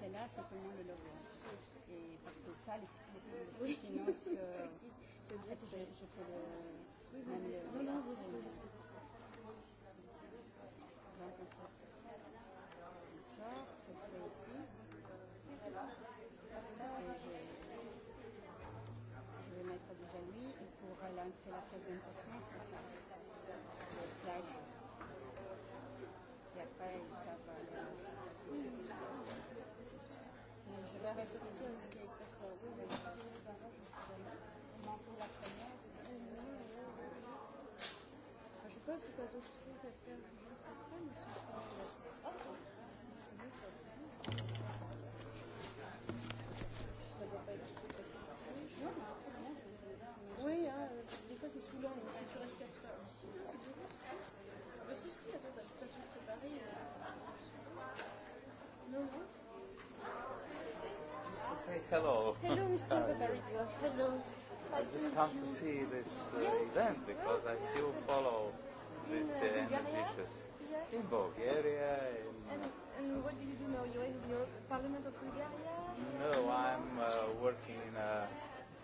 Celle-là, c'est seulement le logo. Et parce que ça, les, je, le, même le, non, non, je, ça, c'est ça va lancer la présentation, c'est ça. Le slide. Et après, ça va. Donc, je vais rester sur le slide pour que vous voyez ce que vous avez. Comment vous la première Je sais pas tu as d'autres trucs à faire. say hello. Hello, Mr. Paparizzo. Hello. I just come to see this uh, yes. event because I still follow this uh, uh energy issues. Yeah. In Bulgaria. In and, and what do you do now? You're in the Parliament of Bulgaria? No, I'm uh, working in a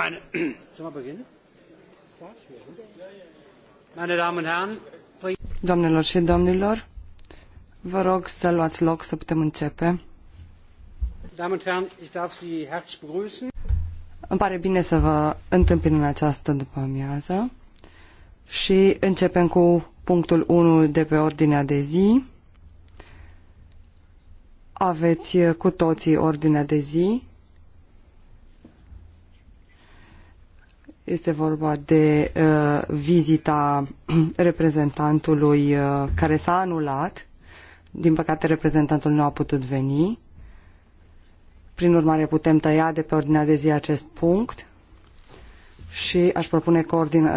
Doamnelor și domnilor, vă rog să luați loc să putem începe. Îmi pare bine să vă întâmpin în această după amiază și începem cu punctul 1 de pe ordinea de zi. Aveți cu toții ordinea de zi. Este vorba de uh, vizita reprezentantului uh, care s-a anulat. Din păcate, reprezentantul nu a putut veni. Prin urmare, putem tăia de pe ordinea de zi acest punct și aș propune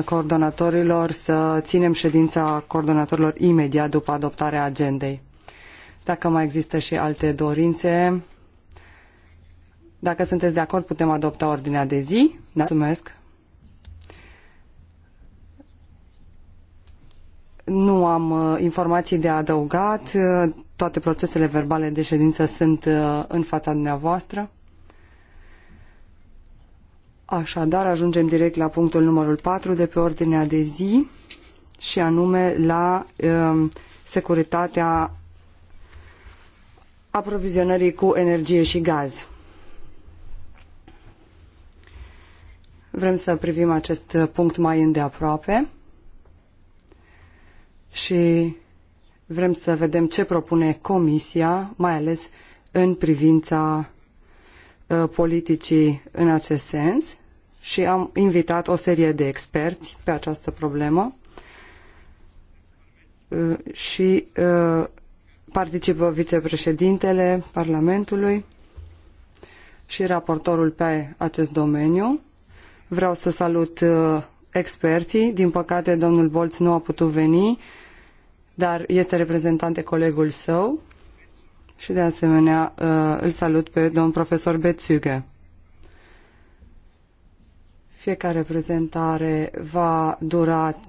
coordonatorilor să ținem ședința coordonatorilor imediat după adoptarea agendei. Dacă mai există și alte dorințe, dacă sunteți de acord, putem adopta ordinea de zi. Da? Mulțumesc! Nu am uh, informații de adăugat. Uh, toate procesele verbale de ședință sunt uh, în fața dumneavoastră. Așadar, ajungem direct la punctul numărul 4 de pe ordinea de zi și anume la uh, securitatea aprovizionării cu energie și gaz. Vrem să privim acest punct mai îndeaproape și vrem să vedem ce propune Comisia, mai ales în privința uh, politicii în acest sens și am invitat o serie de experți pe această problemă uh, și uh, participă vicepreședintele Parlamentului și raportorul pe acest domeniu. Vreau să salut experții. Din păcate, domnul Bolț nu a putut veni dar este reprezentant de colegul său și de asemenea uh, îl salut pe domn profesor Bețuge. Fiecare prezentare va dura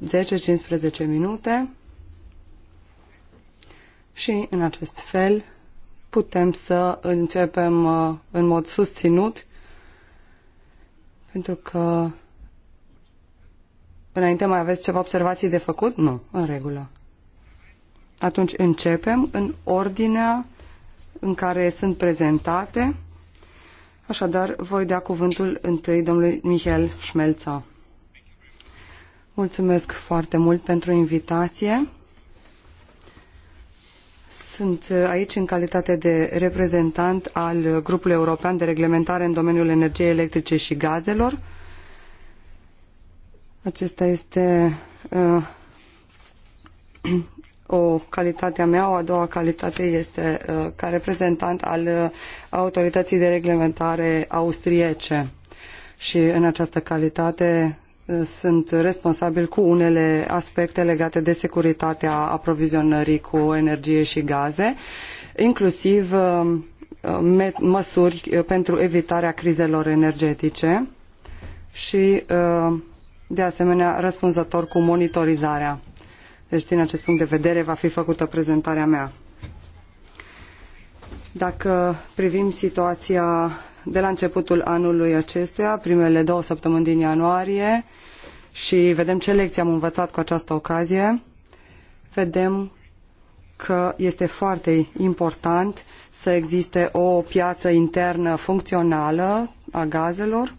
10-15 minute și în acest fel putem să începem uh, în mod susținut pentru că înainte mai aveți ceva observații de făcut? Nu, în regulă. Atunci începem în ordinea în care sunt prezentate. Așadar, voi da cuvântul întâi domnului Mihel Șmelța. Mulțumesc foarte mult pentru invitație. Sunt aici în calitate de reprezentant al grupului european de reglementare în domeniul energiei electrice și gazelor. Acesta este uh, o calitate a mea, o a doua calitate este uh, ca reprezentant al uh, autorității de reglementare austriece și în această calitate uh, sunt responsabil cu unele aspecte legate de securitatea aprovizionării cu energie și gaze, inclusiv măsuri pentru evitarea crizelor energetice și, de asemenea, răspunzător cu monitorizarea. Deci, din acest punct de vedere, va fi făcută prezentarea mea. Dacă privim situația de la începutul anului acestuia, primele două săptămâni din ianuarie, și vedem ce lecții am învățat cu această ocazie, vedem că este foarte important să existe o piață internă funcțională a gazelor,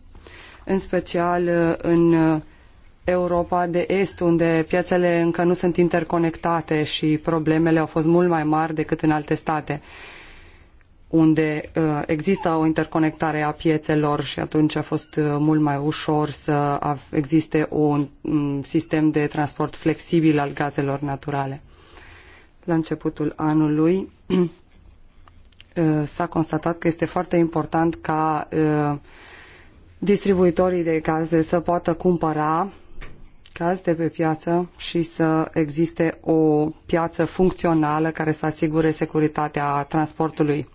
în special în Europa de Est, unde piațele încă nu sunt interconectate și problemele au fost mult mai mari decât în alte state, unde uh, există o interconectare a piețelor și atunci a fost uh, mult mai ușor să existe un sistem de transport flexibil al gazelor naturale. La începutul anului uh, s-a constatat că este foarte important ca distribuitorii de gaze să poată cumpăra caz de pe piață și să existe o piață funcțională care să asigure securitatea transportului.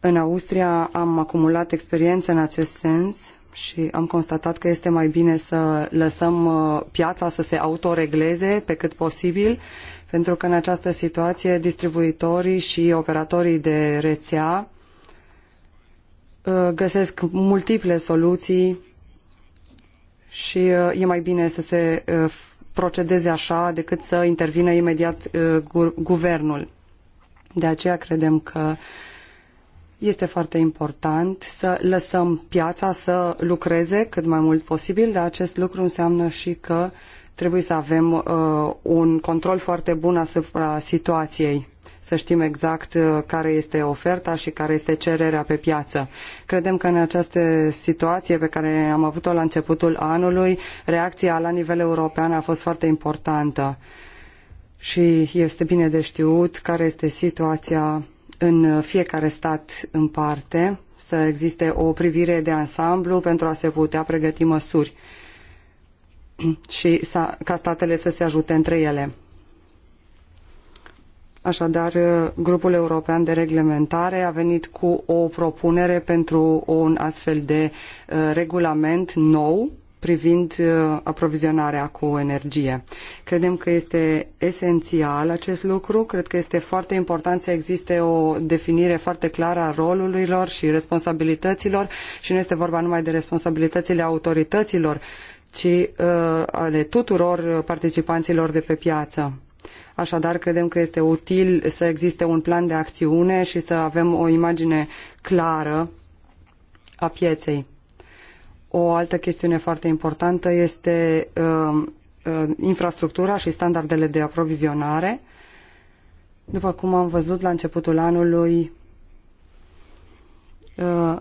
În Austria am acumulat experiență în acest sens și am constatat că este mai bine să lăsăm uh, piața să se autoregleze pe cât posibil, pentru că în această situație distribuitorii și operatorii de rețea uh, găsesc multiple soluții și uh, e mai bine să se uh, procedeze așa decât să intervină imediat uh, guvernul. De aceea credem că este foarte important să lăsăm piața să lucreze cât mai mult posibil, dar acest lucru înseamnă și că trebuie să avem uh, un control foarte bun asupra situației să știm exact uh, care este oferta și care este cererea pe piață. Credem că în această situație pe care am avut-o la începutul anului, reacția la nivel european a fost foarte importantă și este bine de știut care este situația în fiecare stat în parte, să existe o privire de ansamblu pentru a se putea pregăti măsuri și ca statele să se ajute între ele. Așadar, uh, grupul european de reglementare a venit cu o propunere pentru un astfel de uh, regulament nou privind uh, aprovizionarea cu energie. Credem că este esențial acest lucru, cred că este foarte important să existe o definire foarte clară a rolurilor și responsabilităților și nu este vorba numai de responsabilitățile autorităților, ci uh, ale tuturor participanților de pe piață Așadar, credem că este util să existe un plan de acțiune și să avem o imagine clară a pieței. O altă chestiune foarte importantă este uh, uh, infrastructura și standardele de aprovizionare. După cum am văzut la începutul anului, uh,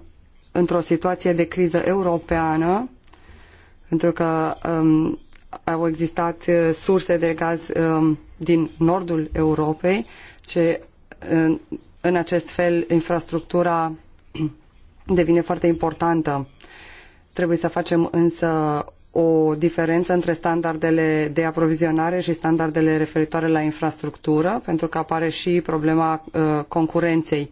într-o situație de criză europeană, pentru că um, au existat uh, surse de gaz um, din nordul Europei, ce în, în acest fel infrastructura devine foarte importantă. Trebuie să facem însă o diferență între standardele de aprovizionare și standardele referitoare la infrastructură, pentru că apare și problema uh, concurenței.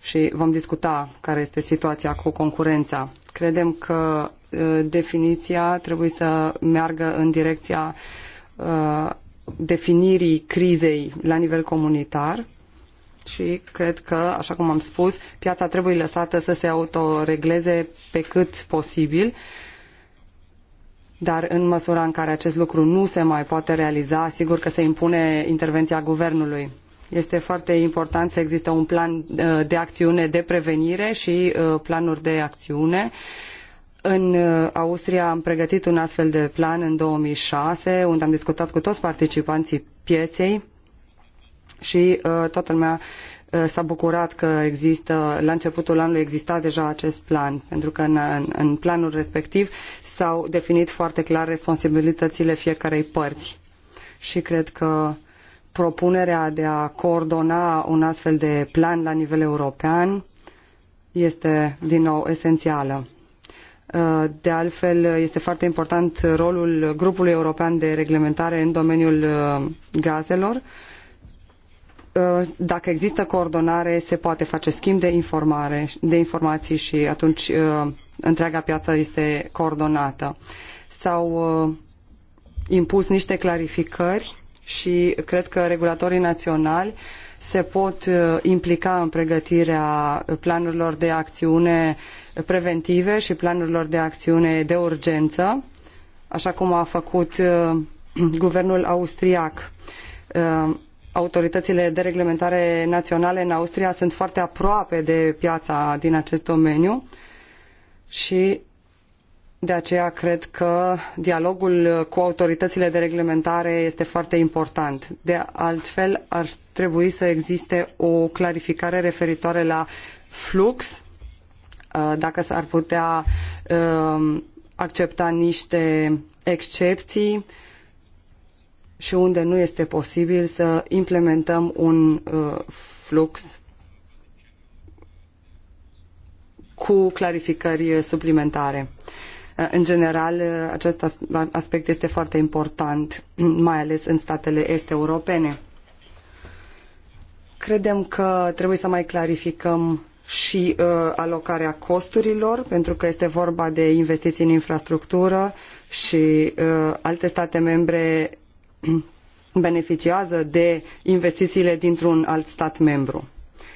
Și vom discuta care este situația cu concurența. Credem că uh, definiția trebuie să meargă în direcția uh, definirii crizei la nivel comunitar și cred că, așa cum am spus, piața trebuie lăsată să se autoregleze pe cât posibil, dar în măsura în care acest lucru nu se mai poate realiza, sigur că se impune intervenția guvernului. Este foarte important să existe un plan uh, de acțiune de prevenire și uh, planuri de acțiune în uh, Austria am pregătit un astfel de plan în 2006, unde am discutat cu toți participanții pieței și uh, toată lumea uh, s-a bucurat că există, la începutul anului exista deja acest plan, pentru că în, în planul respectiv s-au definit foarte clar responsabilitățile fiecarei părți. Și cred că propunerea de a coordona un astfel de plan la nivel european este, din nou, esențială. De altfel, este foarte important rolul grupului european de reglementare în domeniul uh, gazelor. Uh, dacă există coordonare, se poate face schimb de, informare, de informații și atunci uh, întreaga piață este coordonată. S-au impus niște clarificări și cred că regulatorii naționali se pot implica în pregătirea planurilor de acțiune uh, preventive și planurilor de acțiune de urgență, așa cum a făcut uh, guvernul austriac. Uh, autoritățile de reglementare naționale în Austria sunt foarte aproape de piața din acest domeniu și de aceea cred că dialogul cu autoritățile de reglementare este foarte important. De altfel, ar trebui să existe o clarificare referitoare la flux Uh, dacă s-ar putea um, accepta niște excepții și unde nu este posibil să implementăm un uh, flux cu clarificări suplimentare. Uh, în general, acest aspect este foarte important, mai ales în statele est-europene. Credem că trebuie să mai clarificăm și uh, alocarea costurilor, pentru că este vorba de investiții în infrastructură și uh, alte state membre beneficiază de investițiile dintr-un alt stat membru.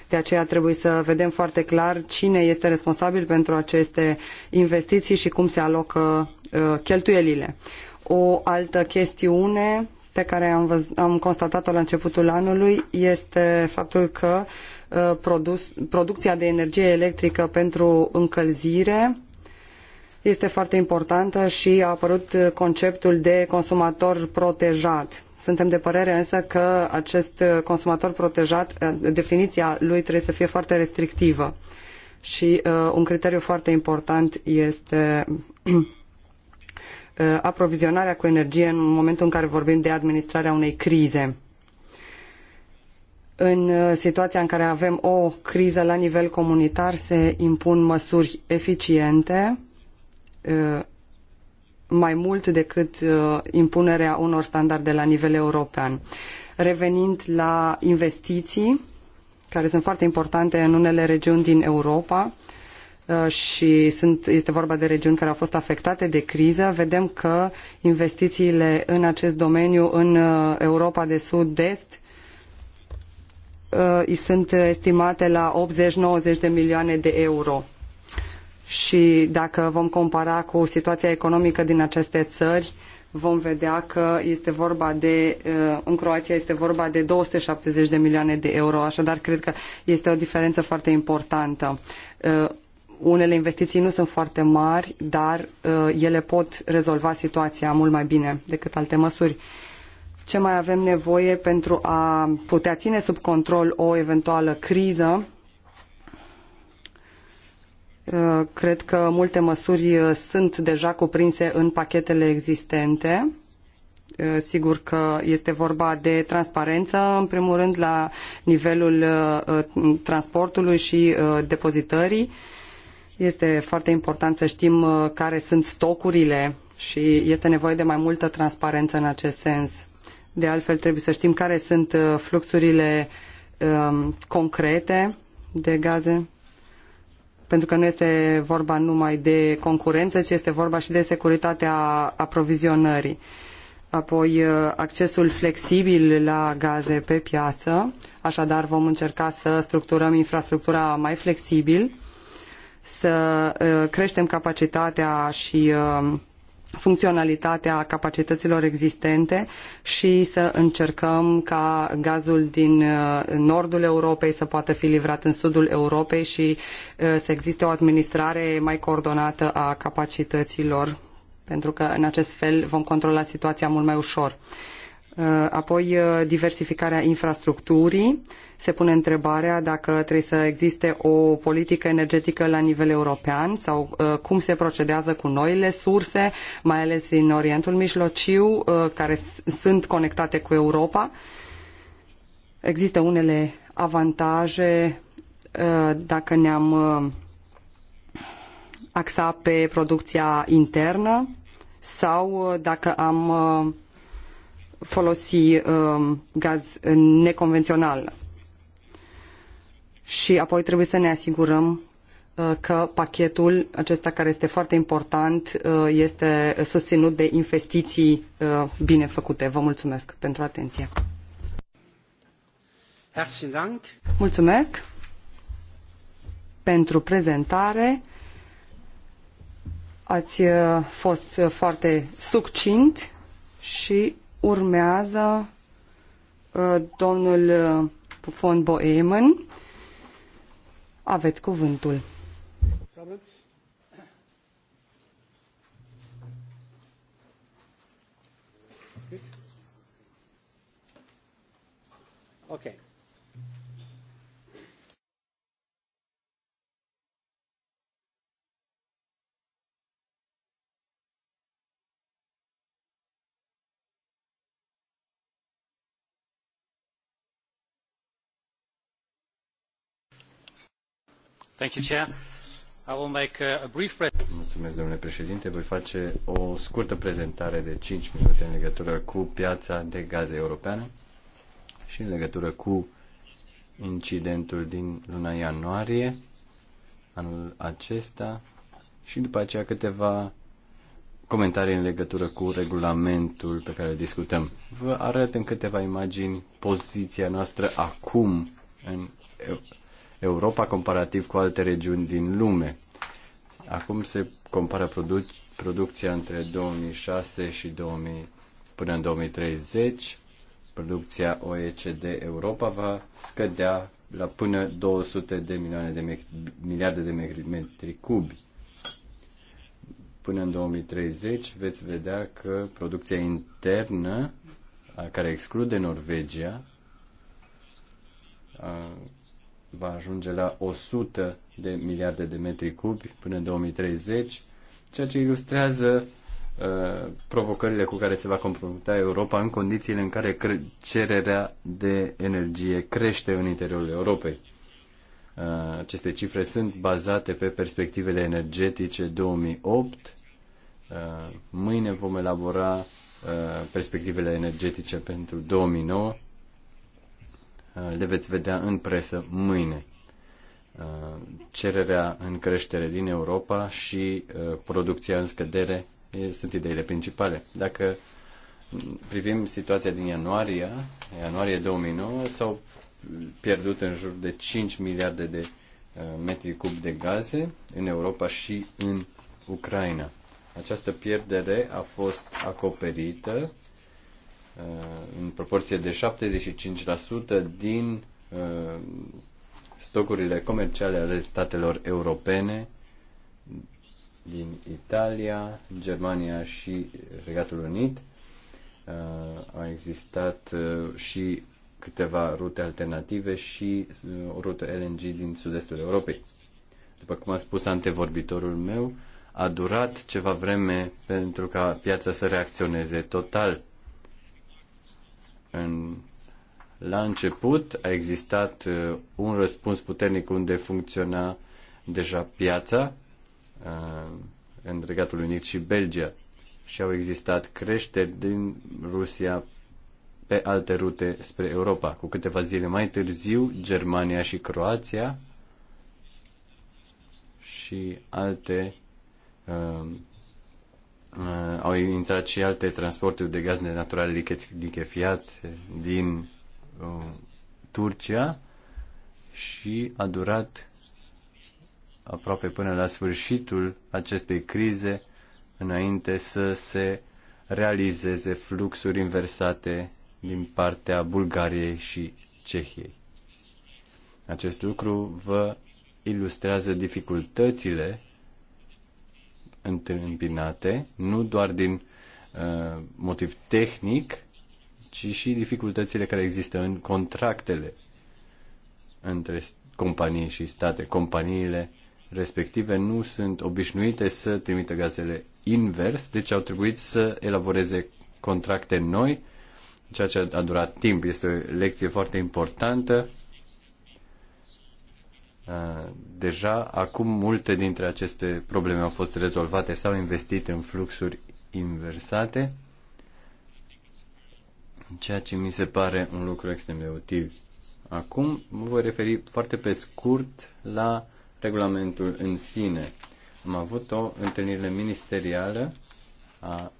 De aceea trebuie să vedem foarte clar cine este responsabil pentru aceste investiții și cum se alocă uh, cheltuielile. O altă chestiune pe care am, am constatat-o la începutul anului este faptul că Uh, produs, producția de energie electrică pentru încălzire este foarte importantă și a apărut conceptul de consumator protejat. Suntem de părere însă că acest consumator protejat, uh, definiția lui trebuie să fie foarte restrictivă. Și uh, un criteriu foarte important este uh, aprovizionarea cu energie în momentul în care vorbim de administrarea unei crize în uh, situația în care avem o criză la nivel comunitar, se impun măsuri eficiente uh, mai mult decât uh, impunerea unor standarde la nivel european. Revenind la investiții, care sunt foarte importante în unele regiuni din Europa și sunt, este vorba de regiuni care au fost afectate de criză, vedem că investițiile în acest domeniu în Europa de Sud-Est Uh, îi sunt estimate la 80-90 de milioane de euro. Și dacă vom compara cu situația economică din aceste țări, vom vedea că este vorba de, uh, în Croația este vorba de 270 de milioane de euro, așadar cred că este o diferență foarte importantă. Uh, unele investiții nu sunt foarte mari, dar ele pot rezolva situația mult mai bine decât alte măsuri ce mai avem nevoie pentru a putea ține sub control o eventuală criză. Uh, cred că multe măsuri uh, sunt deja cuprinse în pachetele existente. Uh, sigur că este vorba de transparență, în primul rând, la nivelul transportului și depozitării. Este foarte important să știm care sunt stocurile și este nevoie de mai multă transparență în acest sens. De altfel, trebuie să știm care sunt uh, fluxurile um, concrete de gaze, pentru că nu este vorba numai de concurență, ci este vorba și de securitatea aprovizionării. Apoi, uh, accesul flexibil la gaze pe piață, așadar vom încerca să structurăm infrastructura mai flexibil, să uh, creștem capacitatea și uh, funcționalitatea capacităților existente și să încercăm ca gazul din uh, nordul Europei să poată fi livrat în sudul Europei și uh, să existe o administrare mai coordonată a capacităților, pentru că în acest fel vom controla situația mult mai ușor. Uh, apoi diversificarea infrastructurii, se pune întrebarea dacă trebuie să existe o politică energetică la nivel european sau uh, cum se procedează cu noile surse, mai ales în Orientul Mijlociu, uh, care sunt conectate cu Europa. Există unele avantaje uh, dacă ne-am axa pe producția internă sau dacă am folosi gaz neconvențional și apoi trebuie să ne asigurăm uh, că pachetul acesta care este foarte important uh, este susținut de investiții uh, bine făcute. Vă mulțumesc pentru atenție. Mulțumesc pentru prezentare. Ați fost foarte succint și urmează domnul von Boehmen. Aveți cuvântul. Okay. Mulțumesc, domnule președinte. Voi face o scurtă prezentare de 5 minute în legătură cu piața de gaze europeană și în legătură cu incidentul din luna ianuarie anul acesta și după aceea câteva comentarii în legătură cu regulamentul pe care îl discutăm. Vă arăt în câteva imagini poziția noastră acum în Europa comparativ cu alte regiuni din lume. Acum se compară produc- producția între 2006 și 2000, până în 2030. Producția OECD Europa va scădea la până 200 de milioane de miliarde de metri cubi. Până în 2030 veți vedea că producția internă, care exclude Norvegia, va ajunge la 100 de miliarde de metri cubi până în 2030, ceea ce ilustrează uh, provocările cu care se va confrunta Europa în condițiile în care cererea de energie crește în interiorul Europei. Uh, aceste cifre sunt bazate pe perspectivele energetice 2008. Uh, mâine vom elabora uh, perspectivele energetice pentru 2009 Uh, le veți vedea în presă mâine. Uh, cererea în creștere din Europa și uh, producția în scădere sunt ideile principale. Dacă privim situația din ianuarie, ianuarie 2009, s-au pierdut în jur de 5 miliarde de metri cub de gaze în Europa și în Ucraina. Această pierdere a fost acoperită Uh, în proporție de 75% din uh, stocurile comerciale ale statelor europene din Italia, Germania și Regatul Unit. Uh, au existat și câteva rute alternative și o rută LNG din sud-estul Europei. După cum a spus antevorbitorul meu, a durat ceva vreme pentru ca piața să reacționeze total în, la început a existat uh, un răspuns puternic unde funcționa deja piața uh, în Regatul Unit și Belgia și au existat creșteri din Rusia pe alte rute spre Europa. Cu câteva zile mai târziu, Germania și Croația și alte uh, uh, au intrat și alte transporturi de gaze naturale lichefiat din uh, Turcia și a durat aproape până la sfârșitul acestei crize înainte să se realizeze fluxuri inversate din partea Bulgariei și Cehiei. Acest lucru vă ilustrează dificultățile întâmpinate, nu doar din uh, motiv tehnic, ci și dificultățile care există în contractele între companii și state. Companiile respective nu sunt obișnuite să trimită gazele invers, deci au trebuit să elaboreze contracte noi, ceea ce a durat timp. Este o lecție foarte importantă Uh, deja acum multe dintre aceste probleme au fost rezolvate sau investite în fluxuri inversate, ceea ce mi se pare un lucru extrem de util. Acum mă voi referi foarte pe scurt la regulamentul în sine. Am avut o întâlnire ministerială a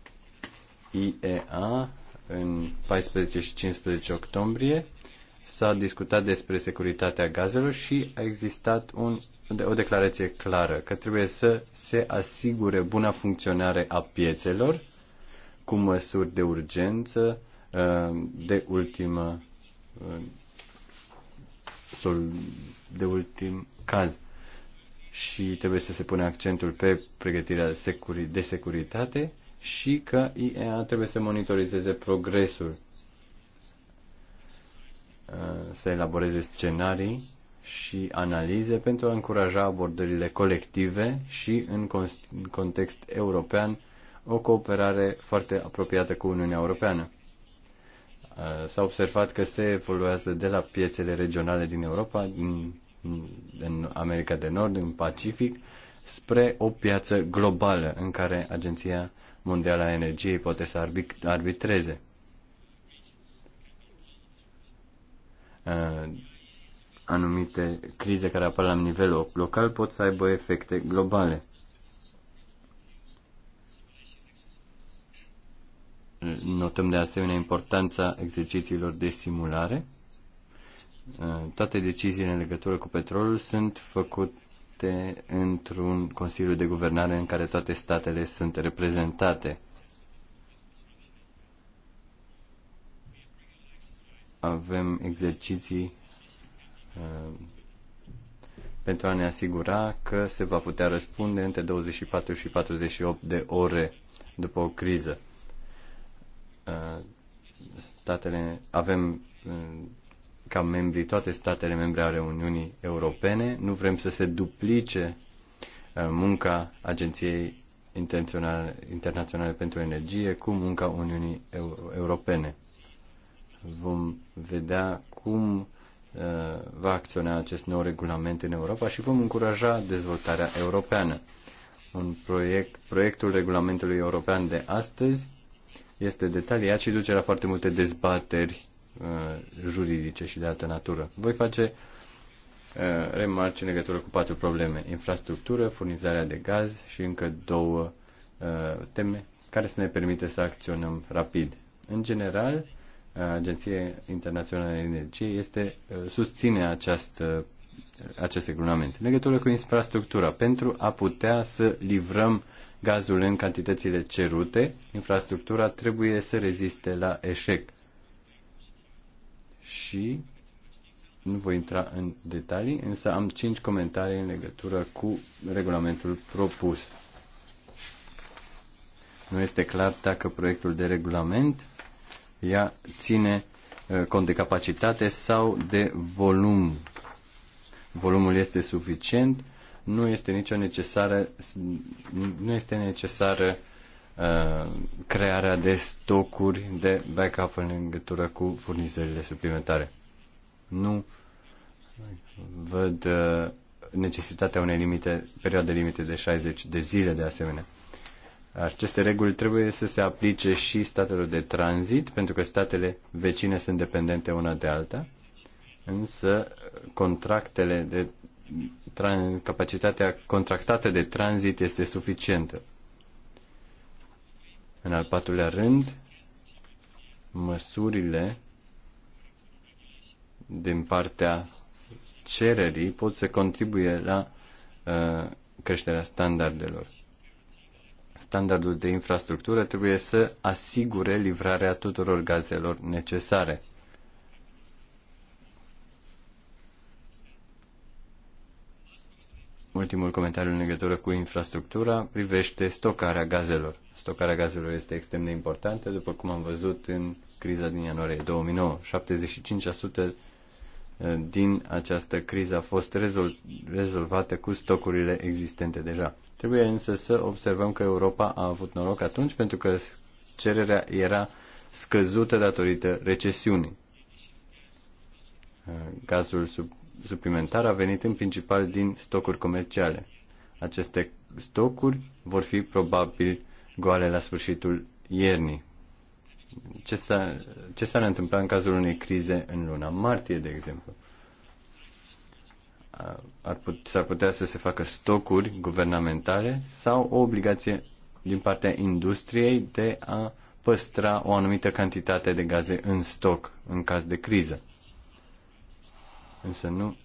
IEA în 14 și 15 octombrie s-a discutat despre securitatea gazelor și a existat un, o declarație clară că trebuie să se asigure buna funcționare a piețelor cu măsuri de urgență uh, de ultimă uh, de ultim caz și trebuie să se pune accentul pe pregătirea de securitate și că IEA trebuie să monitorizeze progresul Uh, să elaboreze scenarii și analize pentru a încuraja abordările colective și, în context european, o cooperare foarte apropiată cu Uniunea Europeană. Uh, s-a observat că se evoluează de la piețele regionale din Europa, din, din America de Nord, în Pacific, spre o piață globală în care Agenția Mondială a Energiei poate să arbitreze. Uh, anumite crize care apar la nivel local pot să aibă efecte globale. Notăm de asemenea importanța exercițiilor de simulare. Uh, toate deciziile în legătură cu petrolul sunt făcute într-un Consiliu de Guvernare în care toate statele sunt reprezentate. avem exerciții uh, pentru a ne asigura că se va putea răspunde între 24 și 48 de ore după o criză. Uh, statele, avem uh, ca membri toate statele membre ale Uniunii Europene, nu vrem să se duplice munca Agenției Internaționale, Internaționale pentru Energie cu munca Uniunii Europene. Vom vedea cum uh, va acționa acest nou regulament în Europa și vom încuraja dezvoltarea europeană. Un proiect, proiectul regulamentului european de astăzi este detaliat și duce la foarte multe dezbateri uh, juridice și de altă natură. Voi face uh, remarci în legătură cu patru probleme. Infrastructură, furnizarea de gaz și încă două teme care să ne permite să acționăm rapid. În general, Agenția internațională de Energie este uh, susține această, uh, acest regulament. În legătură cu infrastructura, pentru a putea să livrăm gazul în cantitățile cerute, infrastructura trebuie să reziste la eșec. Și nu voi intra în detalii, însă am 5 comentarii în legătură cu regulamentul propus. Nu este clar dacă proiectul de regulament ea ține uh, cont de capacitate sau de volum. Volumul este suficient, nu este nicio necesară, nu este necesară uh, crearea de stocuri de backup în legătură cu furnizările suplimentare. Nu văd uh, necesitatea unei limite, perioade limite de 60 de zile de asemenea. Aceste reguli trebuie să se aplice și statelor de tranzit, pentru că statele vecine sunt dependente una de alta, însă contractele de capacitatea contractată de tranzit este suficientă. În al patrulea rând, măsurile din partea cererii pot să contribuie la uh, creșterea standardelor standardul de infrastructură trebuie să asigure livrarea tuturor gazelor necesare. Ultimul comentariu în legătură cu infrastructura privește stocarea gazelor. Stocarea gazelor este extrem de importantă, după cum am văzut în criza din ianuarie 2009. 75% eh, din această criză a fost rezolvată cu stocurile existente deja. Trebuie însă să observăm că Europa a avut noroc atunci pentru că cererea era scăzută datorită recesiunii. Gazul sub, suplimentar a venit în principal din stocuri comerciale. Aceste stocuri vor fi probabil goale la sfârșitul iernii. Ce s-ar întâmpla în cazul unei crize în luna martie, de exemplu? ar put, s-ar putea să se facă stocuri guvernamentale sau o obligație din partea industriei de a păstra o anumită cantitate de gaze în stoc în caz de criză. Însă nu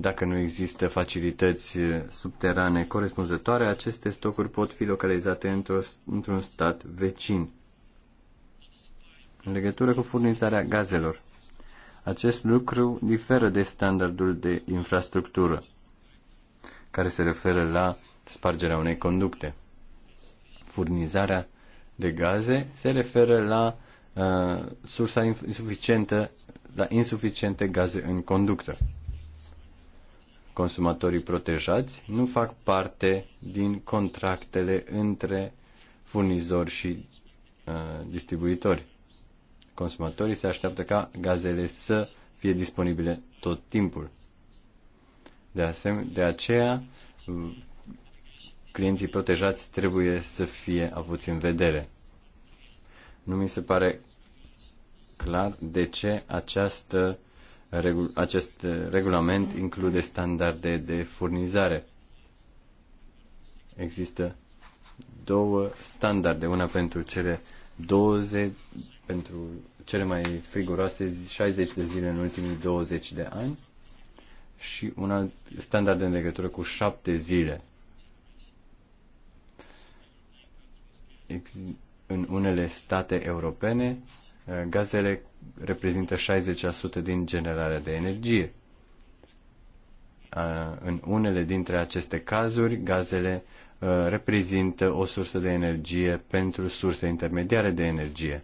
dacă nu există facilități subterane corespunzătoare, aceste stocuri pot fi localizate într-un într stat vecin. În legătură cu furnizarea gazelor, acest lucru diferă de standardul de infrastructură, care se referă la spargerea unei conducte. Furnizarea de gaze se referă la uh, sursa insuficientă, la insuficiente gaze în conductă. Consumatorii protejați nu fac parte din contractele între furnizori și uh, distribuitori consumatorii se așteaptă ca gazele să fie disponibile tot timpul. De, asem- de aceea, clienții protejați trebuie să fie avuți în vedere. Nu mi se pare clar de ce această, acest regulament include standarde de furnizare. Există două standarde, una pentru cele 20 pentru cele mai friguroase 60 de zile în ultimii 20 de ani și un alt standard în legătură cu 7 zile. În unele state europene, eh, gazele reprezintă 60% din generarea de energie. Eh, în unele dintre aceste cazuri, gazele eh, reprezintă o sursă de energie pentru surse intermediare de energie.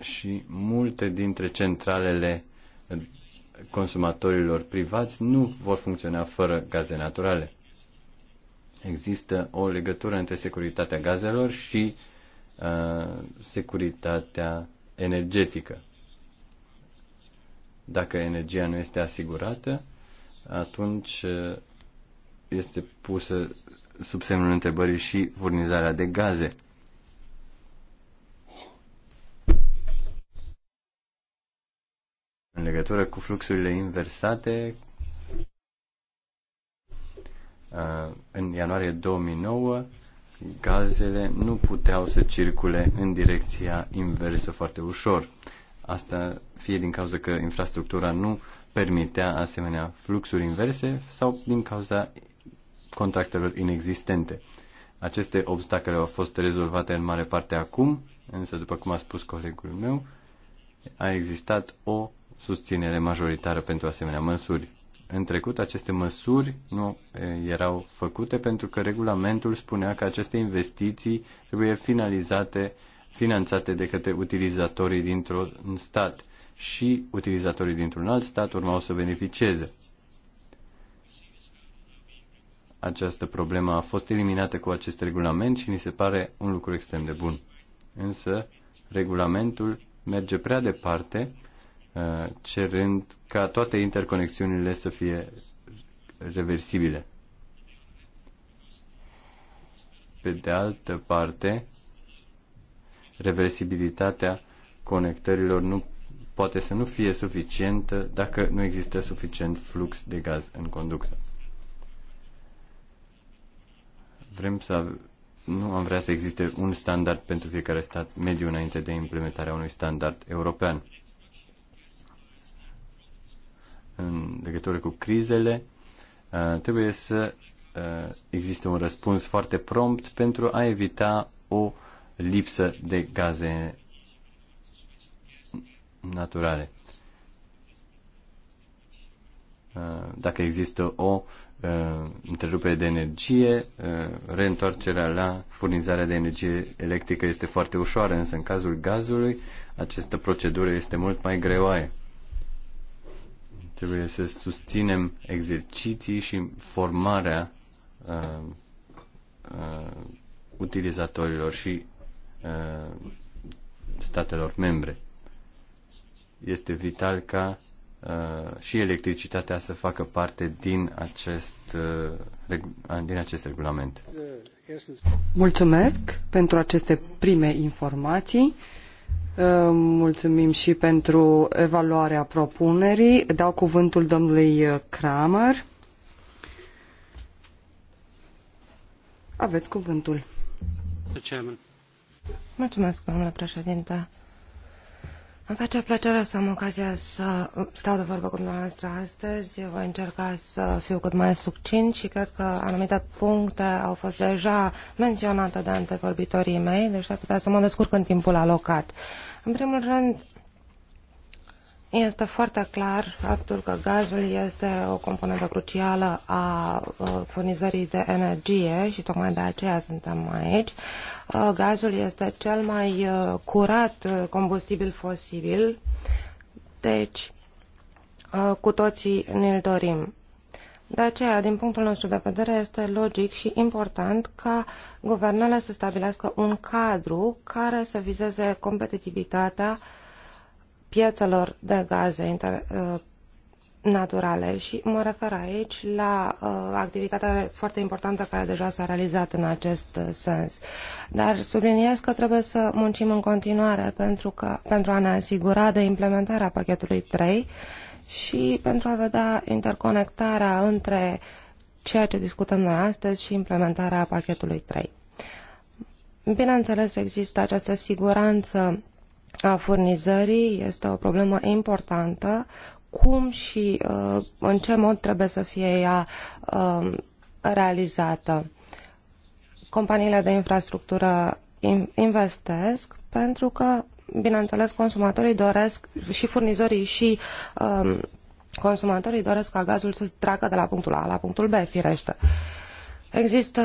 și multe dintre centralele consumatorilor privați nu vor funcționa fără gaze naturale. Există o legătură între securitatea gazelor și uh, securitatea energetică. Dacă energia nu este asigurată, atunci uh, este pusă sub semnul întrebării și furnizarea de gaze. în legătură cu fluxurile inversate. Uh, în ianuarie 2009, gazele nu puteau să circule în direcția inversă foarte ușor. Asta fie din cauza că infrastructura nu permitea asemenea fluxuri inverse sau din cauza contractelor inexistente. Aceste obstacole au fost rezolvate în mare parte acum, însă, după cum a spus colegul meu, a existat o susținere majoritară pentru asemenea măsuri. În trecut, aceste măsuri nu erau făcute pentru că regulamentul spunea că aceste investiții trebuie finalizate, finanțate de către utilizatorii dintr-un stat și utilizatorii dintr-un alt stat urmau să beneficieze. Această problemă a fost eliminată cu acest regulament și ni se pare un lucru extrem de bun. Însă, regulamentul merge prea departe Uh, cerând ca toate interconexiunile să fie reversibile. Pe de altă parte, reversibilitatea conectărilor nu poate să nu fie suficientă dacă nu există suficient flux de gaz în conductă. Vrem să nu am vrea să existe un standard pentru fiecare stat mediu înainte de implementarea unui standard european în legătură cu crizele, uh, trebuie să uh, existe un răspuns foarte prompt pentru a evita o lipsă de gaze naturale. Uh, dacă există o întrerupere de energie, reîntoarcerea la furnizarea de energie electrică este foarte ușoară, însă în cazul gazului această procedură este mult mai greoaie. Trebuie să susținem exerciții și formarea uh, uh, utilizatorilor și uh, statelor membre. Este vital ca uh, și electricitatea să facă parte din acest, uh, din acest regulament. Mulțumesc pentru aceste prime informații. Mulțumim și pentru evaluarea propunerii. Dau cuvântul domnului Kramer. Aveți cuvântul. Mulțumesc, domnule președinte. Îmi face plăcere să am ocazia să stau de vorbă cu dumneavoastră astăzi. Voi încerca să fiu cât mai succint și cred că anumite puncte au fost deja menționate de antevorbitorii mei, deci ar putea să mă descurc în timpul alocat. În primul rând, este foarte clar faptul că gazul este o componentă crucială a furnizării de energie și tocmai de aceea suntem aici. Gazul este cel mai curat combustibil fosibil, deci cu toții ne-l dorim. De aceea, din punctul nostru de vedere, este logic și important ca guvernele să stabilească un cadru care să vizeze competitivitatea uh, piețelor de gaze inter, uh, naturale și mă refer aici la uh, activitatea foarte importantă care deja s-a realizat în acest uh, sens. Dar subliniez că trebuie să muncim în continuare pentru, că, pentru a ne asigura de implementarea pachetului 3 și pentru a vedea interconectarea între ceea ce discutăm noi astăzi și implementarea pachetului 3. Bineînțeles, există această siguranță a furnizării este o problemă importantă. Cum și uh, în ce mod trebuie să fie ea uh, realizată? Companiile de infrastructură investesc pentru că, bineînțeles, consumatorii doresc și furnizorii și um, consumatorii doresc ca gazul să treacă de la punctul A la punctul B, firește. Există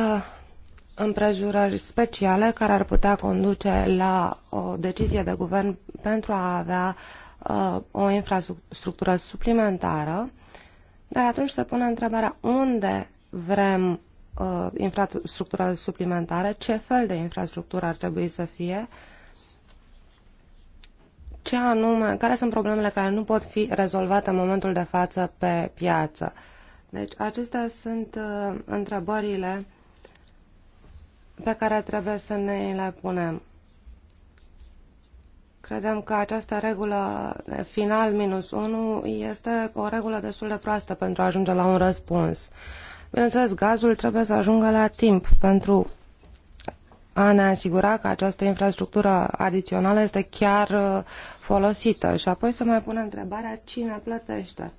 împrejurări speciale care ar putea conduce la o decizie de guvern pentru a avea uh, o infrastructură suplimentară, dar atunci se pune întrebarea unde vrem uh, infrastructură suplimentară, ce fel de infrastructură ar trebui să fie, ce anume, care sunt problemele care nu pot fi rezolvate în momentul de față pe piață. Deci acestea sunt uh, întrebările pe care trebuie să ne le punem. Credem că această regulă final minus 1 este o regulă destul de proastă pentru a ajunge la un răspuns. Bineînțeles, gazul trebuie să ajungă la timp pentru a ne asigura că această infrastructură adițională este chiar uh, folosită și apoi să mai pune întrebarea cine plătește.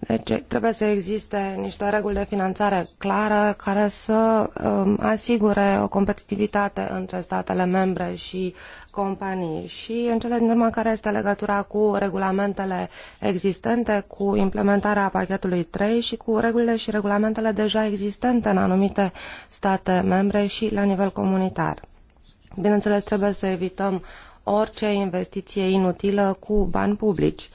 Deci trebuie să existe niște reguli de finanțare clare care să um, asigure o competitivitate între statele membre și companii. Și în cele din urmă care este legătura cu regulamentele existente, cu implementarea pachetului 3 și cu regulile și regulamentele deja existente în anumite state membre și la nivel comunitar. Bineînțeles, trebuie să evităm orice investiție inutilă cu bani publici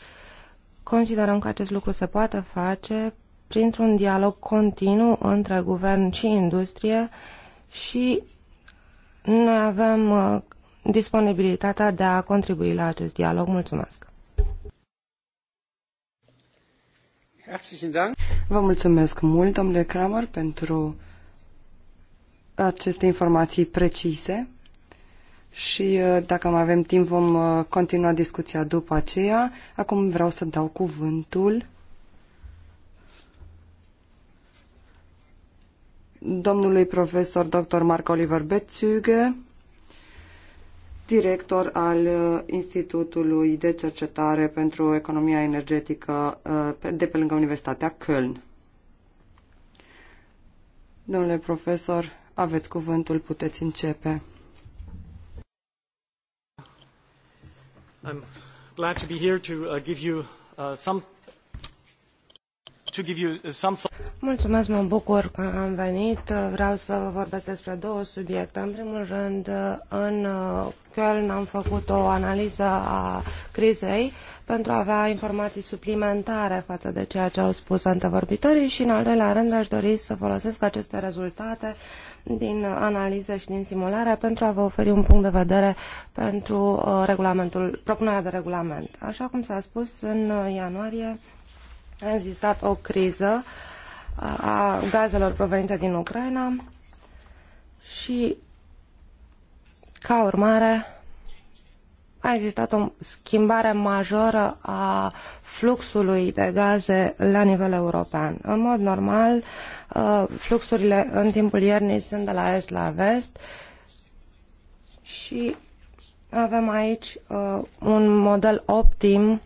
Considerăm că acest lucru se poate face printr-un dialog continuu între guvern și industrie și noi avem uh, disponibilitatea de a contribui la acest dialog. Mulțumesc! Vă mulțumesc mult, domnule Kramer, pentru aceste informații precise și uh, dacă mai avem timp vom uh, continua discuția după aceea. Acum vreau să dau cuvântul domnului profesor dr. Marc Oliver Betzüge, director al uh, Institutului de Cercetare pentru Economia Energetică de pe lângă Universitatea Köln. Domnule profesor, aveți cuvântul, puteți începe. I'm glad to be here to uh, give you uh, some to give you uh, some Mulțumesc, mă bucur că am venit. Vreau să vorbesc despre două subiecte. În primul rând, în uh, Köln am făcut o analiză a crizei pentru a avea informații suplimentare față de ceea ce au spus antevorbitorii și, în al doilea rând, aș dori să folosesc aceste rezultate din analiză și din simulare pentru a vă oferi un punct de vedere pentru uh, regulamentul, propunerea de regulament. Așa cum s-a spus, în ianuarie a existat o criză uh, a gazelor provenite din Ucraina și, ca urmare, a existat o schimbare majoră a fluxului de gaze la nivel european. În mod normal, uh, fluxurile în timpul iernii sunt de la est la vest și avem aici uh, un model optim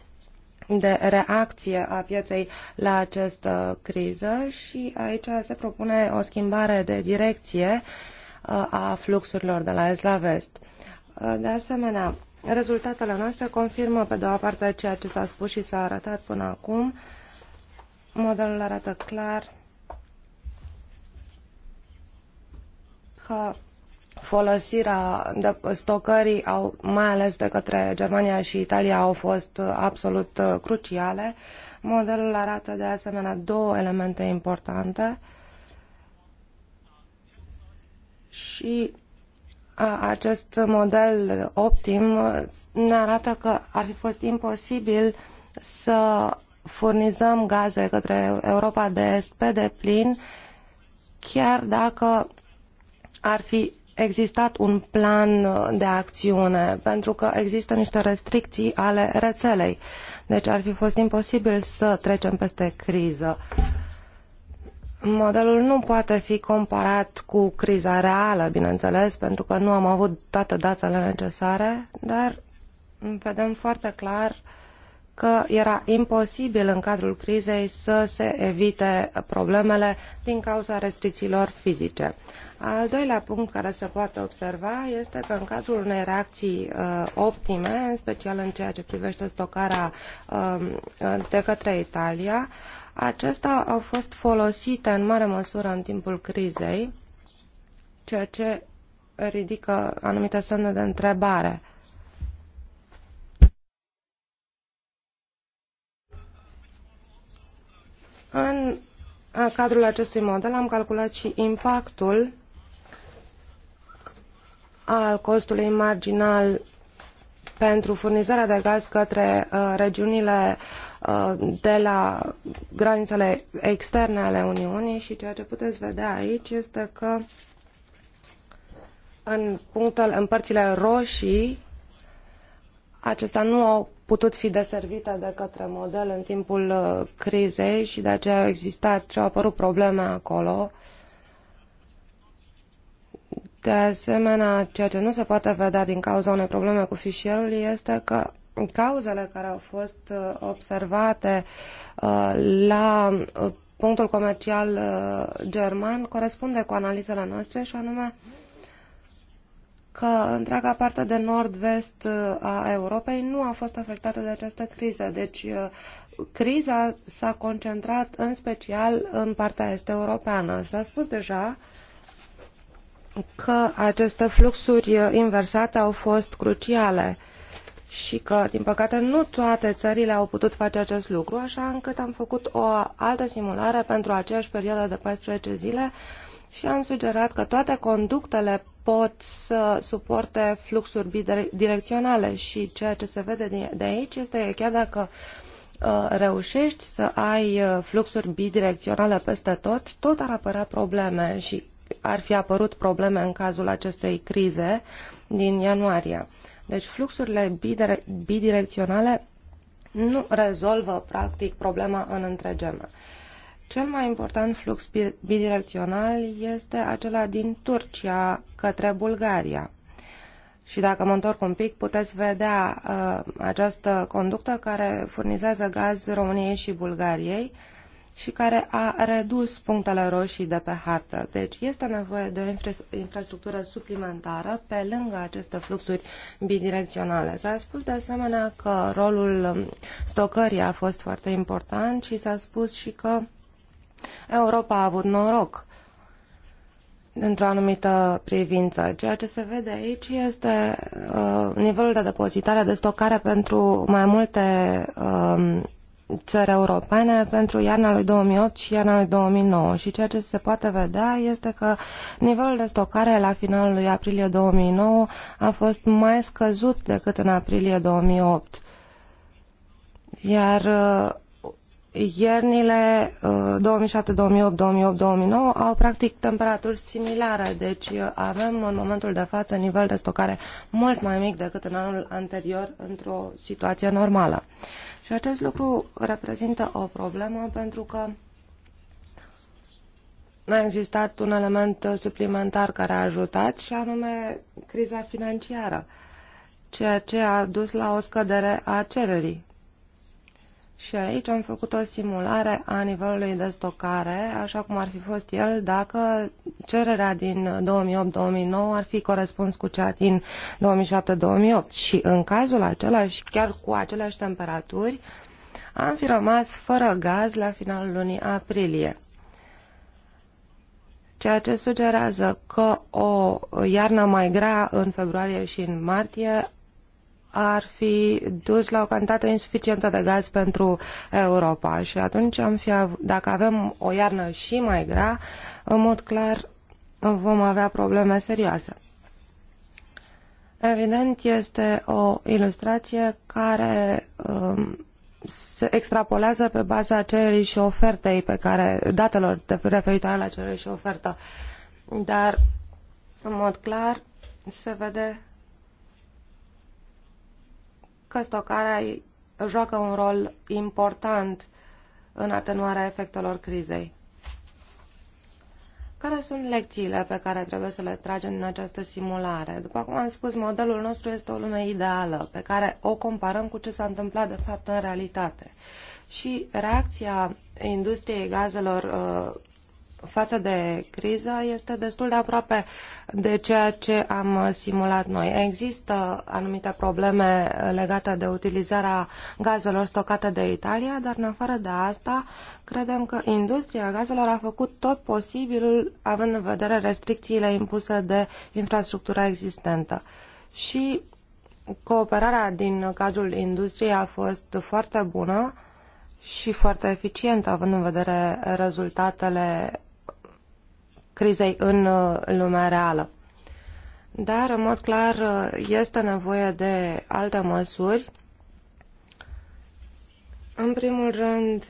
de reacție a pieței la această criză și aici se propune o schimbare de direcție uh, a fluxurilor de la est la vest. De asemenea, Rezultatele noastre confirmă pe o parte ceea ce s-a spus și s-a arătat până acum. Modelul arată clar că folosirea de stocării, au, mai ales de către Germania și Italia, au fost absolut cruciale. Modelul arată de asemenea două elemente importante și acest model optim uh, ne arată că ar fi fost imposibil să furnizăm gaze către Europa de Est pe deplin, chiar dacă ar fi existat un plan uh, de acțiune, pentru că există niște restricții ale rețelei. Deci ar fi fost imposibil să trecem peste criză. Uh, Modelul nu poate fi comparat cu criza reală, bineînțeles, pentru că nu am avut toate datele necesare, dar vedem foarte clar că era imposibil în cadrul crizei să se evite problemele din cauza restricțiilor fizice. Al doilea punct care se poate observa este că în cazul unei reacții uh, optime, în special în ceea ce privește stocarea uh, de către Italia, uh, Acestea au fost folosite în mare măsură în timpul crizei, ceea ce ridică anumite semne de întrebare. În cadrul acestui model am calculat și impactul al costului marginal pentru furnizarea de gaz către uh, regiunile Uh, de la granițele externe ale Uniunii și ceea ce puteți vedea aici este că în, punctele, în părțile roșii acestea nu au putut fi deservite de către model în timpul uh, crizei și de aceea au existat și au apărut probleme acolo. De asemenea, ceea ce nu se poate vedea din cauza unei probleme cu fișierul este că cauzele care au fost uh, observate uh, la uh, punctul comercial german corespunde cu analizele noastre și anume că întreaga parte de nord-vest a Europei nu a fost afectată de această criză. Deci criza s-a concentrat în special în partea este europeană. S-a spus deja că aceste fluxuri inversate au fost cruciale. Uh, și că, din păcate, nu toate țările au putut face acest lucru, așa încât am făcut o altă simulare pentru aceeași perioadă de 14 zile și am sugerat că toate conductele pot să suporte fluxuri bidirecționale și ceea ce se vede de aici este că chiar dacă uh, reușești să ai uh, fluxuri bidirecționale peste tot, tot ar apărea probleme și ar fi apărut probleme în cazul acestei crize din ianuarie. Deci fluxurile bidirecționale nu rezolvă practic problema în întregeme. Cel mai important flux bidirecțional este acela din Turcia către Bulgaria. Și dacă mă întorc un pic, puteți vedea uh, această conductă care furnizează gaz României și Bulgariei și care a redus punctele roșii de pe hartă. Deci este nevoie de o infra infrastructură suplimentară pe lângă aceste fluxuri bidirecționale. S-a spus de asemenea că rolul um, stocării a fost foarte important și s-a spus și că Europa a avut noroc într-o anumită privință. Ceea ce se vede aici este uh, nivelul de depozitare, de stocare pentru mai multe uh, țări europene pentru iarna lui 2008 și iarna lui 2009 și ceea ce se poate vedea este că nivelul de stocare la finalul lui aprilie 2009 a fost mai scăzut decât în aprilie 2008. Iar uh, iernile 2007, 2008, 2008, 2009 au practic temperaturi similare, deci uh, avem în momentul de față nivel de stocare mult mai mic decât în anul anterior într-o situație normală. Și acest lucru reprezintă o problemă pentru că a existat un element suplimentar care a ajutat și anume criza financiară, ceea ce a dus la o scădere a cererii. Și aici am făcut o simulare a nivelului de stocare, așa cum ar fi fost el dacă cererea din 2008-2009 ar fi corespuns cu cea din 2007-2008. Și în cazul același, chiar cu aceleași temperaturi, am fi rămas fără gaz la finalul lunii aprilie ceea ce sugerează că o iarnă mai grea în februarie și în martie ar fi dus la o cantitate insuficientă de gaz pentru Europa și atunci am fi, dacă avem o iarnă și mai grea, în mod clar vom avea probleme serioase. Evident, este o ilustrație care um, se extrapolează pe baza cererii și ofertei pe care datelor de referitoare la cerere și ofertă. Dar în mod clar se vede că stocarea joacă un rol important în atenuarea efectelor crizei. Care sunt lecțiile pe care trebuie să le tragem din această simulare? După cum am spus, modelul nostru este o lume ideală, pe care o comparăm cu ce s-a întâmplat de fapt în realitate. Și reacția industriei gazelor uh, față de criză este destul de aproape de ceea ce am simulat noi. Există anumite probleme legate de utilizarea gazelor stocate de Italia, dar în afară de asta, credem că industria gazelor a făcut tot posibilul, având în vedere restricțiile impuse de infrastructura existentă. Și cooperarea din cadrul industriei a fost foarte bună și foarte eficientă, având în vedere rezultatele crizei în uh, lumea reală. Dar, în mod clar, uh, este nevoie de alte măsuri. În primul rând,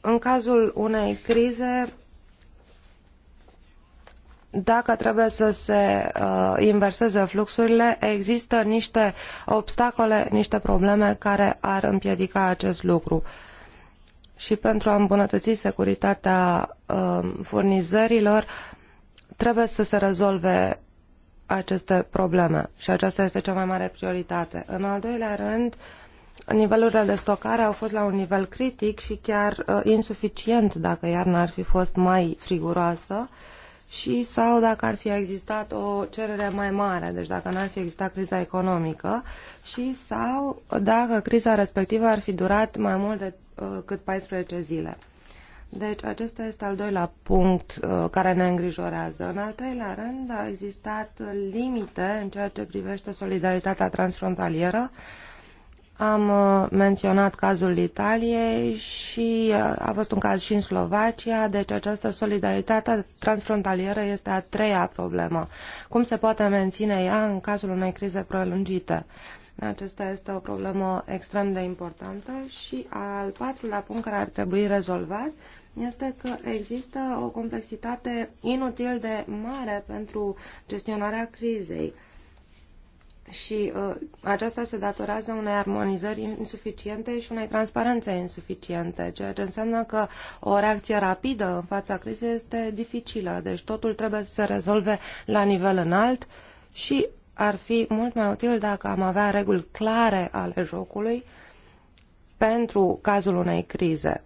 în cazul unei crize, dacă trebuie să se uh, inverseze fluxurile, există niște obstacole, niște probleme care ar împiedica acest lucru. Uh, și pentru a îmbunătăți securitatea uh, furnizărilor, trebuie să se rezolve aceste probleme și aceasta este cea mai mare prioritate. În al doilea rând, nivelurile de stocare au fost la un nivel critic și chiar uh, insuficient dacă iarna ar fi fost mai friguroasă și sau dacă ar fi existat o cerere mai mare, deci dacă n-ar fi existat criza economică și sau dacă criza respectivă ar fi durat mai mult de Uh, cât 14 zile. Deci acesta este al doilea punct uh, care ne îngrijorează. În al treilea rând au existat limite în ceea ce privește solidaritatea transfrontalieră. Am uh, menționat cazul Italiei și a fost un caz și în Slovacia, deci această solidaritate transfrontalieră este a treia problemă. Cum se poate menține ea în cazul unei crize prelungite? Uh, acesta este o problemă extrem de importantă și al patrulea punct care ar trebui rezolvat este că există o complexitate inutil de mare pentru gestionarea crizei. Și uh, aceasta se datorează unei armonizări insuficiente și unei transparențe insuficiente, ceea ce înseamnă că o reacție rapidă în fața crizei este dificilă. Deci totul trebuie să se rezolve la nivel înalt și ar fi mult mai util dacă am avea reguli clare ale jocului pentru cazul unei crize.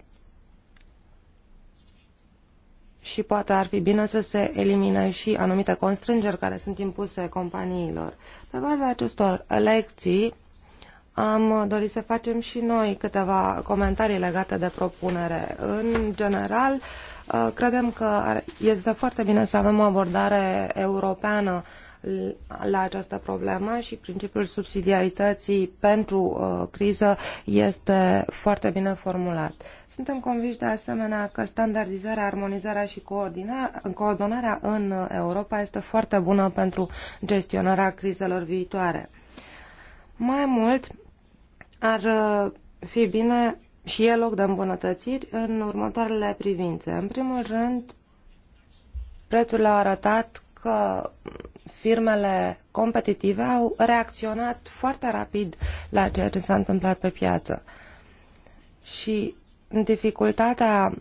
Și poate ar fi bine să se elimine și anumite constrângeri care sunt impuse companiilor. Pe baza acestor lecții, am dorit să facem și noi câteva comentarii legate de propunere. În general, uh, credem că este foarte bine să avem o abordare europeană la această problemă și principiul subsidiarității pentru uh, criză este foarte bine formulat. Suntem convinși de asemenea că standardizarea, armonizarea și coordonarea în Europa este foarte bună pentru gestionarea crizelor viitoare. Mai mult, ar uh, fi bine și e loc de îmbunătățiri în următoarele privințe. În primul rând, prețul a arătat că firmele competitive au reacționat foarte rapid la ceea ce s-a întâmplat pe piață. Și dificultatea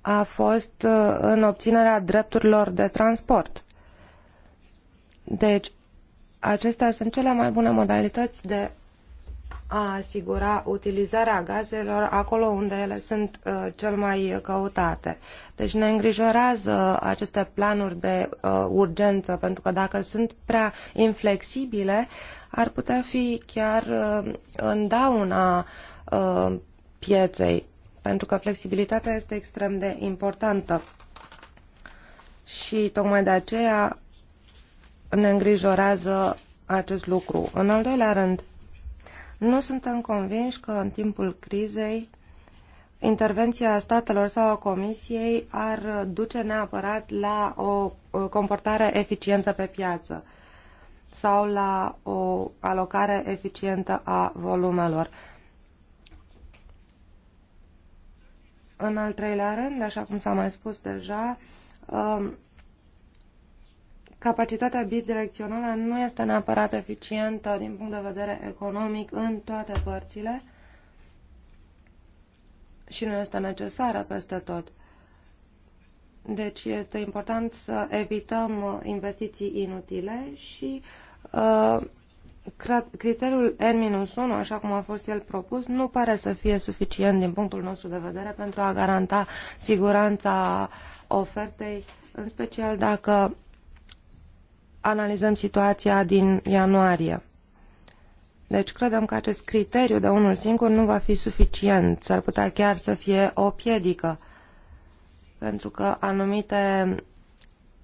a fost uh, în obținerea drepturilor de transport. Deci, acestea sunt cele mai bune modalități de a asigura utilizarea gazelor acolo unde ele sunt uh, cel mai căutate. Deci ne îngrijorează aceste planuri de uh, urgență, pentru că dacă sunt prea inflexibile, ar putea fi chiar uh, în dauna uh, pieței, pentru că flexibilitatea este extrem de importantă. Și tocmai de aceea ne îngrijorează acest lucru. În al doilea rând, nu suntem convinși că în timpul crizei intervenția statelor sau a Comisiei ar duce neapărat la o comportare eficientă pe piață sau la o alocare eficientă a volumelor. În al treilea rând, așa cum s-a mai spus deja, um, capacitatea bidirecțională nu este neapărat eficientă din punct de vedere economic în toate părțile și nu este necesară peste tot. Deci este important să evităm uh, investiții inutile și uh, criteriul N-1, așa cum a fost el propus, nu pare să fie suficient din punctul nostru de vedere pentru a garanta siguranța ofertei, în special dacă analizăm situația din ianuarie. Deci credem că acest criteriu de unul singur nu va fi suficient, s-ar putea chiar să fie o piedică, pentru că anumite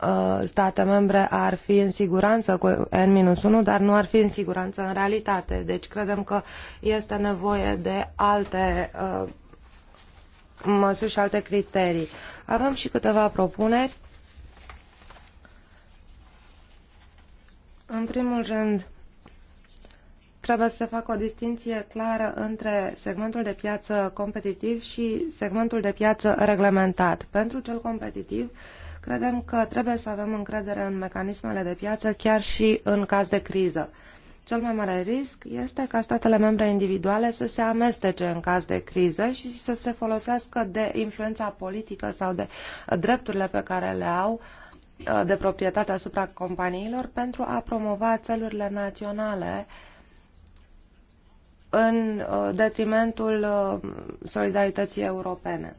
uh, state membre ar fi în siguranță cu N-1, dar nu ar fi în siguranță în realitate. Deci credem că este nevoie de alte uh, măsuri și alte criterii. Avem și câteva propuneri În primul rând, trebuie să fac o distinție clară între segmentul de piață competitiv și segmentul de piață reglementat. Pentru cel competitiv, credem că trebuie să avem încredere în mecanismele de piață chiar și în caz de criză. Cel mai mare risc este ca statele membre individuale să se amestece în caz de criză și să se folosească de influența politică sau de drepturile pe care le au Uh, de proprietate asupra companiilor pentru a promova țelurile naționale în uh, detrimentul uh, solidarității europene.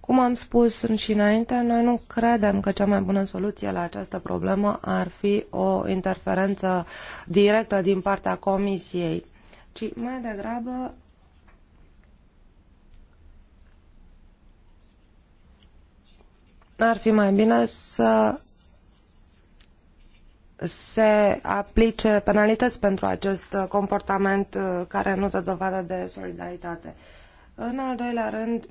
Cum am spus și înainte, noi nu credem că cea mai bună soluție la această problemă ar fi o interferență directă din partea Comisiei, ci mai degrabă ar fi mai bine să se aplice penalități pentru acest uh, comportament uh, care nu dă dovadă de solidaritate. În al doilea rând,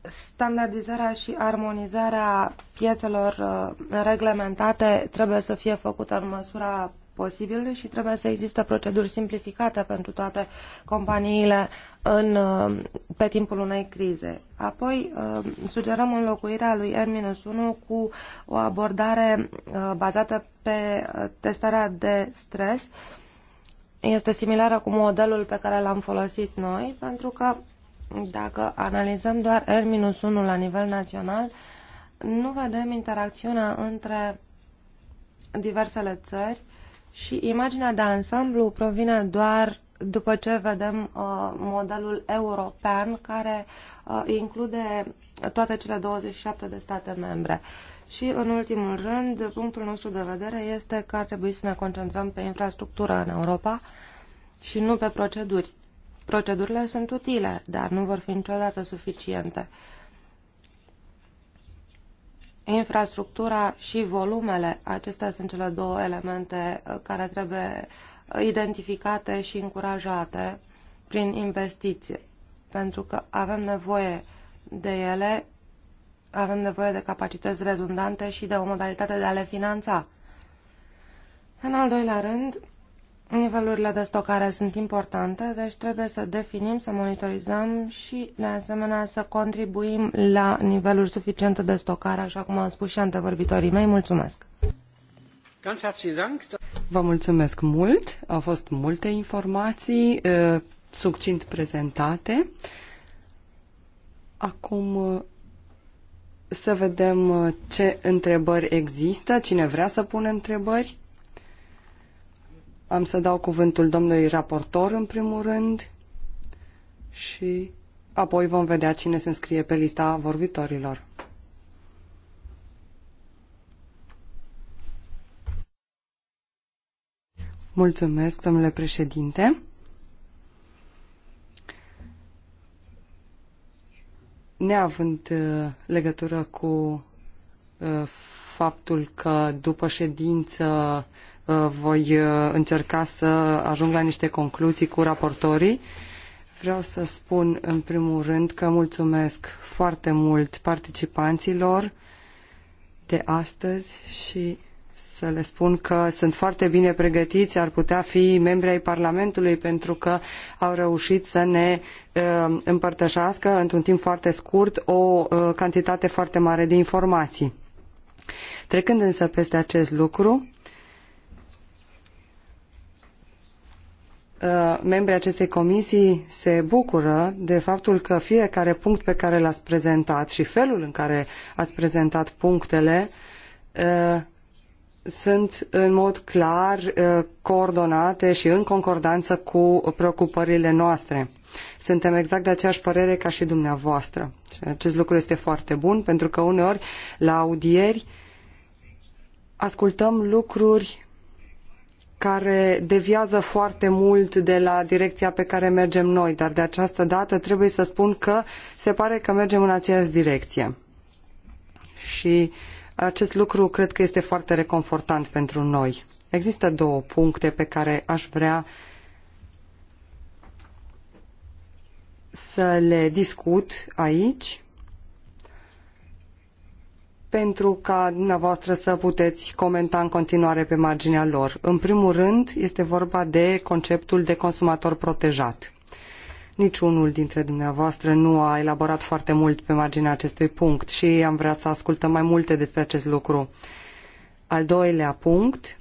standardizarea și armonizarea piețelor uh, reglementate trebuie să fie făcută în măsura posibil și trebuie să existe proceduri simplificate pentru toate companiile în, pe timpul unei crize. Apoi, uh, sugerăm înlocuirea lui N-1 cu o abordare uh, bazată pe uh, testarea de stres. Este similară cu modelul pe care l-am folosit noi, pentru că dacă analizăm doar N-1 la nivel național, nu vedem interacțiunea între diversele țări și imaginea de ansamblu provine doar după ce vedem uh, modelul european care uh, include toate cele 27 de state membre. Și în ultimul rând, punctul nostru de vedere este că ar trebui să ne concentrăm pe infrastructură în Europa și nu pe proceduri. Procedurile sunt utile, dar nu vor fi niciodată suficiente. Uh, Infrastructura și volumele, acestea sunt cele două elemente uh, care trebuie identificate și încurajate prin investiție, pentru că avem nevoie de ele, avem nevoie de capacități redundante și de o modalitate de a le finanța. În al doilea rând, Nivelurile de stocare sunt importante, deci trebuie să definim, să monitorizăm și, de asemenea, să contribuim la niveluri suficiente de stocare, așa cum am spus și antevorbitorii mei. Mulțumesc! Vă mulțumesc mult! Au fost multe informații eh, succint prezentate. Acum eh, să vedem eh, ce întrebări există, cine vrea să pună întrebări. Am să dau cuvântul domnului raportor în primul rând și apoi vom vedea cine se înscrie pe lista vorbitorilor. Mulțumesc, domnule președinte. Neavând uh, legătură cu uh, faptul că după ședință Uh, voi uh, încerca să ajung la niște concluzii cu raportorii. Vreau să spun în primul rând că mulțumesc foarte mult participanților de astăzi și să le spun că sunt foarte bine pregătiți, ar putea fi membri ai Parlamentului pentru că au reușit să ne uh, împărtășească într-un timp foarte scurt o uh, cantitate foarte mare de informații. Trecând însă peste acest lucru, Uh, membrii acestei comisii se bucură de faptul că fiecare punct pe care l-ați prezentat și felul în care ați prezentat punctele uh, sunt în mod clar uh, coordonate și în concordanță cu preocupările noastre. Suntem exact de aceeași părere ca și dumneavoastră. Acest lucru este foarte bun pentru că uneori la audieri ascultăm lucruri care deviază foarte mult de la direcția pe care mergem noi, dar de această dată trebuie să spun că se pare că mergem în aceeași direcție. Și acest lucru cred că este foarte reconfortant pentru noi. Există două puncte pe care aș vrea să le discut aici pentru ca dumneavoastră să puteți comenta în continuare pe marginea lor. În primul rând, este vorba de conceptul de consumator protejat. Niciunul dintre dumneavoastră nu a elaborat foarte mult pe marginea acestui punct și am vrea să ascultăm mai multe despre acest lucru. Al doilea punct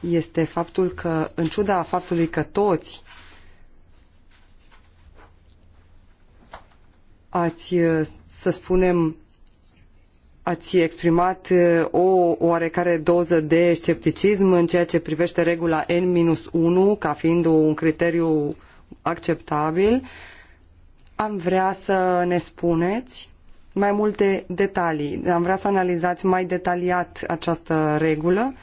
este faptul că, în ciuda faptului că toți ați, să spunem, ați exprimat o oarecare doză de scepticism în ceea ce privește regula N-1 ca fiind un criteriu acceptabil. Am vrea să ne spuneți mai multe detalii. Am vrea să analizați mai detaliat această regulă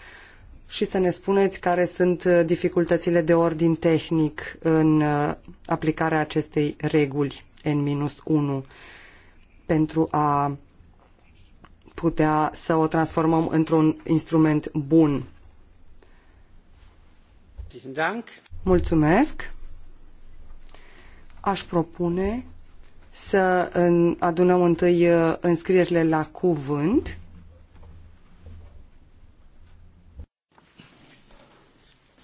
și să ne spuneți care sunt dificultățile de ordin tehnic în aplicarea acestei reguli N-1 pentru a putea să o transformăm într-un instrument bun. Mulțumesc. Aș propune să adunăm întâi uh, înscrierile la cuvânt.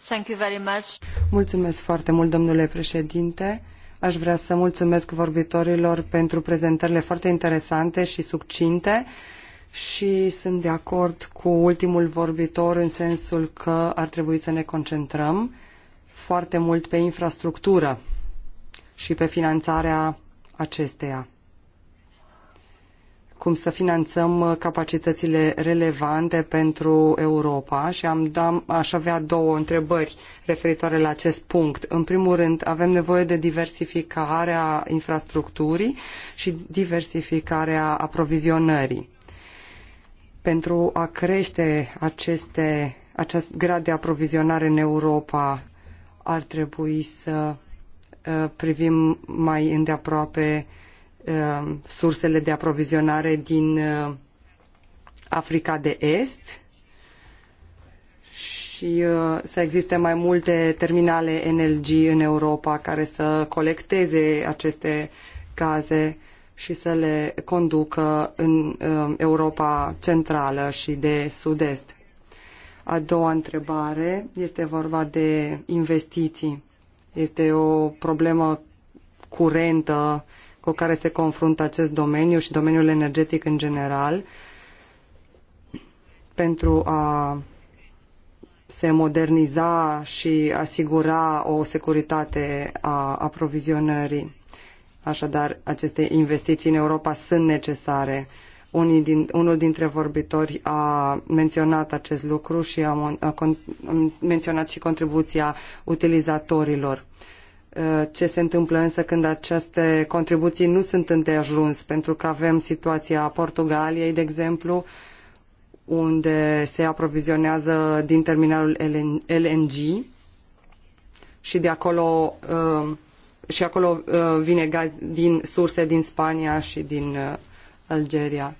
Thank you very much. Mulțumesc foarte mult, domnule președinte. Aș vrea să mulțumesc vorbitorilor pentru prezentările foarte interesante și succinte și sunt de acord cu ultimul vorbitor în sensul că ar trebui să ne concentrăm foarte mult pe infrastructură și pe finanțarea acesteia. Cum să finanțăm capacitățile relevante pentru Europa și am da, aș avea două întrebări referitoare la acest punct. În primul rând, avem nevoie de diversificarea infrastructurii și diversificarea aprovizionării pentru a crește aceste, acest grad de aprovizionare în Europa ar trebui să uh, privim mai îndeaproape uh, sursele de aprovizionare din uh, Africa de Est și să existe mai multe terminale NLG în Europa care să colecteze aceste gaze și să le conducă în um, Europa Centrală și de Sud-Est. A doua întrebare este vorba de investiții. Este o problemă curentă cu care se confruntă acest domeniu și domeniul energetic în general pentru a se moderniza și asigura o securitate a aprovizionării. Așadar, aceste investiții în Europa sunt necesare. Unii din, unul dintre vorbitori a menționat acest lucru și a, a, con, a menționat și contribuția utilizatorilor. Uh, ce se întâmplă însă când aceste contribuții nu sunt îndeajuns, pentru că avem situația Portugaliei, de exemplu, unde se aprovizionează din terminalul LNG și de acolo uh, și acolo uh, vine gaz din surse din Spania și din uh, Algeria.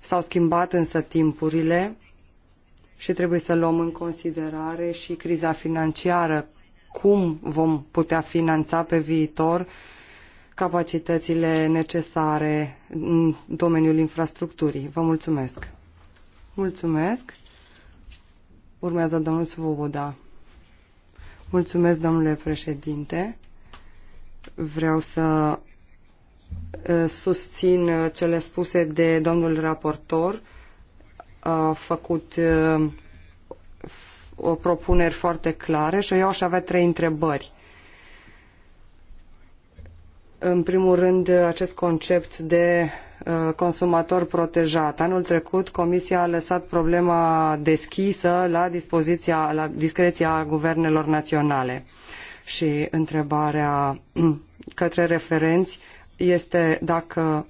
S-au schimbat însă timpurile și trebuie să luăm în considerare și criza financiară, cum vom putea finanța pe viitor capacitățile necesare în domeniul infrastructurii. Vă mulțumesc! Mulțumesc! Urmează domnul Svoboda. Mulțumesc, domnule președinte! Vreau să susțin cele spuse de domnul raportor. A făcut o propuneri foarte clare și eu aș avea trei întrebări. În primul rând, acest concept de consumator protejat. Anul trecut, Comisia a lăsat problema deschisă la, dispoziția, la discreția guvernelor naționale. Uh, și întrebarea către referenți este dacă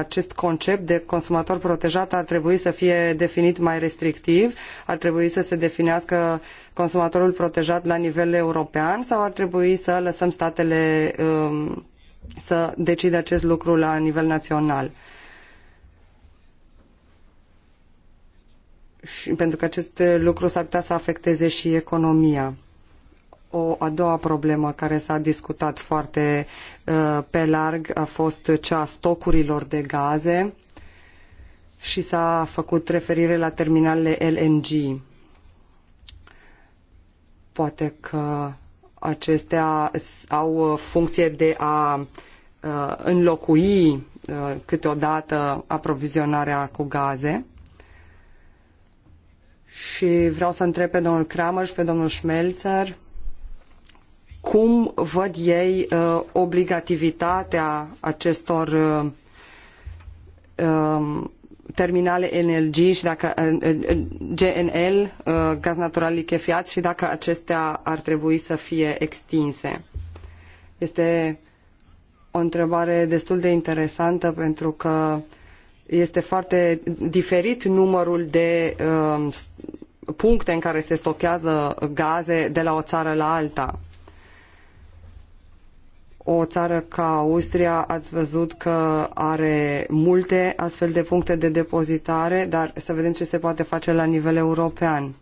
acest concept de consumator protejat ar trebui să fie definit mai restrictiv, ar trebui să se definească consumatorul protejat la nivel european sau ar trebui să lăsăm statele um, să decidă acest lucru la nivel național. Și pentru că acest lucru s-ar putea să afecteze și economia o a doua problemă care s-a discutat foarte uh, pe larg a fost cea a stocurilor de gaze și s-a făcut referire la terminalele LNG. Poate că acestea au funcție de a uh, înlocui uh, câteodată aprovizionarea cu gaze. Și vreau să întreb pe domnul Kramer și pe domnul Schmelzer cum văd ei uh, obligativitatea acestor uh, um, terminale energii și dacă uh, GNL, gaz natural lichefiat și dacă acestea ar trebui să fie extinse. Este o întrebare destul de interesantă pentru că este foarte diferit numărul de um, puncte în care se stochează gaze de la o țară la alta o țară ca Austria ați văzut că are multe astfel de puncte de depozitare, dar să vedem ce se poate face la nivel european.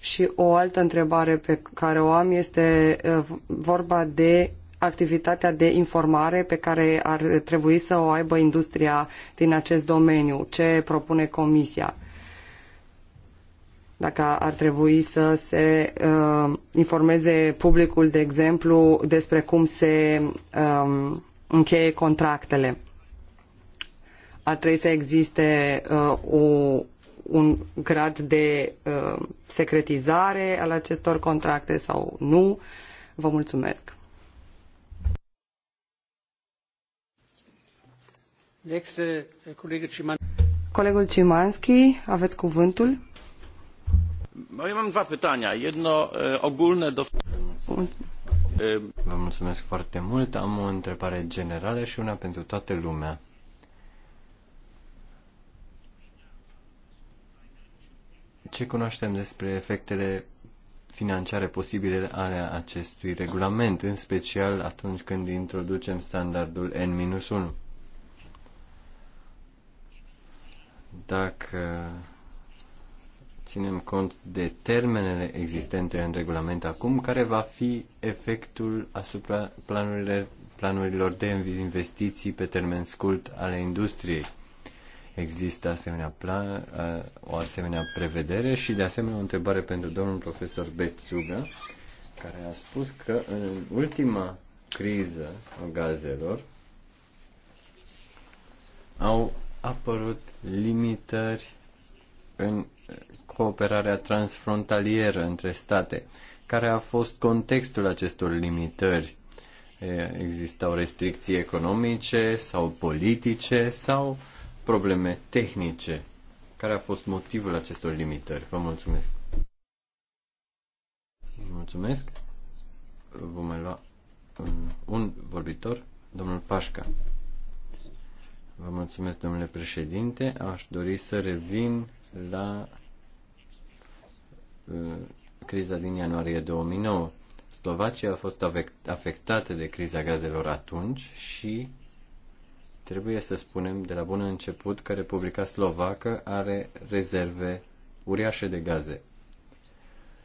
Și o altă întrebare pe care o am este uh, vorba de activitatea de informare pe care ar trebui să o aibă industria din acest domeniu. Ce propune Comisia? dacă ar trebui să se uh, informeze publicul, de exemplu, despre cum se um, încheie contractele. Ar trebui să existe uh, o, un grad de uh, secretizare al acestor contracte sau nu. Vă mulțumesc. Next, uh, Colegul Cimanski, aveți cuvântul. No, ja mam dwa pytania. Jedno ogólne do... Vă mulțumesc foarte mult. Am o întrebare generală și una pentru toată lumea. Ce cunoaștem despre efectele financiare posibile ale acestui regulament, în special atunci când introducem standardul N-1? Dacă ținem cont de termenele existente în regulament acum, care va fi efectul asupra planurilor, planurilor de investiții pe termen scurt ale industriei. Există asemenea plan, o asemenea prevedere și de asemenea o întrebare pentru domnul profesor Betsuga, care a spus că în ultima criză a gazelor au apărut limitări în cooperarea transfrontalieră între state. Care a fost contextul acestor limitări? Existau restricții economice sau politice sau probleme tehnice? Care a fost motivul acestor limitări? Vă mulțumesc. Mulțumesc. Vom mai lua un vorbitor, domnul Pașca. Vă mulțumesc, domnule președinte. Aș dori să revin la uh, criza din ianuarie 2009. Slovacia a fost afectată de criza gazelor atunci și trebuie să spunem de la bun început că Republica Slovacă are rezerve uriașe de gaze.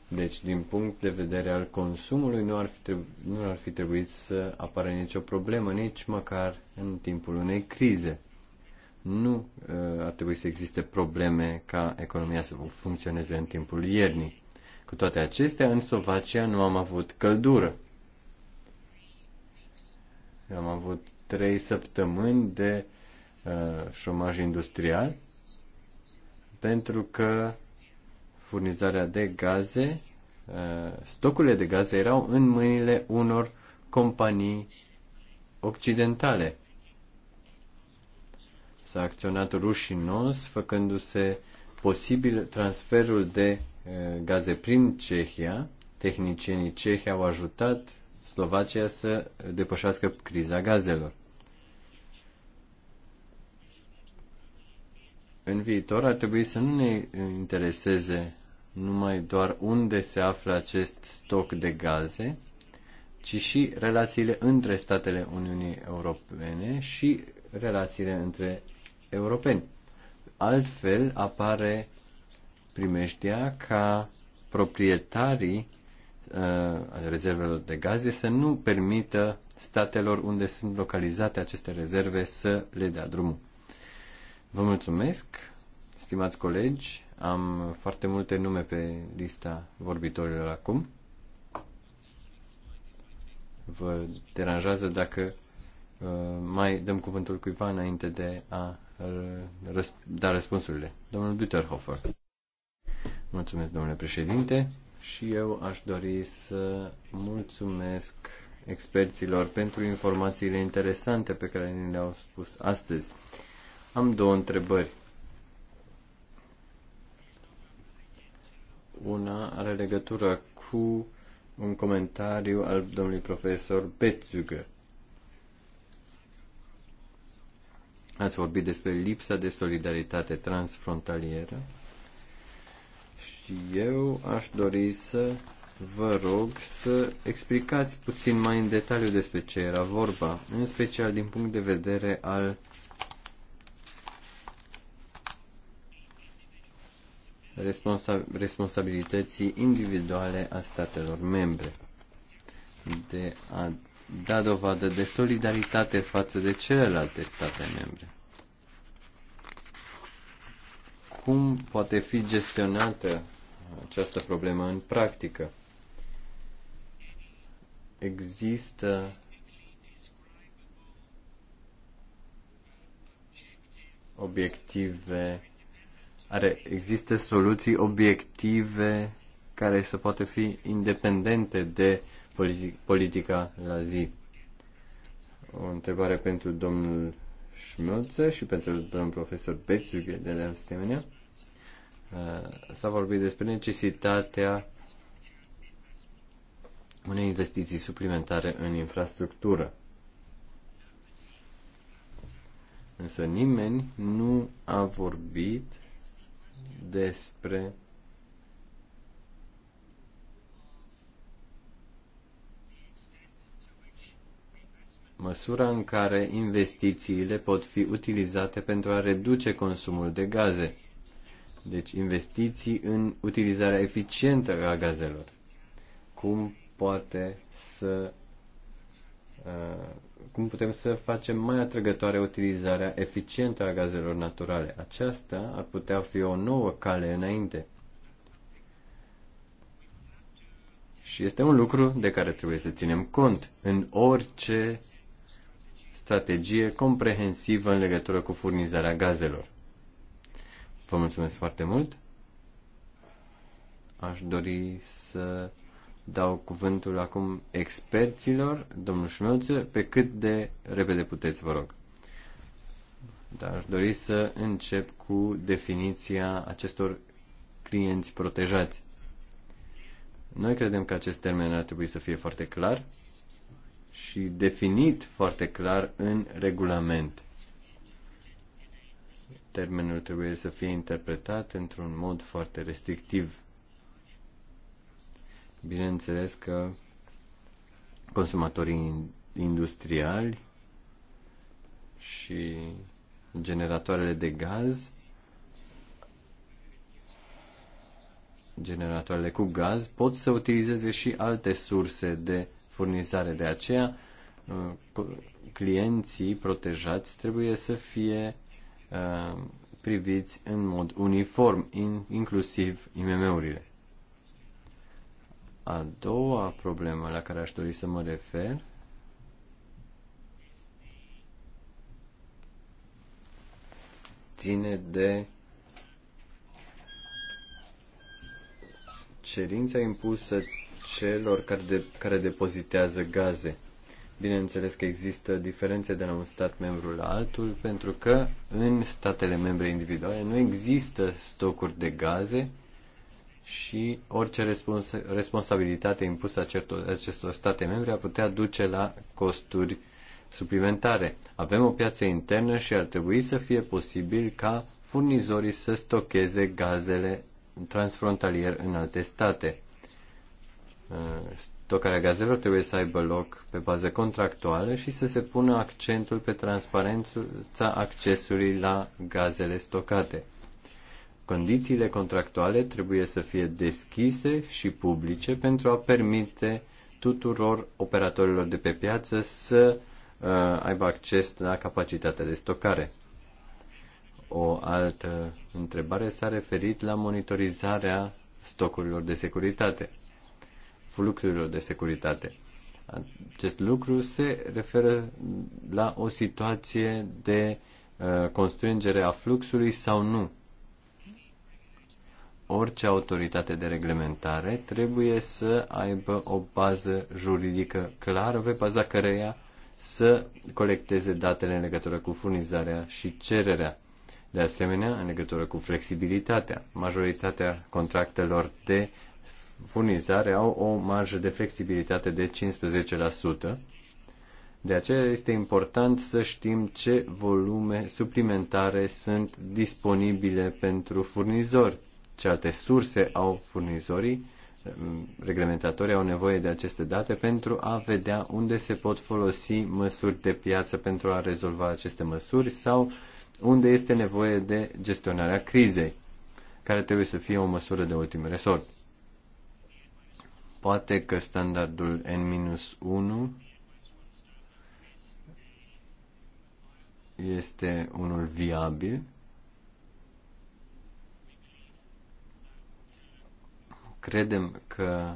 Deci, din punct de vedere al consumului, nu ar fi, trebu- nu ar fi trebuit să apară nicio problemă, nici măcar în timpul unei crize nu uh, ar trebui să existe probleme ca economia să funcționeze în timpul iernii. Cu toate acestea, în Slovacia nu am avut căldură. Am avut trei săptămâni de uh, șomaj industrial pentru că furnizarea de gaze, uh, stocurile de gaze erau în mâinile unor companii occidentale s-a acționat rușinos, făcându-se posibil transferul de eh, gaze prin Cehia. Tehnicienii cehi au ajutat Slovacia să depășească criza gazelor. În viitor ar trebui să nu ne intereseze numai doar unde se află acest stoc de gaze, ci și relațiile între statele Uniunii Europene și relațiile între europeni. Altfel apare primeștia ca proprietarii uh, ale rezervelor de gaze să nu permită statelor unde sunt localizate aceste rezerve să le dea drumul. Vă mulțumesc, stimați colegi. Am foarte multe nume pe lista vorbitorilor acum. Vă deranjează dacă uh, mai dăm cuvântul cuiva înainte de a da răspunsurile. Domnul Bütterhofer. Mulțumesc, domnule președinte, și eu aș dori să mulțumesc experților pentru informațiile interesante pe care ni le-au spus astăzi. Am două întrebări. Una are legătură cu un comentariu al domnului profesor Betzüger. Ați vorbit despre lipsa de solidaritate transfrontalieră și eu aș dori să vă rog să explicați puțin mai în detaliu despre ce era vorba, în special din punct de vedere al responsa- responsabilității individuale a statelor membre de a da dovadă de solidaritate față de celelalte state membre. Cum poate fi gestionată această problemă în practică? Există obiective, are, există soluții obiective care să poată fi independente de politi- politica la zi. O întrebare pentru domnul Schmölzer și pentru domnul profesor Bețughe de la asemenea. Uh, s-a vorbit despre necesitatea unei investiții suplimentare în infrastructură. Însă nimeni nu a vorbit despre măsura în care investițiile pot fi utilizate pentru a reduce consumul de gaze. Deci investiții în utilizarea eficientă a gazelor. Cum poate să uh, cum putem să facem mai atrăgătoare utilizarea eficientă a gazelor naturale. Aceasta ar putea fi o nouă cale înainte. Și este un lucru de care trebuie să ținem cont în orice strategie comprehensivă în legătură cu furnizarea gazelor. Vă mulțumesc foarte mult. Aș dori să dau cuvântul acum experților, domnul Șmelțe, pe cât de repede puteți, vă rog. Dar aș dori să încep cu definiția acestor clienți protejați. Noi credem că acest termen ar trebui să fie foarte clar și definit foarte clar în regulament. Termenul trebuie să fie interpretat într-un mod foarte restrictiv. Bineînțeles că consumatorii industriali și generatoarele de gaz, generatoarele cu gaz pot să utilizeze și alte surse de furnizare. De aceea, uh, clienții protejați trebuie să fie uh, priviți în mod uniform, inclusiv IMM-urile. A doua problemă la care aș dori să mă refer ține de cerința impusă celor care, de, care depozitează gaze. Bineînțeles că există diferențe de la un stat membru la altul, pentru că în statele membre individuale nu există stocuri de gaze și orice respons- responsabilitate impusă acestor state membre ar putea duce la costuri suplimentare. Avem o piață internă și ar trebui să fie posibil ca furnizorii să stocheze gazele transfrontalier în alte state stocarea gazelor trebuie să aibă loc pe bază contractuală și să se pună accentul pe transparența accesului la gazele stocate. Condițiile contractuale trebuie să fie deschise și publice pentru a permite tuturor operatorilor de pe piață să uh, aibă acces la capacitatea de stocare. O altă întrebare s-a referit la monitorizarea stocurilor de securitate fluxurilor de securitate. Acest lucru se referă la o situație de uh, constrângere a fluxului sau nu. Orice autoritate de reglementare trebuie să aibă o bază juridică clară pe baza căreia să colecteze datele în legătură cu furnizarea și cererea. De asemenea, în legătură cu flexibilitatea, majoritatea contractelor de furnizare au o marjă de flexibilitate de 15%. De aceea este important să știm ce volume suplimentare sunt disponibile pentru furnizori, ce alte surse au furnizorii. Reglementatorii au nevoie de aceste date pentru a vedea unde se pot folosi măsuri de piață pentru a rezolva aceste măsuri sau unde este nevoie de gestionarea crizei, care trebuie să fie o măsură de ultim resort. Poate că standardul N-1 este unul viabil. Credem că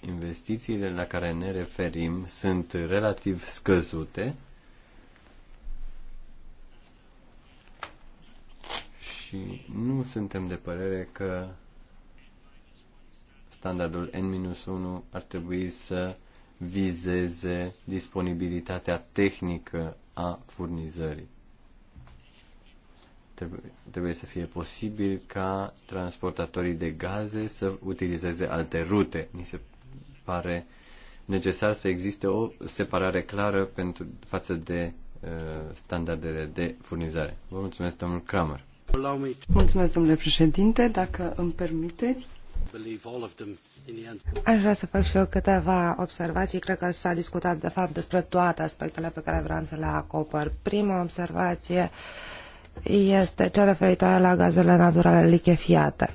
investițiile la care ne referim sunt relativ scăzute și nu suntem de părere că standardul N-1 ar trebui să vizeze disponibilitatea tehnică a furnizării. Trebuie să fie posibil ca transportatorii de gaze să utilizeze alte rute. Mi se pare necesar să existe o separare clară pentru, față de uh, standardele de furnizare. Vă mulțumesc, domnul Kramer. Mulțumesc, domnule președinte. Dacă îmi permiteți, Aș vrea să fac și eu câteva observații. Cred că s-a discutat, de fapt, despre toate aspectele pe care vreau să le acopăr. Prima observație este cea referitoare la gazele naturale lichefiate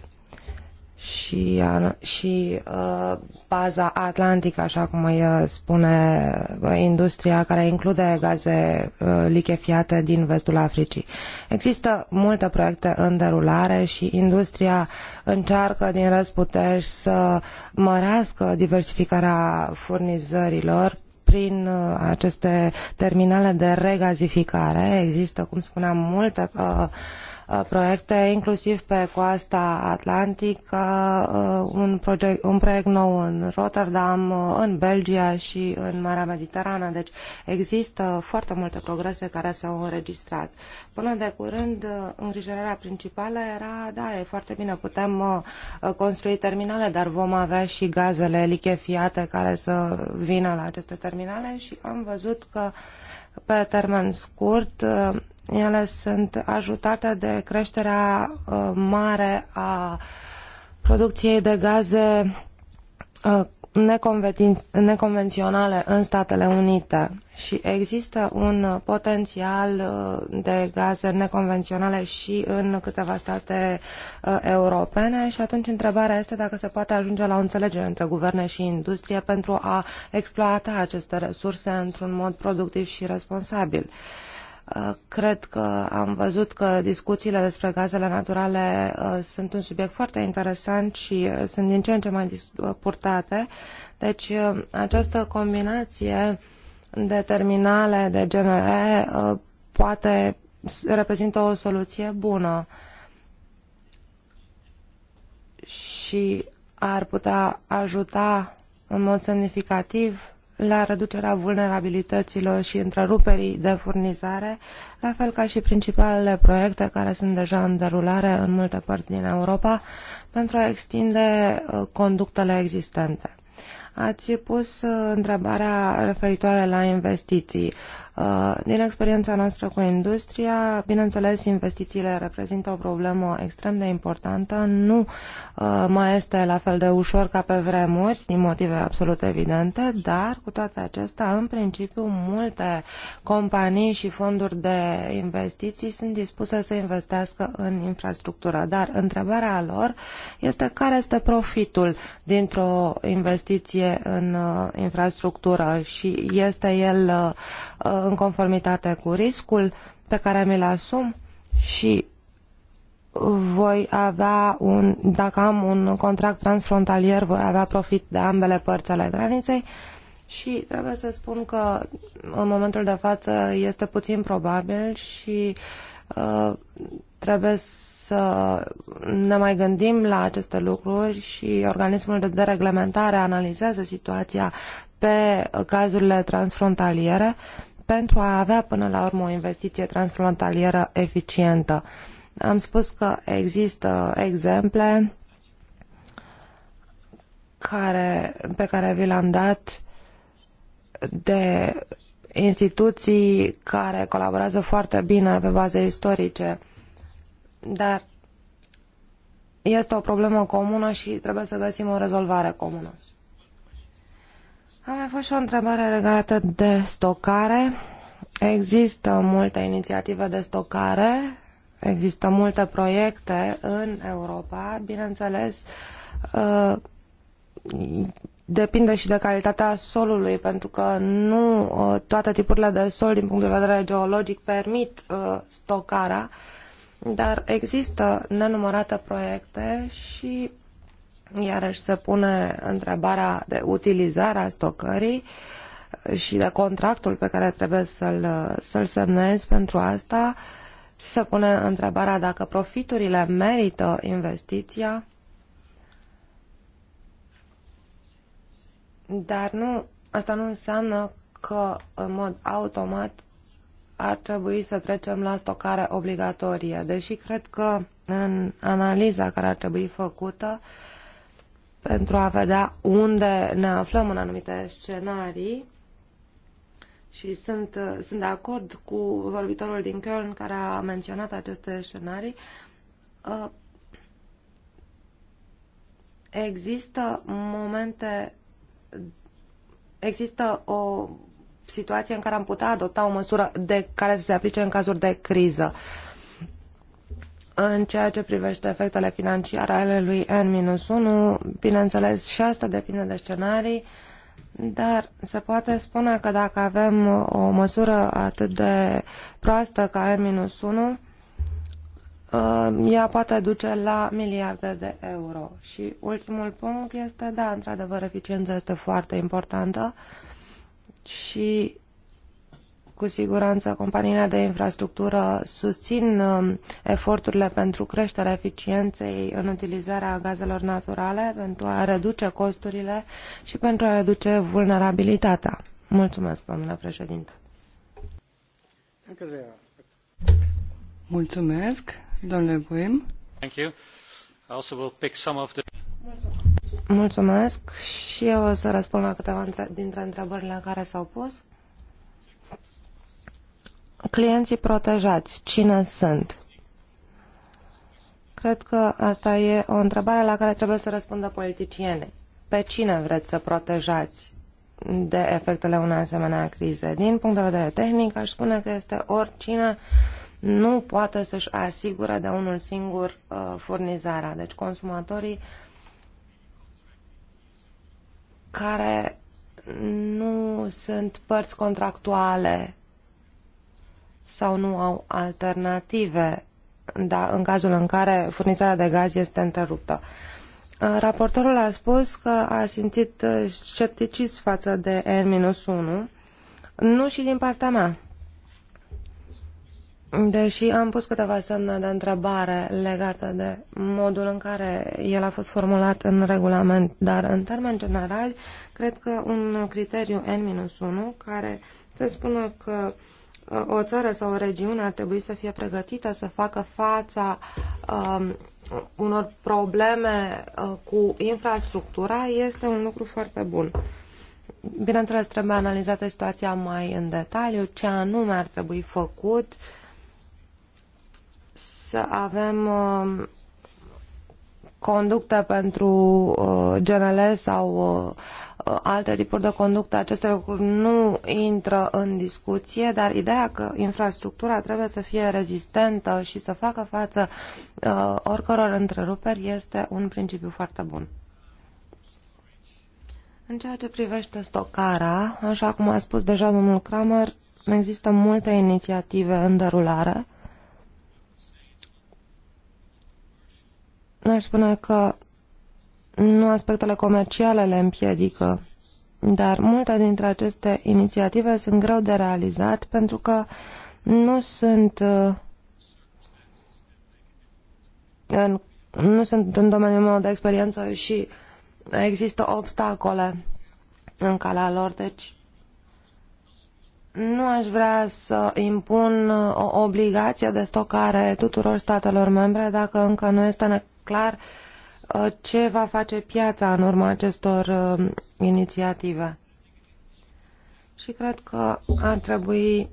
și, și uh, baza atlantică, așa cum îi uh, spune uh, industria, care include gaze uh, lichefiate din vestul Africii. Există multe proiecte în derulare și industria încearcă din răzputeri să mărească diversificarea furnizărilor prin uh, aceste terminale de regazificare. Există, cum spuneam, multe uh, Uh, proiecte, inclusiv pe coasta atlantică, uh, un, proiect, un proiect nou în Rotterdam, uh, în Belgia și în Marea Mediterană. Deci există foarte multe progrese care s-au înregistrat. Până de curând, îngrijorarea principală era, da, e foarte bine, putem construi terminale, dar vom avea și gazele lichefiate care să vină la aceste terminale și am văzut că pe termen scurt ele sunt ajutate de creșterea uh, mare a producției de gaze uh, neconvenționale în Statele Unite și există un potențial uh, de gaze neconvenționale și în câteva state europene și atunci întrebarea este dacă se poate ajunge la o înțelegere între guverne și industrie pentru a exploata aceste resurse într-un mod productiv și responsabil. Uh, Uh, cred că am văzut că discuțiile despre gazele naturale uh, sunt un subiect foarte interesant și uh, sunt din ce în ce mai purtate. Deci această combinație de terminale de GNE poate reprezintă o soluție bună și ar putea ajuta în mod semnificativ la reducerea vulnerabilităților și întreruperii de furnizare, la fel ca și principalele proiecte care sunt deja în derulare în multe părți din Europa pentru a extinde uh, conductele existente. Ați pus uh, întrebarea referitoare la investiții. Uh, din experiența noastră cu industria, bineînțeles, investițiile reprezintă o problemă extrem de importantă. Nu uh, mai este la fel de ușor ca pe vremuri, din motive absolut evidente, dar cu toate acestea, în principiu, multe companii și fonduri de investiții sunt dispuse să investească în infrastructură. Dar întrebarea lor este care este profitul dintr-o investiție în uh, infrastructură și este el Uh, în conformitate cu riscul pe care mi-l asum și voi avea un, dacă am un contract transfrontalier, voi avea profit de ambele părți ale graniței și trebuie să spun că în momentul de față este puțin probabil și uh, trebuie să ne mai gândim la aceste lucruri și organismul de dereglementare analizează situația pe cazurile transfrontaliere pentru a avea până la urmă o investiție transfrontalieră eficientă. Am spus că există exemple care, pe care vi le-am dat de instituții care colaborează foarte bine pe baze istorice, dar este o problemă comună și trebuie să găsim o rezolvare comună. Am mai fost și o întrebare legată de stocare. Există multe inițiative de stocare, există multe proiecte în Europa, bineînțeles, uh, depinde și de calitatea solului, pentru că nu uh, toate tipurile de sol din punct de vedere geologic permit uh, stocarea, dar există nenumărate proiecte și Iarăși se pune întrebarea de utilizarea stocării și de contractul pe care trebuie să-l, să-l semnezi pentru asta. Se pune întrebarea dacă profiturile merită investiția, dar nu, asta nu înseamnă că în mod automat ar trebui să trecem la stocare obligatorie, deși cred că în analiza care ar trebui făcută, uh, pentru a vedea unde ne aflăm în anumite scenarii și sunt, sunt de acord cu vorbitorul din Köln care a menționat aceste scenarii. Uh, există momente, există o situație în care am putea adopta o măsură de care să se aplice în cazuri de criză. Uh, în ceea ce privește efectele financiare ale lui N-1, bineînțeles și asta depinde de scenarii, dar se poate spune că dacă avem o măsură atât de proastă ca N-1, ă, ea poate duce la miliarde de euro. Și ultimul punct este, da, într-adevăr, eficiența este foarte importantă și cu siguranță, companiile de infrastructură susțin um, eforturile pentru creșterea eficienței în utilizarea gazelor naturale, pentru a reduce costurile și pentru a reduce vulnerabilitatea. Mulțumesc, domnule președinte. Mulțumesc, domnule Buim. Thank you. I also will pick some of the... Mulțumesc și eu o să răspund la câteva dintre întrebările care s-au pus clienții protejați, cine sunt? Cred că asta e o întrebare la care trebuie să răspundă politicienii. Pe cine vreți să protejați de efectele unei asemenea crize? Din punct de vedere tehnic, aș spune că este oricine nu poate să-și asigure de unul singur uh, furnizarea. Deci consumatorii care nu sunt părți contractuale sau nu au alternative da, în cazul în care furnizarea de gaz este întreruptă. Raportorul a spus că a simțit uh, scepticism față de N-1, nu și din partea mea. Deși am pus câteva semne de întrebare legate de modul în care el a fost formulat în regulament, dar în termen general, cred că un criteriu N-1 care să spună că uh, o țară sau o regiune ar trebui să fie pregătită să facă fața um, unor probleme uh, cu infrastructura este un lucru foarte bun. Bineînțeles, trebuie analizată situația mai în detaliu, ce anume ar trebui făcut, să avem uh, um, conducte pentru uh, GNL sau uh, Uh, alte tipuri de conductă, aceste lucruri nu intră în discuție, dar ideea că infrastructura trebuie să fie rezistentă și să facă față uh, oricăror întreruperi este un principiu foarte bun. În ceea ce privește stocarea, așa cum a spus deja domnul Kramer, există multe inițiative în derulare. Aș spune că nu aspectele comerciale le împiedică, dar multe dintre aceste inițiative sunt greu de realizat pentru că nu sunt uh, în, nu sunt în domeniul meu de experiență și există obstacole în calea lor, deci nu aș vrea să impun uh, o obligație de stocare tuturor statelor membre dacă încă nu este clar uh, Uh, ce va face piața în urma acestor uh, inițiative. Și cred că ar trebui,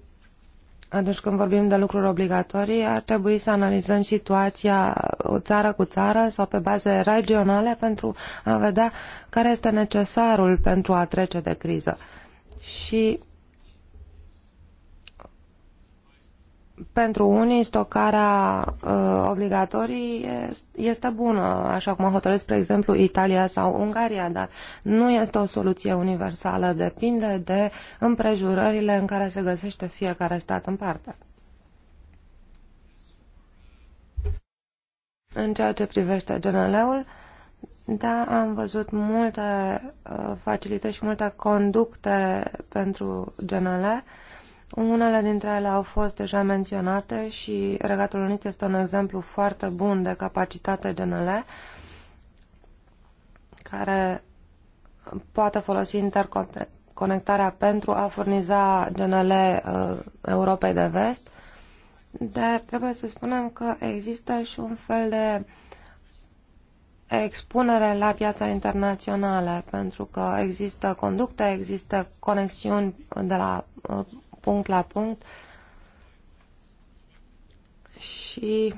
atunci când vorbim de lucruri obligatorii, ar trebui să analizăm situația uh, țară cu țară sau pe baze regionale pentru a vedea care este necesarul pentru a trece de criză. Și pentru unii stocarea uh, obligatorii, este bună, așa cum a hotărât, spre exemplu, Italia sau Ungaria, dar nu este o soluție universală, depinde de împrejurările în care se găsește fiecare stat în parte. În ceea ce privește GNL-ul, da, am văzut multe uh, facilități și multe conducte pentru GNL. Uh, unele dintre ele au fost deja menționate și Regatul Unit este un exemplu foarte bun de capacitate GNL care poate folosi interconectarea pentru a furniza GNL uh, Europei de Vest, dar trebuie să spunem că există și un fel de expunere la piața internațională, pentru că există conducte, există conexiuni de la uh, punct la punct și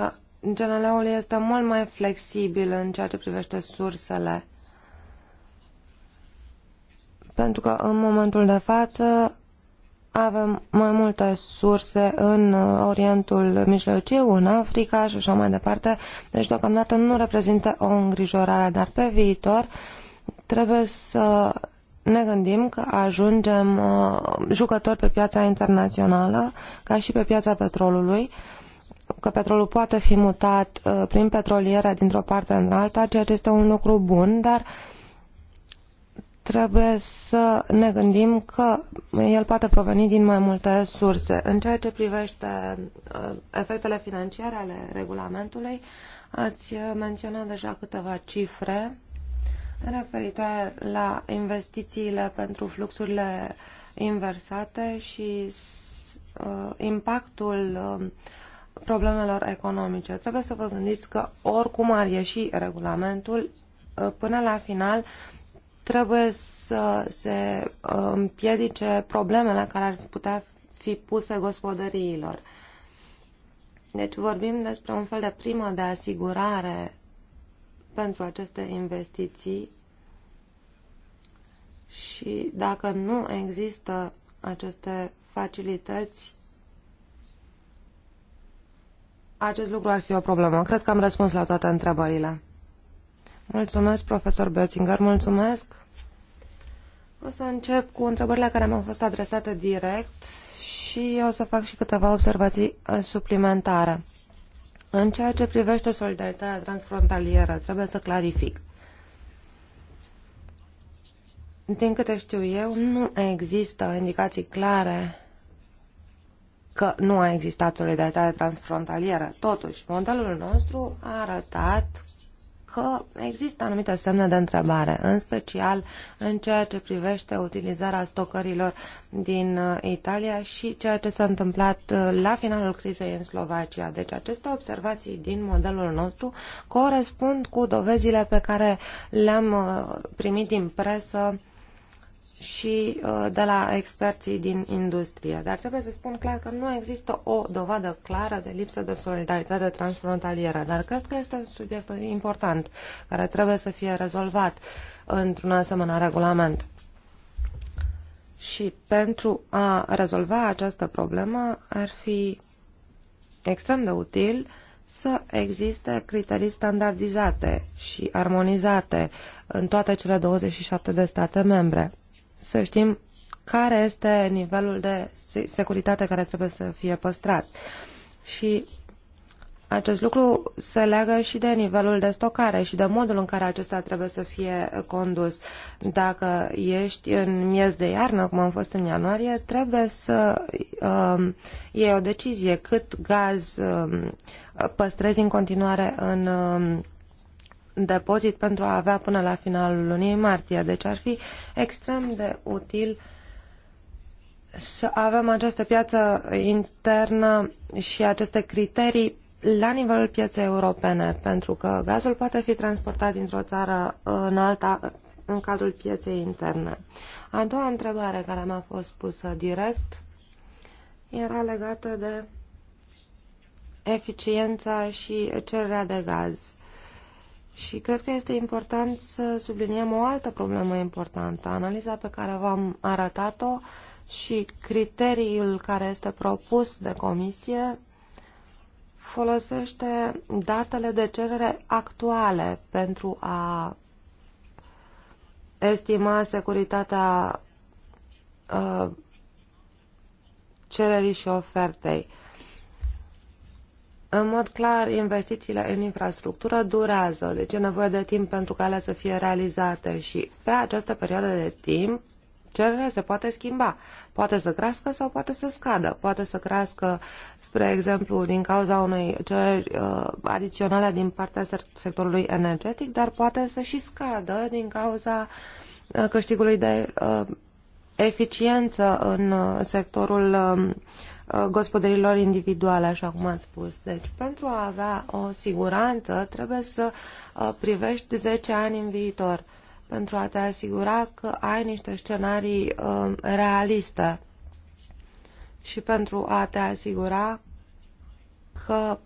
uh, GNL-ul este mult mai flexibil în ceea ce privește sursele. Pentru că în momentul de față avem mai multe surse în Orientul Mijlociu, în Africa și așa mai departe. Deci deocamdată nu reprezintă o îngrijorare, dar pe viitor trebuie să ne gândim că ajungem uh, jucători pe piața internațională, ca și pe piața petrolului, că petrolul poate fi mutat uh, prin petroliere dintr-o parte în alta, ceea ce este un lucru bun, dar trebuie să ne gândim că el poate proveni din mai multe surse. În ceea ce privește uh, efectele financiare ale regulamentului, ați menționat deja câteva cifre referitoare la investițiile pentru fluxurile inversate și uh, impactul uh, problemelor economice. Trebuie să vă gândiți că oricum ar ieși regulamentul, uh, până la final trebuie să se împiedice problemele care ar putea fi puse gospodăriilor. Deci vorbim despre un fel de primă de asigurare pentru aceste investiții și dacă nu există aceste facilități, acest lucru ar fi o problemă. Cred că am răspuns la toate întrebările. Mulțumesc, profesor Beținger, mulțumesc. O să încep cu întrebările care mi-au fost adresate direct și o să fac și câteva observații uh, suplimentare. În ceea ce privește solidaritatea transfrontalieră, trebuie să clarific. Din câte știu eu, nu există indicații clare că nu a existat solidaritate transfrontalieră. Totuși, modelul nostru a arătat că există anumite semne de întrebare, în special în ceea ce privește utilizarea stocărilor din uh, Italia și ceea ce s-a întâmplat uh, la finalul crizei în Slovacia. Deci aceste observații din modelul nostru corespund cu dovezile pe care le-am uh, primit din presă și uh, de la experții din industrie. Dar trebuie să spun clar că nu există o dovadă clară de lipsă de solidaritate transfrontalieră, dar cred că este un subiect important care trebuie să fie rezolvat într-un asemenea regulament. Și pentru a rezolva această problemă ar fi extrem de util să existe criterii standardizate și armonizate în toate cele 27 de state membre să știm care este nivelul de securitate care trebuie să fie păstrat. Și acest lucru se leagă și de nivelul de stocare și de modul în care acesta trebuie să fie condus. Dacă ești în miez de iarnă, cum am fost în ianuarie, trebuie să uh, iei o decizie cât gaz uh, păstrezi în continuare în uh, depozit pentru a avea până la finalul lunii martie. Deci ar fi extrem de util să avem această piață internă și aceste criterii la nivelul pieței europene, pentru că gazul poate fi transportat dintr-o țară în alta în cadrul pieței interne. A doua întrebare care mi-a fost pusă direct era legată de eficiența și cererea de gaz. Și cred că este important să subliniem o altă problemă importantă. Analiza pe care v-am arătat-o și criteriul care este propus de comisie folosește datele de cerere actuale pentru a estima securitatea uh, cererii și ofertei. Uh, în mod clar, investițiile în infrastructură durează, deci e nevoie de timp pentru ca ele să fie realizate și pe această perioadă de timp cererea se poate schimba. Poate să crească sau poate să scadă. Poate să crească, spre exemplu, din cauza unei cereri uh, adiționale din partea sectorului energetic, dar poate să și scadă din cauza uh, câștigului de uh, eficiență în uh, sectorul uh, Uh, gospodărilor individuale, așa cum ați spus. Deci, pentru a avea o siguranță, trebuie să uh, privești 10 ani în viitor, pentru a te asigura că ai niște scenarii um, realiste și pentru a te asigura că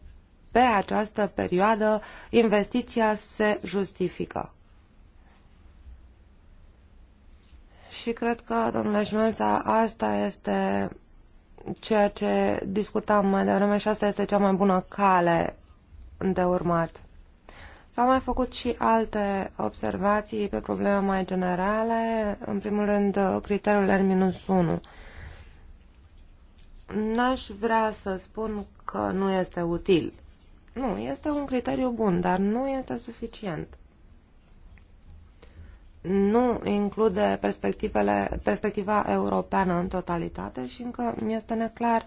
pe această perioadă investiția se justifică. Și cred că, domnule Șmelța, asta este ceea ce discutam mai devreme și asta este cea mai bună cale de urmat. S-au mai făcut și alte observații pe probleme mai generale, în primul rând criteriul R-1. N-aș vrea să spun că nu este util. Nu, este un criteriu bun, dar nu este suficient nu include perspectivele, perspectiva europeană în totalitate și încă mi este neclar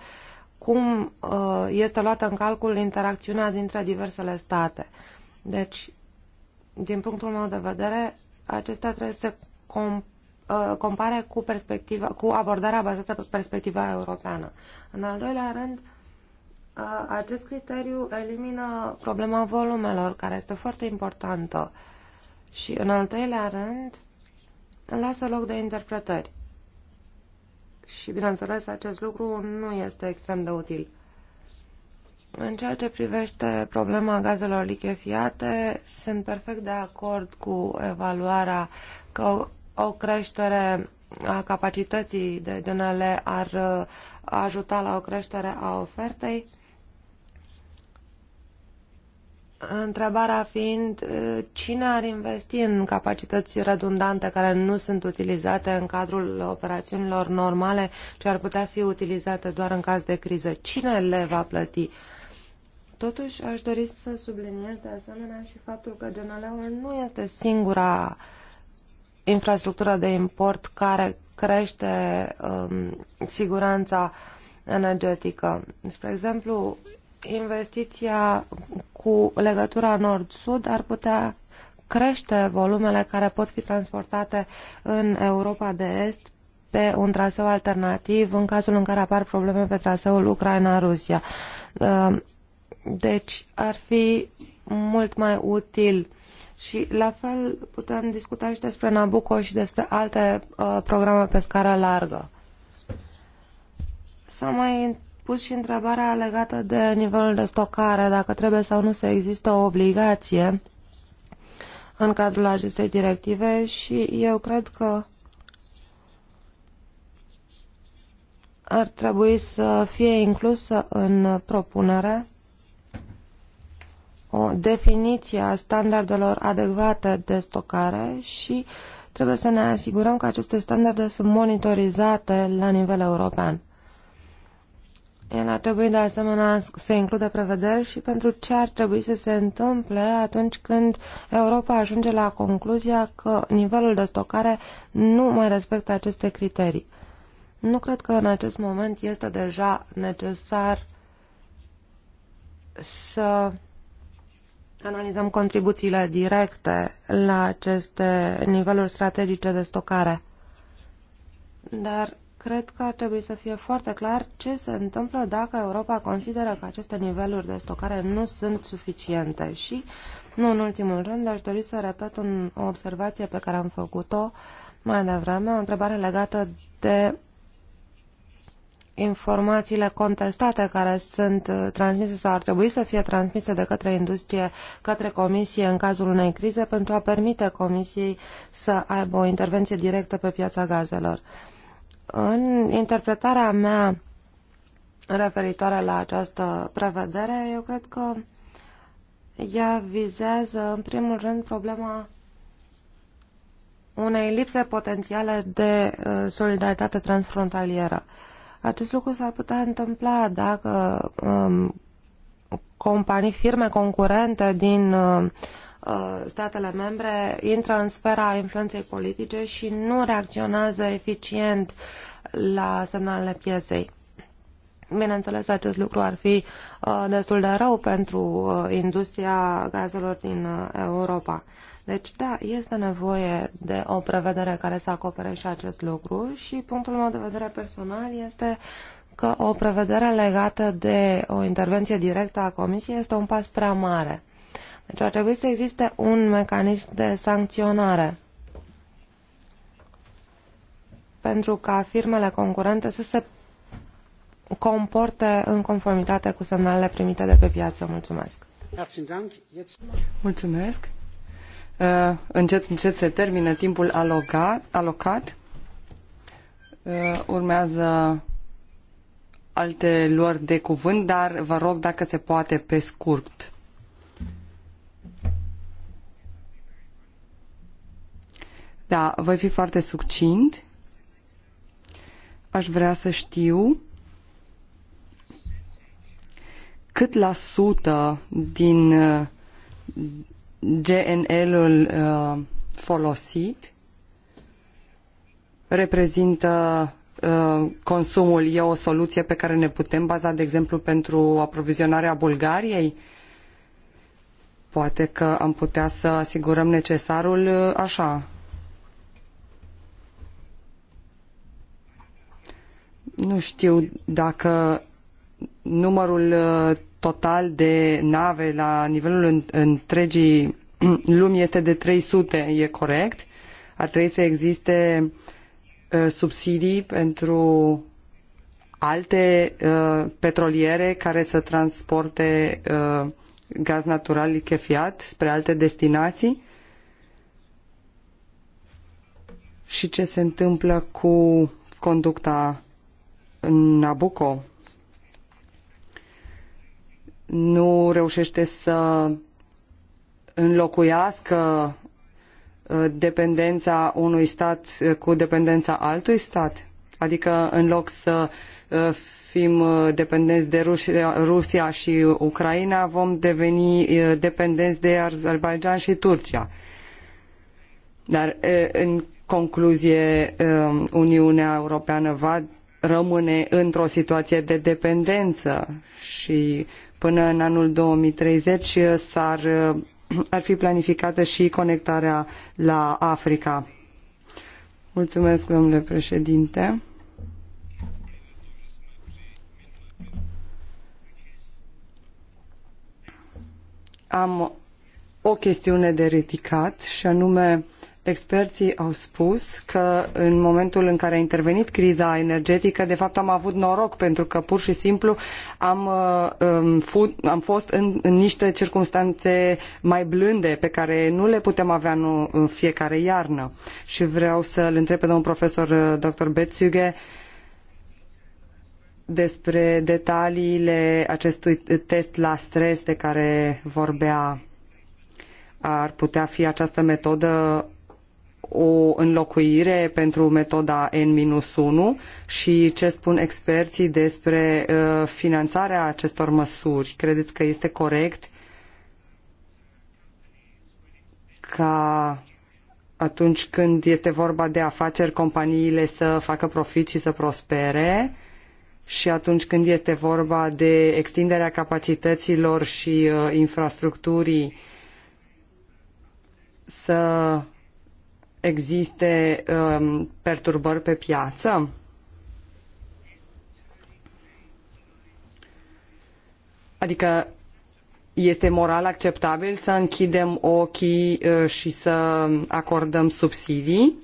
cum uh, este luată în calcul interacțiunea dintre diversele state. Deci, din punctul meu de vedere, acestea trebuie să comp uh, compare cu, perspectiva, cu abordarea bazată pe perspectiva europeană. În al doilea rând, uh, acest criteriu elimină problema volumelor, care este foarte importantă și în al treilea rând, lasă loc de interpretări. Și bineînțeles, acest lucru nu este extrem de util. În ceea ce privește problema gazelor lichefiate, sunt perfect de acord cu evaluarea că o, o creștere a capacității de GNL ar uh, ajuta la o creștere a ofertei Întrebarea fiind, cine ar investi în capacități redundante care nu sunt utilizate în cadrul operațiunilor normale, ci ar putea fi utilizate doar în caz de criză? Cine le va plăti? Totuși, aș dori să subliniez de asemenea și faptul că GNL-ul nu este singura infrastructură de import care crește um, siguranța energetică. Spre exemplu, investiția cu legătura nord-sud ar putea crește volumele care pot fi transportate în Europa de Est pe un traseu alternativ în cazul în care apar probleme pe traseul Ucraina-Rusia. Uh, deci ar fi mult mai util și la fel putem discuta și despre Nabucco și despre alte uh, programe pe scară largă. S-a mai pus și întrebarea legată de nivelul de stocare, dacă trebuie sau nu să există o obligație în cadrul acestei directive și eu cred că ar trebui să fie inclusă în propunere o definiție a standardelor adecvate de stocare și trebuie să ne asigurăm că aceste standarde sunt monitorizate la nivel european. El ar trebui de asemenea să includă prevederi și pentru ce ar trebui să se întâmple atunci când Europa ajunge la concluzia că nivelul de stocare nu mai respectă aceste criterii. Nu cred că în acest moment este deja necesar să analizăm contribuțiile directe la aceste niveluri strategice de stocare. Dar Cred că ar trebui să fie foarte clar ce se întâmplă dacă Europa consideră că aceste niveluri de stocare nu sunt suficiente și, nu în ultimul rând, aș dori să repet un, o observație pe care am făcut-o mai devreme, o întrebare legată de informațiile contestate care sunt uh, transmise sau ar trebui să fie transmise de către industrie, către comisie în cazul unei crize pentru a permite comisiei să aibă o intervenție directă pe piața gazelor. Uh, în interpretarea mea referitoare la această prevedere, eu cred că ea vizează, în primul rând, problema unei lipse potențiale de uh, solidaritate transfrontalieră. Acest lucru s-ar putea întâmpla dacă um, companii, firme concurente din uh, Uh, statele membre intră în sfera influenței politice și nu reacționează eficient la semnalele pieței. Bineînțeles, acest lucru ar fi uh, destul de rău pentru uh, industria gazelor din Europa. Deci, da, este nevoie de o prevedere care să acopere și acest lucru și punctul meu de vedere personal este că o prevedere legată de o intervenție directă a Comisiei este un pas prea mare. Deci ar trebui să existe un mecanism de sancționare pentru ca firmele concurente să se comporte în conformitate cu semnalele primite de pe piață. Mulțumesc! Mulțumesc! Uh, încet, încet se termină timpul alocat. alocat. Uh, urmează alte luări de cuvânt, dar vă rog dacă se poate pe scurt. Da, voi fi foarte succint. Aș vrea să știu cât la sută din uh, GNL-ul uh, folosit reprezintă uh, consumul e o soluție pe care ne putem baza, de exemplu, pentru aprovizionarea Bulgariei? Poate că am putea să asigurăm necesarul așa, Nu știu dacă numărul uh, total de nave la nivelul întregii lumi este de 300, e corect. Ar trebui să existe uh, subsidii pentru alte uh, petroliere care să transporte gaz natural lichefiat spre alte destinații. Și ce se întâmplă cu conducta Nabucco nu reușește să înlocuiască uh, dependența unui stat uh, cu dependența altui stat? Adică în loc să uh, fim dependenți de Rusia, și Ucraina, vom deveni dependenți de Azerbaijan și Turcia. Dar în concluzie, Uniunea Europeană va rămâne într-o situație de dependență și până în anul 2030 s-ar, ar fi planificată și conectarea la Africa. Mulțumesc, domnule președinte. Am o chestiune de ridicat și anume experții au spus că în momentul în care a intervenit criza energetică, de fapt am avut noroc pentru că pur și simplu am, uh, um, am fost în, în niște circunstanțe mai blânde pe care nu le putem avea în, în fiecare iarnă. Și vreau să-l întreb pe domnul profesor uh, dr. Betsuge despre detaliile acestui test la stres de care vorbea ar putea fi această metodă o înlocuire pentru metoda N-1 și ce spun experții despre uh, finanțarea acestor măsuri. Credeți că este corect ca atunci când este vorba de afaceri, companiile să facă profit și să prospere și atunci când este vorba de extinderea capacităților și uh, infrastructurii să existe um, perturbări pe piață? Adică este moral acceptabil să închidem ochii uh, și să acordăm subsidii?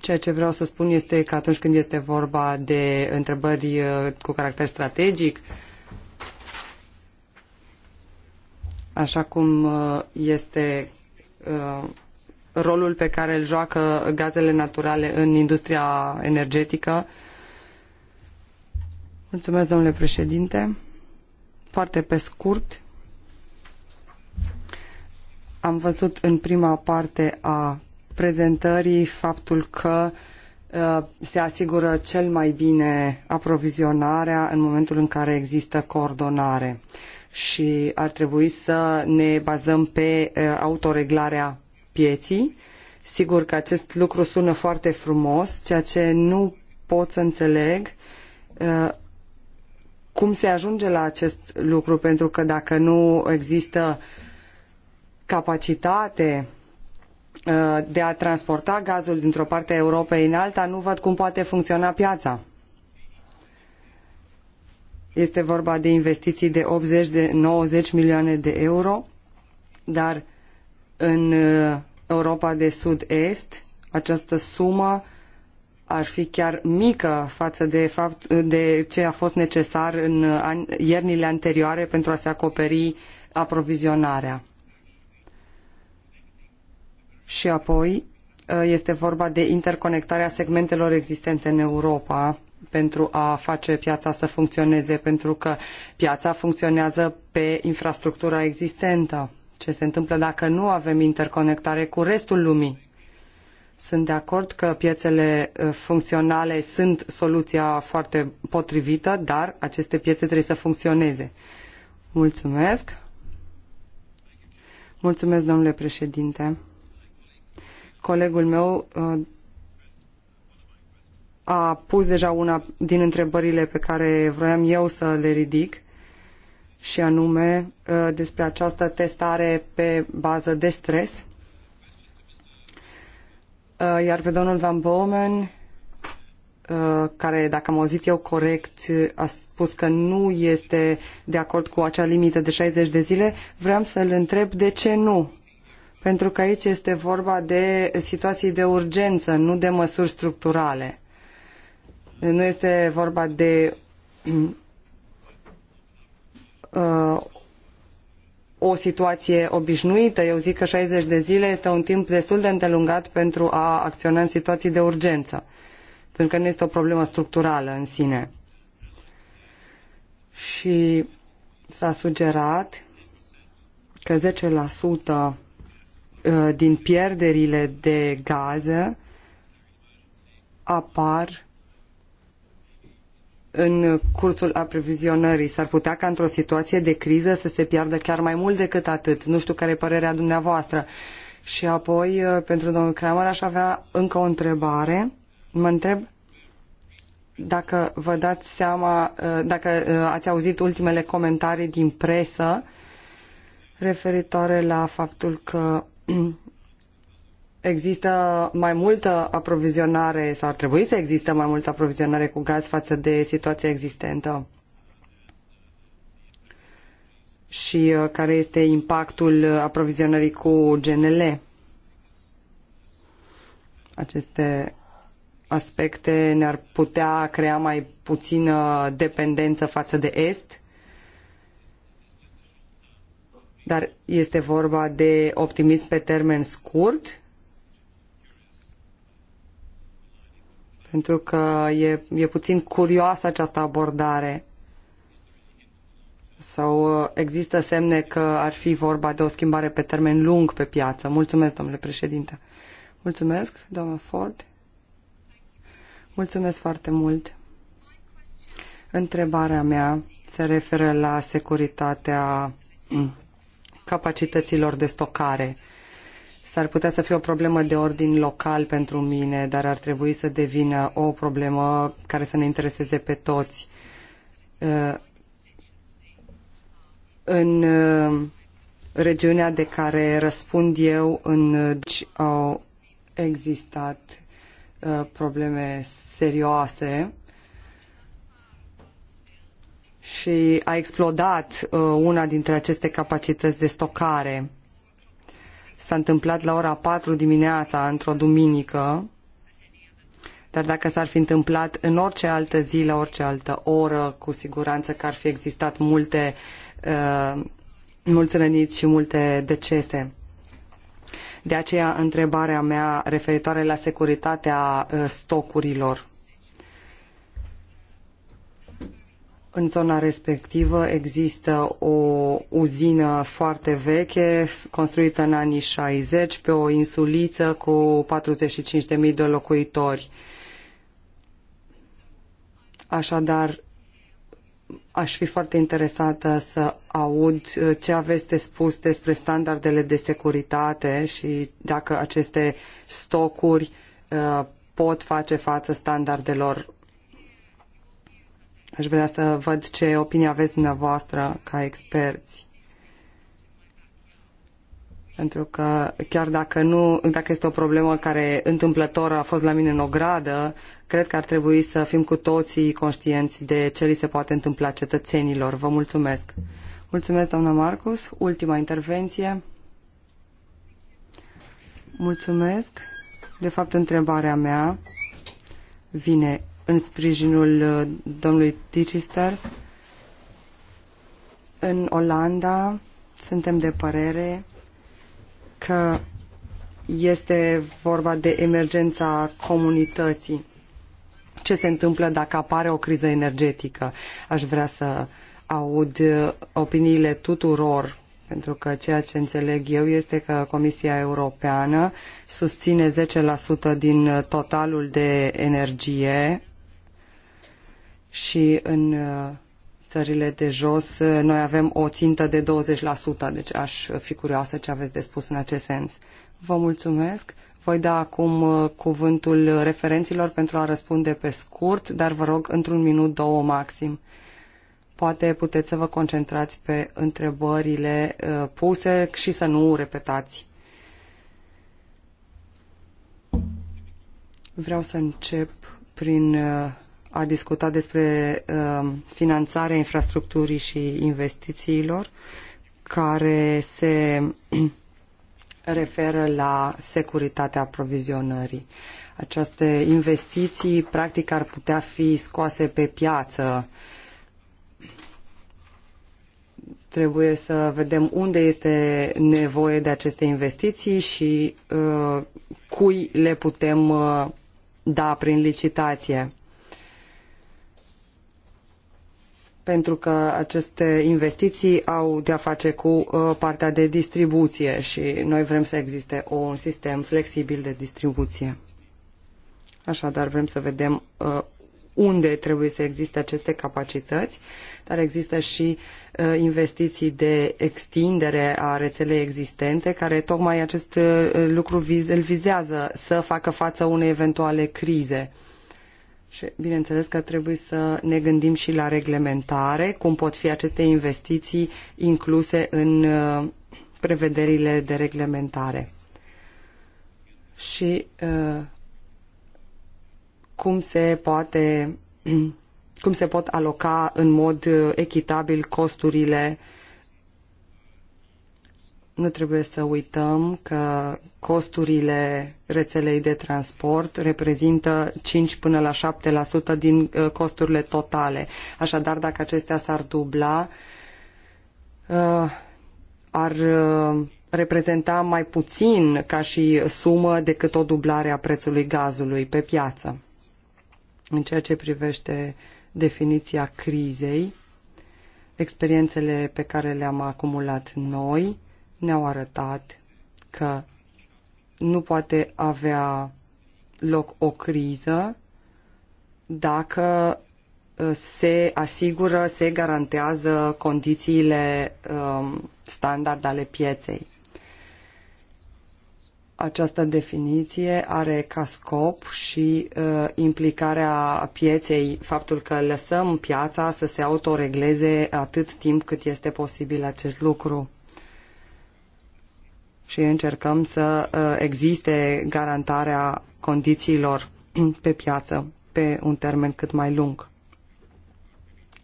Ceea ce vreau să spun este că atunci când este vorba de întrebări uh, cu caracter strategic, așa cum uh, este uh, rolul pe care îl joacă gazele naturale în industria energetică. Mulțumesc, domnule președinte. Foarte pe scurt, am văzut în prima parte a prezentării faptul că uh, se asigură cel mai bine aprovizionarea în momentul în care există coordonare și ar trebui să ne bazăm pe autoreglarea pieții. Sigur că acest lucru sună foarte frumos, ceea ce nu pot să înțeleg cum se ajunge la acest lucru, pentru că dacă nu există capacitate de a transporta gazul dintr-o parte a Europei în alta, nu văd cum poate funcționa piața. Este vorba de investiții de 80 de 90 milioane de euro, dar în uh, Europa de Sud-Est această sumă ar fi chiar mică față de, fapt, de ce a fost necesar în uh, an, iernile anterioare pentru a se acoperi aprovizionarea. Și apoi uh, este vorba de interconectarea segmentelor existente în Europa pentru a face piața să funcționeze, pentru că piața funcționează pe infrastructura existentă. Ce se întâmplă dacă nu avem interconectare cu restul lumii? Sunt de acord că piețele uh, funcționale sunt soluția foarte potrivită, dar aceste piețe trebuie să funcționeze. Mulțumesc. Mulțumesc, domnule președinte. Colegul meu uh, a pus deja una din întrebările pe care vroiam eu să le ridic și anume uh, despre această testare pe bază de stres. Uh, iar pe domnul Van Bomen, uh, care, dacă am auzit eu corect, a spus că nu este de acord cu acea limită de 60 de zile, vreau să-l întreb de ce nu. Pentru că aici este vorba de situații de urgență, nu de măsuri structurale. Nu este vorba de uh, o situație obișnuită. Eu zic că 60 de zile este un timp destul de îndelungat pentru a acționa în situații de urgență, pentru că nu este o problemă structurală în sine. Și s-a sugerat că 10% uh, din pierderile de gaze apar în cursul aprovizionării. S-ar putea ca într-o situație de criză să se piardă chiar mai mult decât atât. Nu știu care e părerea dumneavoastră. Și apoi, uh, pentru domnul Kramer, aș avea încă o întrebare. Mă întreb dacă vă dați seama, uh, dacă uh, ați auzit ultimele comentarii din presă referitoare la faptul că există mai multă aprovizionare sau ar trebui să existe mai multă aprovizionare cu gaz față de situația existentă? Și uh, care este impactul uh, aprovizionării cu GNL? Aceste aspecte ne-ar putea crea mai puțină dependență față de Est? Dar este vorba de optimism pe termen scurt pentru că e, e puțin curioasă această abordare. Sau uh, există semne că ar fi vorba de o schimbare pe termen lung pe piață? Mulțumesc, domnule președinte. Mulțumesc, doamnă Ford. Mulțumesc foarte mult. Întrebarea mea se referă la securitatea capacităților de stocare S-ar putea să fie o problemă de ordin local pentru mine, dar ar trebui să devină o problemă care să ne intereseze pe toți. Uh, în uh, regiunea de care răspund eu, în au existat uh, probleme serioase și a explodat una dintre aceste capacități de stocare s-a întâmplat la ora 4 dimineața într-o duminică, dar dacă s-ar fi întâmplat în orice altă zi, la orice altă oră, cu siguranță că ar fi existat multe, uh, mulți răniți și multe decese. De aceea, întrebarea mea referitoare la securitatea uh, stocurilor. În zona respectivă există o uzină foarte veche, construită în anii 60, pe o insuliță cu 45.000 de locuitori. Așadar, aș fi foarte interesată să aud uh, ce aveți de spus despre standardele de securitate și dacă aceste stocuri uh, pot face față standardelor Aș vrea să văd ce opinie aveți dumneavoastră ca experți. Pentru că chiar dacă, nu, dacă este o problemă care întâmplător a fost la mine în ogradă, cred că ar trebui să fim cu toții conștienți de ce li se poate întâmpla cetățenilor. Vă mulțumesc. Mulțumesc, doamna Marcus. Ultima intervenție. Mulțumesc. De fapt, întrebarea mea vine în sprijinul uh, domnului Tichister, În Olanda suntem de părere că este vorba de emergența comunității. Ce se întâmplă dacă apare o criză energetică? Aș vrea să aud uh, opiniile tuturor, pentru că ceea ce înțeleg eu este că Comisia Europeană susține 10% din uh, totalul de energie și în uh, țările de jos uh, noi avem o țintă de 20%, deci aș fi curioasă ce aveți de spus în acest sens. Vă mulțumesc. Voi da acum uh, cuvântul referenților pentru a răspunde pe scurt, dar vă rog într-un minut, două maxim. Poate puteți să vă concentrați pe întrebările puse și să nu repetați. Vreau să încep prin a discutat despre uh, finanțarea infrastructurii și investițiilor, care se referă la securitatea aprovizionării. Aceste investiții, practic, ar putea fi scoase pe piață. Trebuie să vedem unde este nevoie de aceste investiții și uh, cui le putem uh, da prin licitație pentru că aceste investiții au de-a face cu uh, partea de distribuție și noi vrem să existe un sistem flexibil de distribuție. Așadar, vrem să vedem uh, unde trebuie să existe aceste capacități, dar există și uh, investiții de extindere a rețelei existente, care tocmai acest lucru îl vizează să facă față unei eventuale crize. Și bineînțeles că trebuie să ne gândim și la reglementare, cum pot fi aceste investiții incluse în uh, prevederile de reglementare. Și uh, cum se poate cum se pot aloca în mod uh, echitabil costurile uh, nu trebuie să uităm că costurile rețelei de transport reprezintă 5 până la 7% din uh, costurile totale. Așadar, dacă acestea s-ar dubla, uh, ar uh, reprezenta mai puțin ca și sumă decât o dublare a prețului gazului pe piață. În ceea ce privește definiția crizei, experiențele pe care le-am acumulat noi, ne-au arătat că nu poate avea loc o criză dacă uh, se asigură, se garantează condițiile um, standard ale pieței. Această definiție are ca scop și uh, implicarea pieței, faptul că lăsăm piața să se autoregleze atât timp cât este posibil acest lucru și încercăm să uh, existe garantarea condițiilor pe piață pe un termen cât mai lung.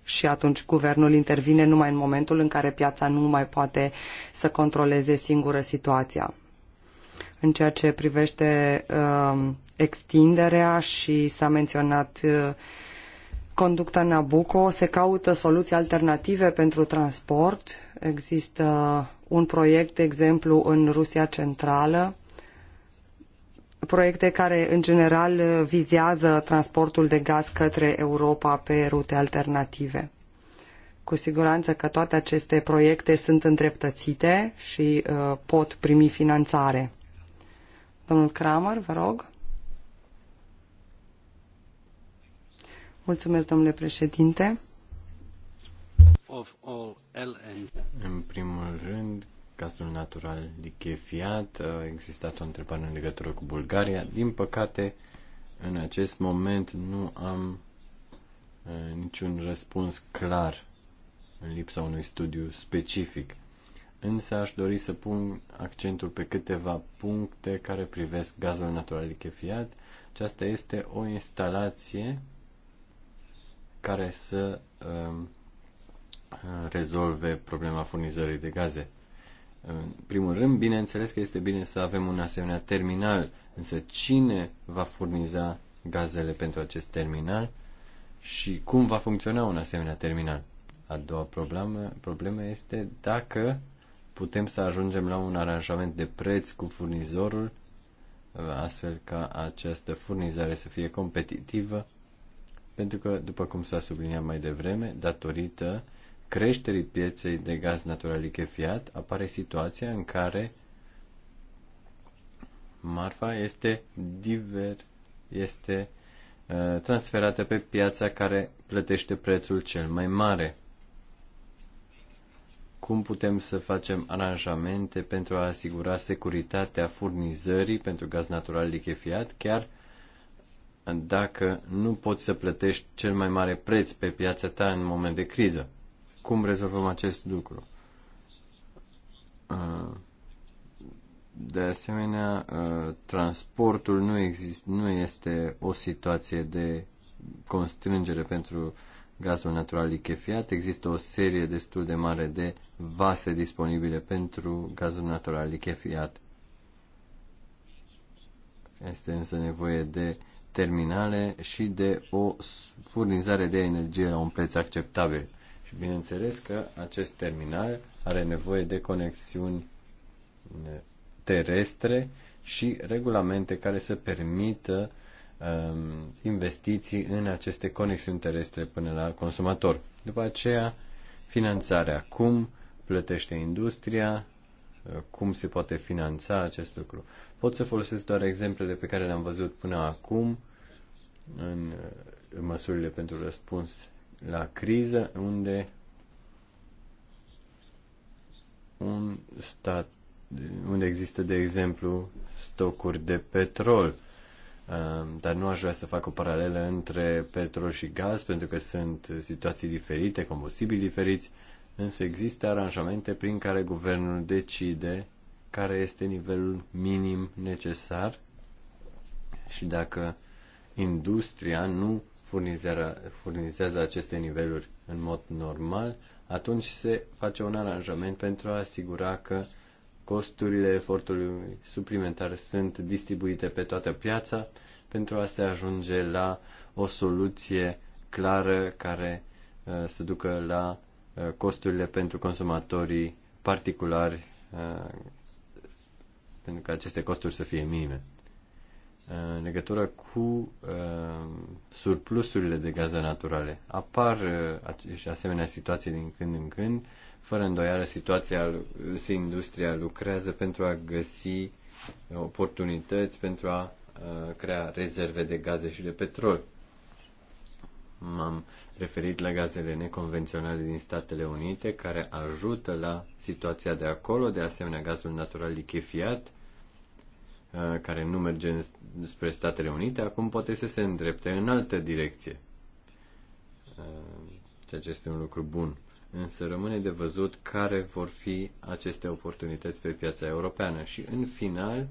Și atunci guvernul intervine numai în momentul în care piața nu mai poate să controleze singură situația. În ceea ce privește uh, extinderea și s-a menționat uh, conducta Nabucco, se caută soluții alternative pentru transport. Există un proiect, de exemplu, în Rusia Centrală, proiecte care, în general, vizează transportul de gaz către Europa pe rute alternative. Cu siguranță că toate aceste proiecte sunt îndreptățite și uh, pot primi finanțare. Domnul Kramer, vă rog. Mulțumesc, domnule președinte. Of all în primul rând, gazul natural lichefiat. A existat o întrebare în legătură cu Bulgaria. Din păcate, în acest moment nu am niciun răspuns clar în lipsa unui studiu specific. Însă aș dori să pun accentul pe câteva puncte care privesc gazul natural lichefiat. Aceasta este o instalație care să uh, rezolve problema furnizării de gaze. În primul rând, bineînțeles că este bine să avem un asemenea terminal, însă cine va furniza gazele pentru acest terminal și cum va funcționa un asemenea terminal? A doua problemă, problemă este dacă putem să ajungem la un aranjament de preț cu furnizorul, astfel ca această furnizare să fie competitivă, pentru că, după cum s-a subliniat mai devreme, datorită uh, creșterii pieței de gaz natural lichefiat apare situația în care marfa este diver, este uh, transferată pe piața care plătește prețul cel mai mare. Cum putem să facem aranjamente pentru a asigura securitatea furnizării pentru gaz natural lichefiat, chiar dacă nu poți să plătești cel mai mare preț pe piața ta în moment de criză? cum rezolvăm acest lucru. Uh, de asemenea, uh, transportul nu, exist, nu este o situație de constrângere pentru gazul natural lichefiat. Există o serie destul de mare de vase disponibile pentru gazul natural lichefiat. Este însă nevoie de terminale și de o furnizare de energie la un preț acceptabil. Și bineînțeles că acest terminal are nevoie de conexiuni terestre și regulamente care să permită um, investiții în aceste conexiuni terestre până la consumator. După aceea, finanțarea. Cum plătește industria? Cum se poate finanța acest lucru? Pot să folosesc doar exemplele pe care le-am văzut până acum în măsurile pentru răspuns la criză unde un stat unde există, de exemplu, stocuri de petrol. Dar nu aș vrea să fac o paralelă între petrol și gaz, pentru că sunt situații diferite, combustibili diferiți, însă există aranjamente prin care guvernul decide care este nivelul minim necesar și dacă industria nu furnizează aceste niveluri în mod normal, atunci se face un aranjament pentru a asigura că costurile efortului suplimentar sunt distribuite pe toată piața pentru a se ajunge la o soluție clară care uh, să ducă la uh, costurile pentru consumatorii particulari uh, pentru că aceste costuri să fie minime în legătură cu uh, surplusurile de gaze naturale. Apar uh, asemenea situații din când în când. Fără îndoială, situația, industria lucrează pentru a găsi oportunități pentru a uh, crea rezerve de gaze și de petrol. M-am referit la gazele neconvenționale din Statele Unite, care ajută la situația de acolo, de asemenea gazul natural lichefiat, uh, Uh, care nu merge spre Statele Unite, acum poate să se îndrepte în altă direcție. Uh, ceea ce este un lucru bun. Însă rămâne de văzut care vor fi aceste oportunități pe piața europeană. Și în final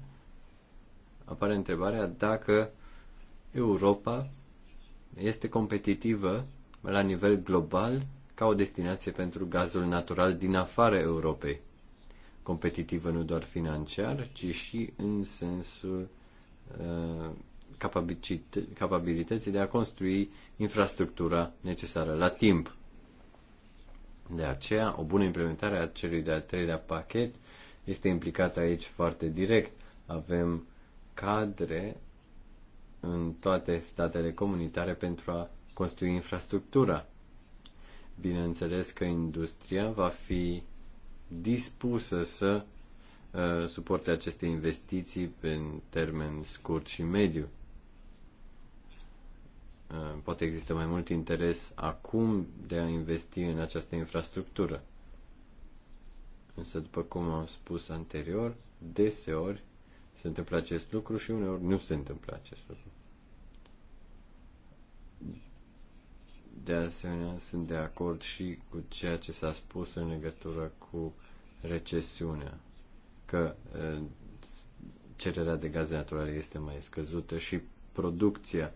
apare întrebarea dacă Europa este competitivă la nivel global ca o destinație pentru gazul natural din afara Europei competitivă nu doar financiar, ci și în sensul uh, capabilității de a construi infrastructura necesară la timp. De aceea, o bună implementare a celui de-al treilea pachet este implicată aici foarte direct. Avem cadre în toate statele comunitare pentru a construi infrastructura. Bineînțeles că industria va fi dispusă să uh, suporte aceste investiții pe termen scurt și mediu. Uh, poate există mai mult interes acum de a investi în această infrastructură. Însă, după cum am spus anterior, deseori se întâmplă acest lucru și uneori nu se întâmplă acest lucru. De asemenea, sunt de acord și cu ceea ce s-a spus în legătură cu recesiunea, că cererea de gaze naturale este mai scăzută și producția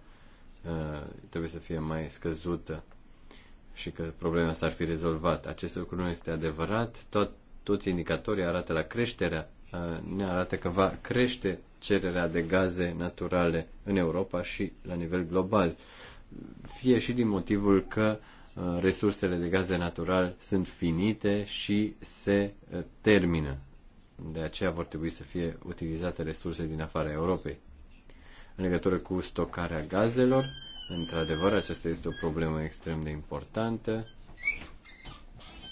trebuie să fie mai scăzută și că problema s-ar fi rezolvat. Acest lucru nu este adevărat. Tot, toți indicatorii arată la creșterea, ne arată că va crește cererea de gaze naturale în Europa și la nivel global. Fie și din motivul că uh, Uh, resursele de gaze natural sunt finite și se uh, termină. De aceea vor trebui să fie utilizate resurse din afara Europei. În legătură cu stocarea gazelor, într-adevăr, aceasta este o problemă extrem de importantă,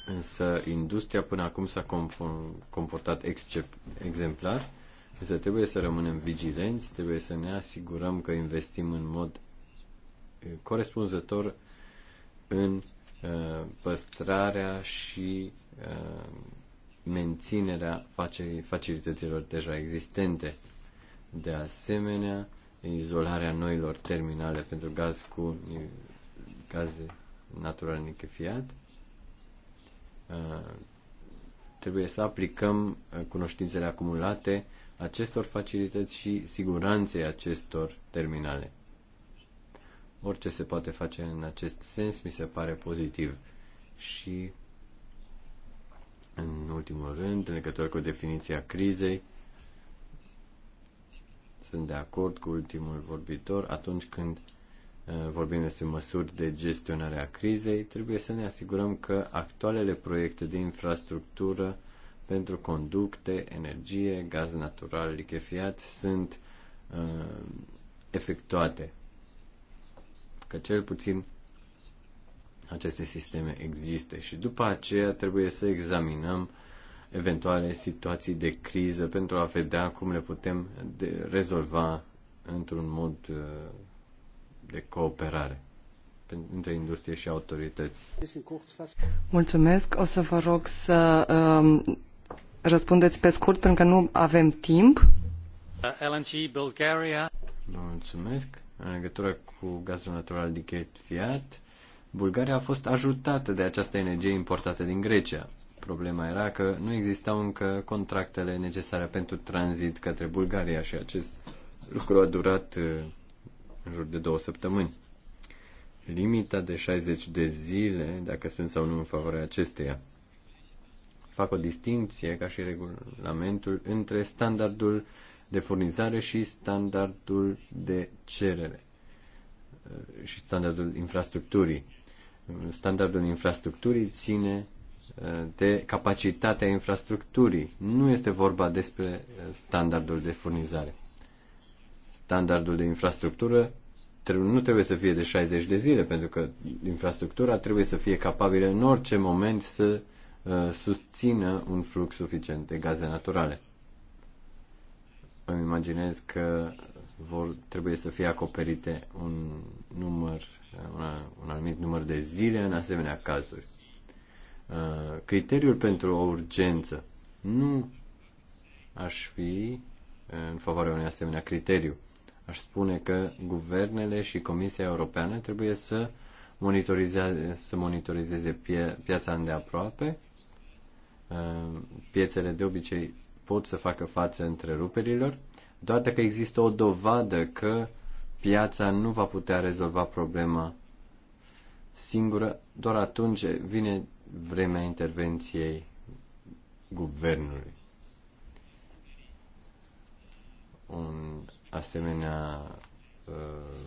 însă industria până acum s-a comportat exemplar, însă trebuie să rămânem vigilenți, trebuie să ne asigurăm că investim în mod uh, corespunzător în uh, păstrarea și uh, menținerea facilităților deja existente. De asemenea, izolarea noilor terminale pentru gaz cu gaze natural nichefiat. Uh, trebuie să aplicăm cunoștințele acumulate acestor facilități și siguranței acestor terminale. Orice se poate face în acest sens mi se pare pozitiv. Și, în ultimul rând, în legătură cu definiția crizei, sunt de acord cu ultimul vorbitor atunci când uh, vorbim despre măsuri de gestionare a crizei, trebuie să ne asigurăm că actualele proiecte de infrastructură pentru conducte, energie, gaz natural lichefiat sunt uh, efectuate că cel puțin aceste sisteme există și după aceea trebuie să examinăm eventuale situații de criză pentru a vedea cum le putem rezolva într-un mod uh, de cooperare între industrie și autorități. Mulțumesc. O să vă rog să um, răspundeți pe scurt, pentru că nu avem timp. Uh, LNG Bulgaria. Mulțumesc în legătură cu gazul natural fiat, Bulgaria a fost ajutată de această energie importată din Grecia. Problema era că nu existau încă contractele necesare pentru tranzit către Bulgaria și acest lucru a durat uh, în jur de două săptămâni. Limita de 60 de zile, dacă sunt sau nu în favoarea acesteia. Fac o distinție, ca și regulamentul, între standardul de furnizare și standardul de cerere uh, și standardul infrastructurii. Standardul infrastructurii ține uh, de capacitatea infrastructurii. Nu este vorba despre uh, standardul de furnizare. Standardul de infrastructură nu trebuie să fie de 60 de zile, pentru că infrastructura trebuie să fie capabilă în orice moment să susțină un flux suficient de gaze naturale îmi imaginez că vor, trebuie să fie acoperite un număr, una, un anumit număr de zile în asemenea cazuri. Uh, criteriul pentru o urgență nu aș fi uh, în favoarea unui asemenea criteriu. Aș spune că guvernele și Comisia Europeană trebuie să monitorizeze, să monitorizeze pie, piața îndeaproape. Uh, piețele de obicei pot să facă față întreruperilor, doar dacă există o dovadă că piața nu va putea rezolva problema singură, doar atunci vine vremea intervenției guvernului. Un asemenea uh,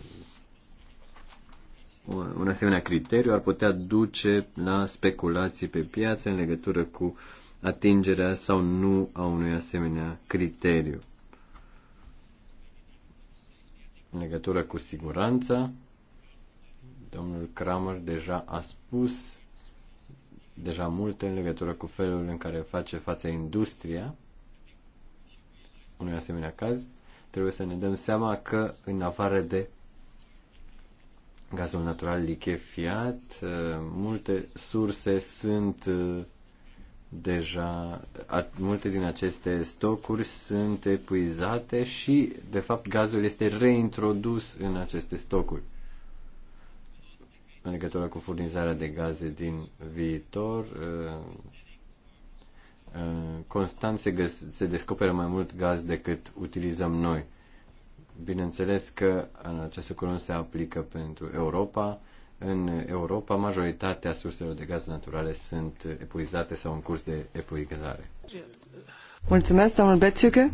un asemenea criteriu ar putea duce la speculații pe piață în legătură cu atingerea sau nu a unui asemenea criteriu. În legătură cu siguranța, domnul Kramer deja a spus deja multe în legătură cu felul în care face față industria unui asemenea caz, trebuie să ne dăm seama că în afară de gazul natural lichefiat, multe surse sunt deja multe din aceste stocuri sunt epuizate și, de fapt, gazul este reintrodus în aceste stocuri. În legătură cu furnizarea de gaze din viitor, uh, uh, constant se, găs- se descoperă mai mult gaz decât utilizăm noi. Bineînțeles că uh, această coloană se aplică pentru Europa, în Europa, majoritatea surselor de gaze naturale sunt epuizate sau în curs de epuizare. Mulțumesc, domnul Bețiuche.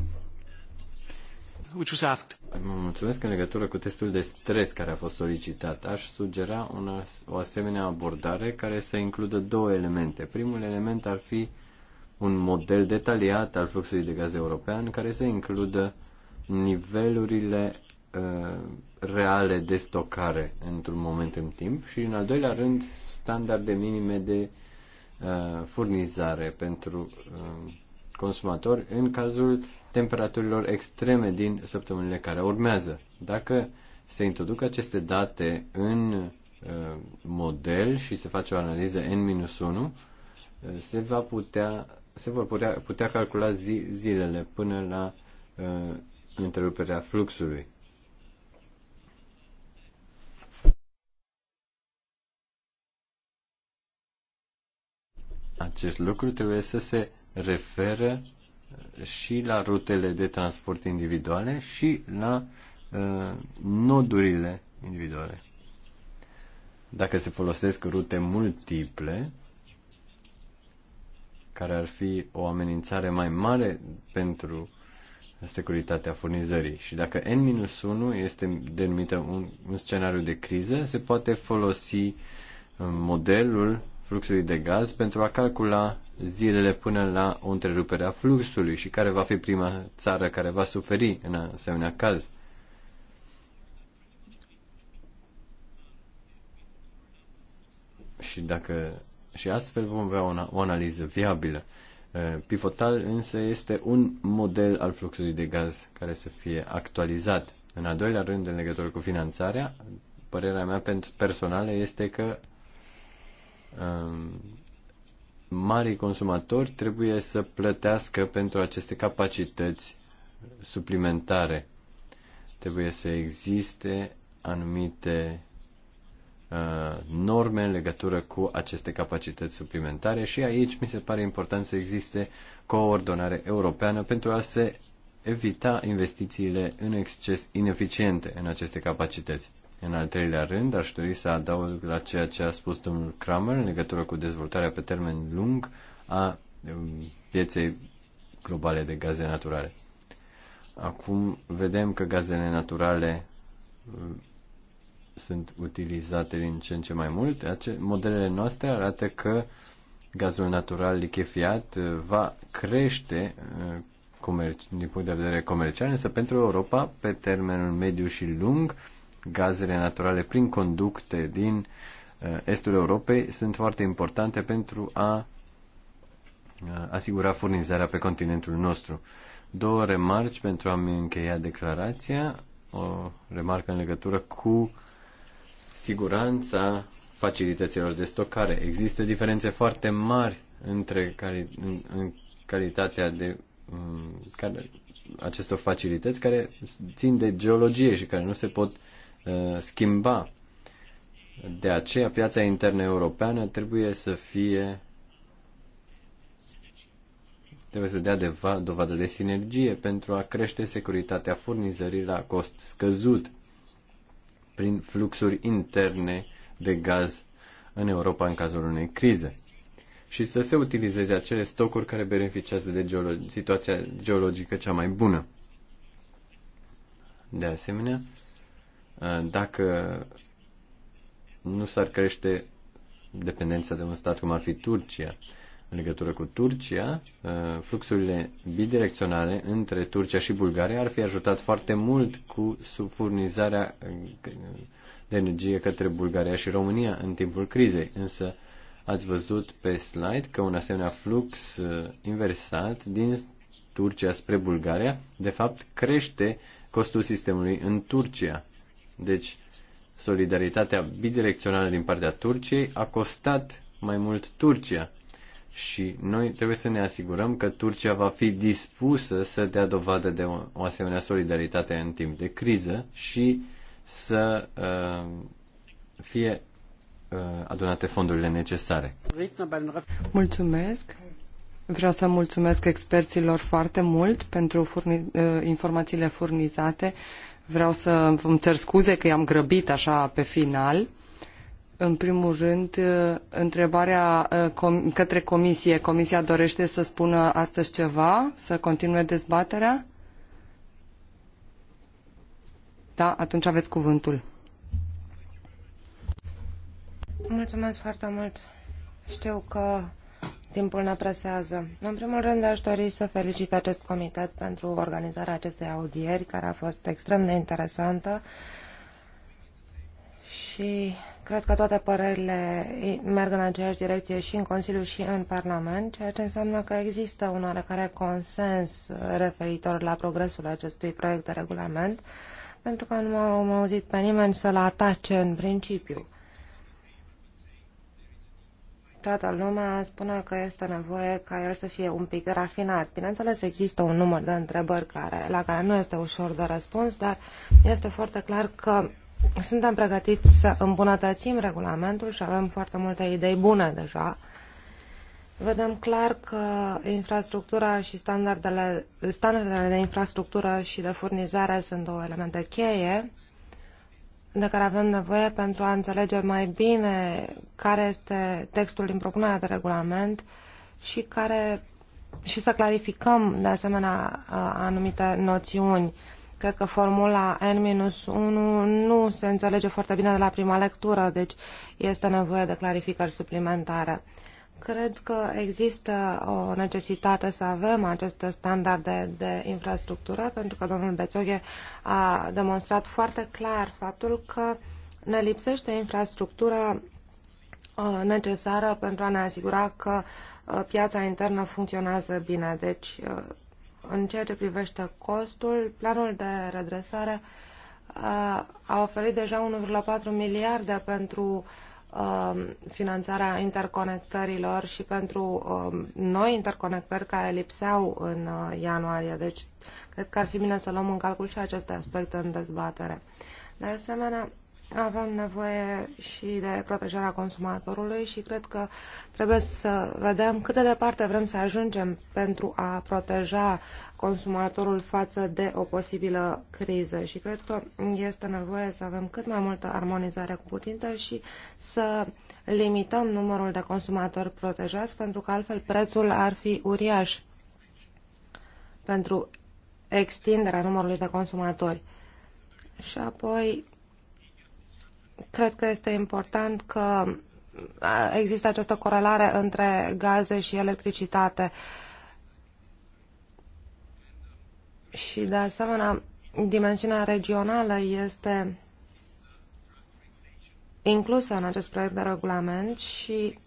Which was asked. Mă mulțumesc în legătură cu testul de stres care a fost solicitat. Aș sugera una, o asemenea abordare care să includă două elemente. Primul element ar fi un model detaliat al fluxului de gaze european care să includă nivelurile uh, reale de stocare într-un moment în timp și, în al doilea rând, standarde minime de uh, furnizare pentru uh, consumatori în cazul temperaturilor extreme din săptămânile care urmează. Dacă se introduc aceste date în uh, model și se face o analiză N-1, uh, se, va putea, se vor putea, putea calcula zi, zilele până la uh, întreruperea fluxului. Acest lucru trebuie să se referă și la rutele de transport individuale și la uh, nodurile individuale. Dacă se folosesc rute multiple, care ar fi o amenințare mai mare pentru securitatea furnizării. Și dacă N-1 este denumită un, un scenariu de criză, se poate folosi uh, modelul fluxului de gaz pentru a calcula zilele până la o întrerupere a fluxului și care va fi prima țară care va suferi în asemenea caz. Și dacă și astfel vom avea una, o analiză viabilă. Eh, pivotal însă este un model al fluxului de gaz care să fie actualizat. În al doilea rând, în legătură cu finanțarea, părerea mea personală este că Ehm, marii consumatori trebuie să plătească pentru aceste capacități suplimentare. Trebuie să existe anumite eh, norme în legătură cu aceste capacități suplimentare și aici mi se pare important să existe coordonare europeană pentru a se evita investițiile în exces ineficiente în aceste capacități. În al treilea rând, aș dori să adaug la ceea ce a spus domnul Kramer în legătură cu dezvoltarea pe termen lung a um, pieței globale de gaze naturale. Acum vedem că gazele naturale um, sunt utilizate din ce în ce mai mult. Modelele noastre arată că gazul natural lichefiat uh, va crește uh, comer din punct de vedere comercial, însă pentru Europa, pe termenul mediu și lung, gazele naturale prin conducte din uh, estul Europei sunt foarte importante pentru a uh, asigura furnizarea pe continentul nostru. Două remarci pentru a-mi încheia declarația. O remarcă în legătură cu siguranța facilităților de stocare. Există diferențe foarte mari între cali, în, în calitatea de um, care, acestor facilități care țin de geologie și care nu se pot Uh, schimba. De aceea, piața internă europeană trebuie să fie trebuie să dea deva, dovadă de sinergie pentru a crește securitatea furnizării la cost scăzut prin fluxuri interne de gaz în Europa în cazul unei crize și să se utilizeze acele stocuri care beneficiază de geolo- situația geologică cea mai bună. De asemenea, Uh, dacă nu s-ar crește dependența de un stat cum ar fi Turcia. În legătură cu Turcia, uh, fluxurile bidirecționale între Turcia și Bulgaria ar fi ajutat foarte mult cu furnizarea uh, de energie către Bulgaria și România în timpul crizei. Însă ați văzut pe slide că un asemenea flux inversat din Turcia spre Bulgaria, de fapt, crește costul sistemului în Turcia deci, solidaritatea bidirecțională din partea Turciei a costat mai mult Turcia și noi trebuie să ne asigurăm că Turcia va fi dispusă să dea dovadă de o, o asemenea solidaritate în timp de criză și să uh, fie uh, adunate fondurile necesare. Mulțumesc! Vreau să mulțumesc experților foarte mult pentru furni, uh, informațiile furnizate Vreau să îmi cer scuze că i-am grăbit așa pe final. În primul rând, uh, întrebarea uh, către comisie. Comisia dorește să spună astăzi ceva, să continue dezbaterea? Da, atunci aveți cuvântul. Mulțumesc foarte mult. Știu că timpul ne presează. În primul rând, aș dori să felicit acest comitet pentru organizarea acestei audieri, care a fost extrem de interesantă și cred că toate părerile merg în aceeași direcție și în Consiliu și în Parlament, ceea ce înseamnă că există un oarecare consens referitor la progresul acestui proiect de regulament, pentru că nu am auzit pe nimeni să-l atace în principiu toată lumea spune că este nevoie ca el să fie un pic rafinat. Bineînțeles, există un număr de întrebări care, la care nu este ușor de răspuns, dar este foarte clar că suntem pregătiți să îmbunătățim regulamentul și avem foarte multe idei bune deja. Vedem clar că infrastructura și standardele, standardele de infrastructură și de furnizare sunt două elemente cheie de care avem nevoie pentru a înțelege mai bine care este textul din propunerea de regulament și, care, și să clarificăm de asemenea anumite noțiuni. Cred că formula N-1 nu se înțelege foarte bine de la prima lectură, deci este nevoie de clarificări suplimentare. Uh, cred că există o necesitate să avem aceste standarde de infrastructură, pentru că domnul Bețoghe a demonstrat foarte clar faptul că ne lipsește infrastructura uh, necesară pentru a ne asigura că uh, piața internă funcționează bine. Deci, uh, în ceea ce privește costul, planul de redresare a oferit deja 1,4 miliarde pentru uh, Um, finanțarea interconectărilor și pentru um, noi interconectări care lipseau în uh, ianuarie. Deci, cred că ar fi bine să luăm în calcul și aceste aspecte în dezbatere. De asemenea, avem nevoie și de protejarea consumatorului și cred că trebuie să vedem cât de departe vrem să ajungem pentru a proteja consumatorul față de o posibilă criză și cred că este nevoie să avem cât mai multă armonizare cu putință și să limităm numărul de consumatori protejați pentru că altfel prețul ar fi uriaș pentru extinderea numărului de consumatori. Și apoi Cred că este important că există această corelare între gaze și electricitate. Și, de asemenea, dimensiunea regională este inclusă în acest proiect de regulament și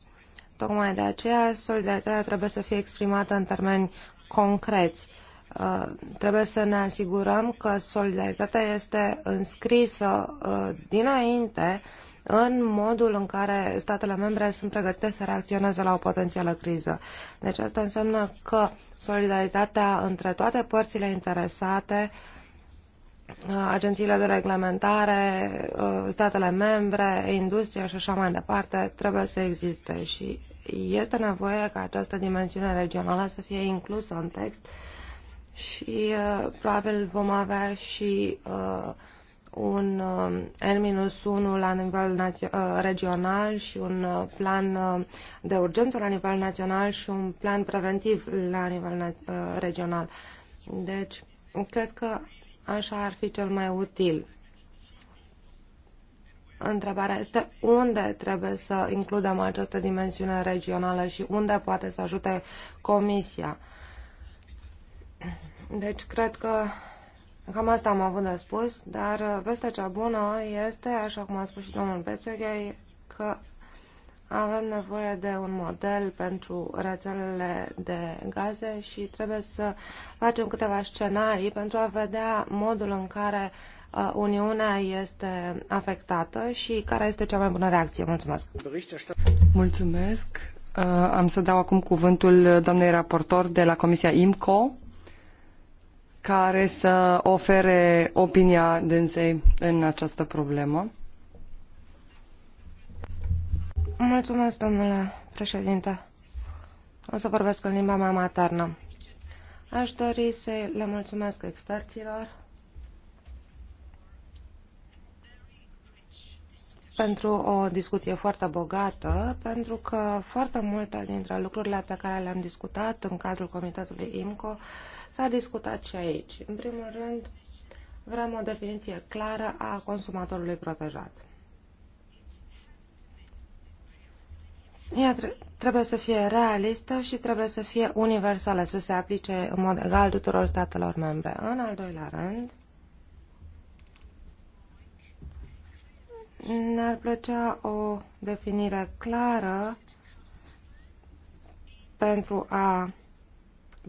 tocmai de aceea solidaritatea trebuie să fie exprimată în termeni concreți. Uh, Uh, trebuie să ne asigurăm că solidaritatea este înscrisă uh, dinainte în modul în care statele membre sunt pregătite să reacționeze la o potențială criză. Deci asta înseamnă că solidaritatea între toate părțile interesate, uh, agențiile de reglementare, statele membre, industria și așa mai departe, trebuie să existe și este nevoie ca această dimensiune regională să fie inclusă în text uh, și uh, probabil vom avea și uh, un uh, N-1 la nivel uh, regional și un uh, plan uh, de urgență la nivel național și un plan preventiv la nivel uh, regional. Deci, cred că așa ar fi cel mai util. Întrebarea este unde trebuie să includem această dimensiune regională și unde poate să ajute Comisia. Uh, deci cred că cam asta am avut de spus, dar uh, vestea cea bună este, așa cum a spus și domnul Bețioghei, că avem nevoie de un model pentru rețelele de gaze și trebuie să facem câteva scenarii pentru a vedea modul în care uh, Uniunea este afectată și care este cea mai bună reacție. Mulțumesc! Mulțumesc! Uh, am să dau acum cuvântul doamnei raportor de la Comisia IMCO care să ofere opinia dânsei în această problemă. Mulțumesc, domnule președinte. O să vorbesc în limba mea maternă. Aș dori să le mulțumesc experților pentru o discuție foarte bogată, pentru că foarte multe dintre lucrurile pe care le-am discutat în cadrul Comitetului IMCO s-a discutat și aici. În primul rând, vrem o definiție clară a consumatorului protejat. Ea trebuie să fie realistă și trebuie să fie universală, să se aplice în mod egal tuturor statelor membre. În al doilea rând, ne-ar plăcea o definire clară pentru a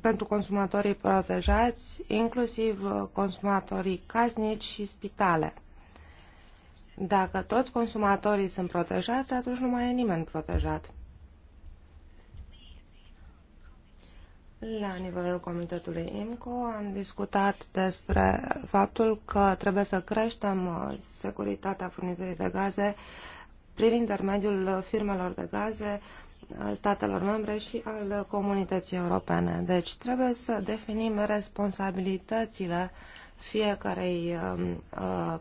pentru consumatorii protejați, inclusiv uh, consumatorii casnici și spitale. Dacă toți consumatorii sunt protejați, atunci nu mai e nimeni protejat. La nivelul Comitetului IMCO am discutat despre faptul că trebuie să creștem uh, securitatea furnizării de gaze prin intermediul firmelor de gaze statelor membre și al comunității europene. Deci trebuie să definim responsabilitățile fiecarei um, uh,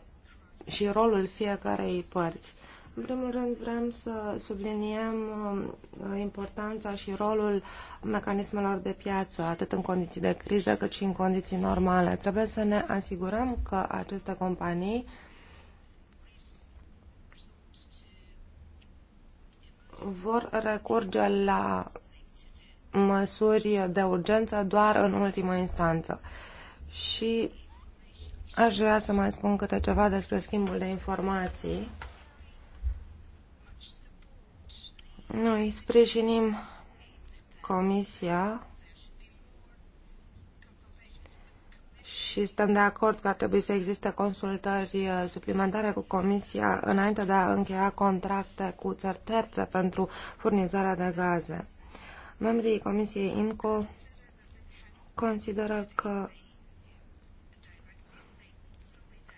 și rolul fiecarei părți. În primul rând vrem să subliniem um, importanța și rolul mecanismelor de piață, atât în condiții de criză cât și în condiții normale. Trebuie să ne asigurăm că aceste companii uh, vor recurge la măsuri de urgență doar în ultimă instanță. Și aș vrea să mai spun câte ceva despre schimbul de informații. Noi sprijinim Comisia și suntem de acord că ar trebui să existe consultări uh, suplimentare cu Comisia înainte de a încheia contracte cu țări terțe pentru furnizarea de gaze. Membrii Comisiei IMCO consideră că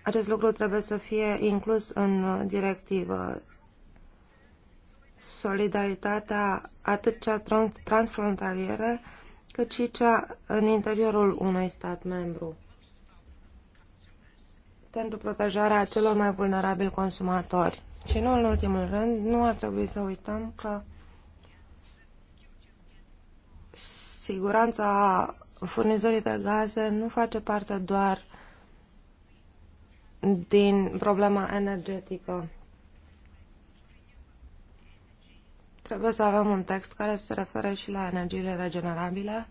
acest lucru trebuie să fie inclus în uh, directivă. Solidaritatea atât cea transfrontalieră, cât și cea în interiorul unui stat membru pentru protejarea celor mai vulnerabili consumatori. Și nu în ultimul rând, nu ar trebui să uităm că siguranța furnizării de gaze nu face parte doar din problema energetică. Trebuie să avem un text care se referă și la energiile regenerabile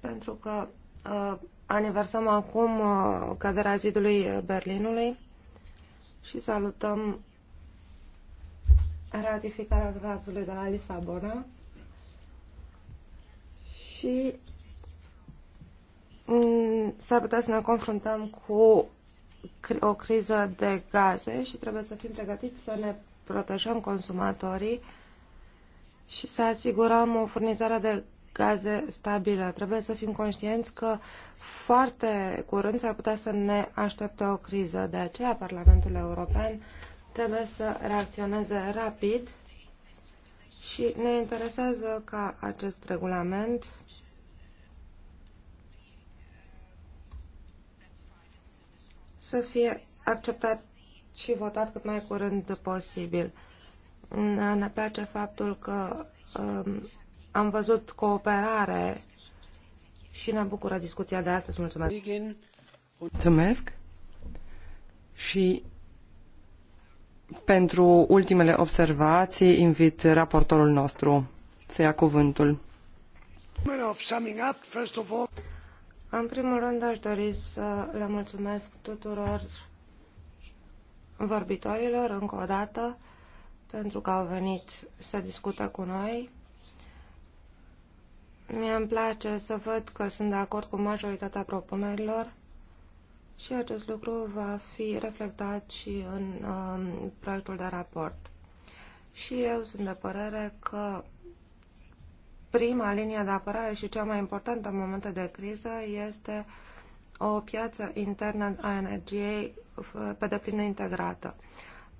pentru că uh, aniversăm acum uh, căderea zidului Berlinului și salutăm ratificarea tratatului de la Lisabona și mm, s-ar putea să ne confruntăm cu o criză de gaze și trebuie să fim pregătiți să ne protejăm consumatorii și să asigurăm o furnizare de gaze stabile. Trebuie să fim conștienți că foarte curând s-ar putea să ne aștepte o criză. De aceea Parlamentul European trebuie să reacționeze rapid și ne interesează ca acest regulament să fie acceptat și votat cât mai curând posibil. Ne place faptul că um, am văzut cooperare și ne bucură discuția de astăzi. Mulțumesc! Mulțumesc! Și pentru ultimele observații invit raportorul nostru să ia cuvântul. În primul rând aș dori să le mulțumesc tuturor vorbitorilor încă o dată pentru că au venit să discute cu noi Mie îmi place să văd că sunt de acord cu majoritatea propunerilor și acest lucru va fi reflectat și în um, proiectul de raport. Și eu sunt de părere că prima linie de apărare și cea mai importantă în momente de criză este o piață internă a energiei uh, pe deplină integrată.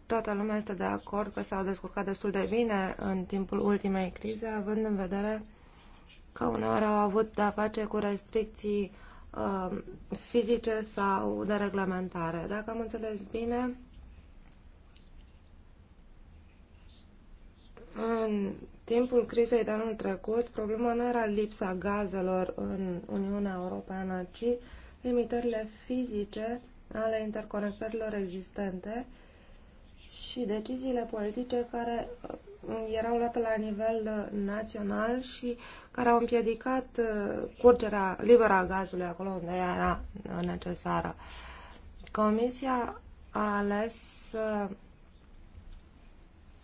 Toată lumea este de acord că s-au descurcat destul de bine în timpul ultimei crize, având în vedere că uneori au avut de-a face cu restricții uh, fizice sau de reglementare. Dacă am înțeles bine, în timpul crizei de anul trecut, problema nu era lipsa gazelor în Uniunea Europeană, ci limitările fizice ale interconectărilor existente și deciziile politice care erau luate la nivel uh, național și care au împiedicat uh, curgerea liberă a gazului acolo unde era uh, necesară. Comisia a ales să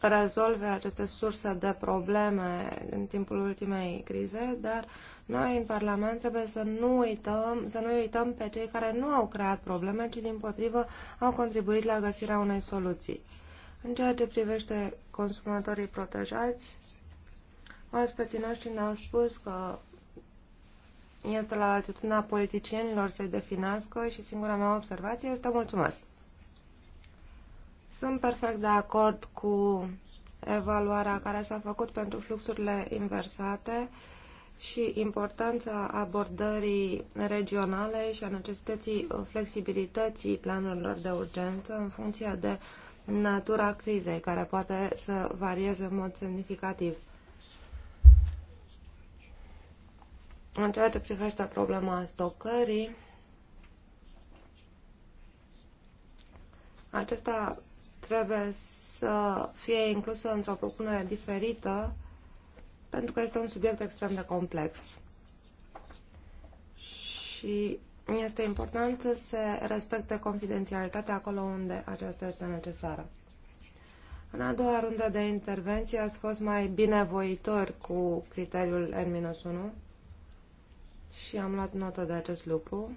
rezolve aceste surse de probleme în timpul ultimei crize, dar noi în Parlament trebuie să nu uităm, să nu uităm pe cei care nu au creat probleme, ci din potrivă au contribuit la găsirea unei soluții. În ceea ce privește consumatorii protejați, oaspeții noștri ne-au spus că este la latitudinea politicienilor să-i definească și singura mea observație este mulțumesc. Sunt perfect de acord cu evaluarea care s-a făcut pentru fluxurile inversate și importanța abordării regionale și a necesității flexibilității planurilor de urgență în funcție de natura crizei, care poate să varieze în mod semnificativ. În ceea ce privește problema stocării, acesta trebuie să fie inclusă într-o propunere diferită, pentru că este un subiect extrem de complex. Și este important să se respecte confidențialitatea acolo unde aceasta este necesară. În a doua rundă de intervenție ați fost mai binevoitori cu criteriul N-1 și am luat notă de acest lucru,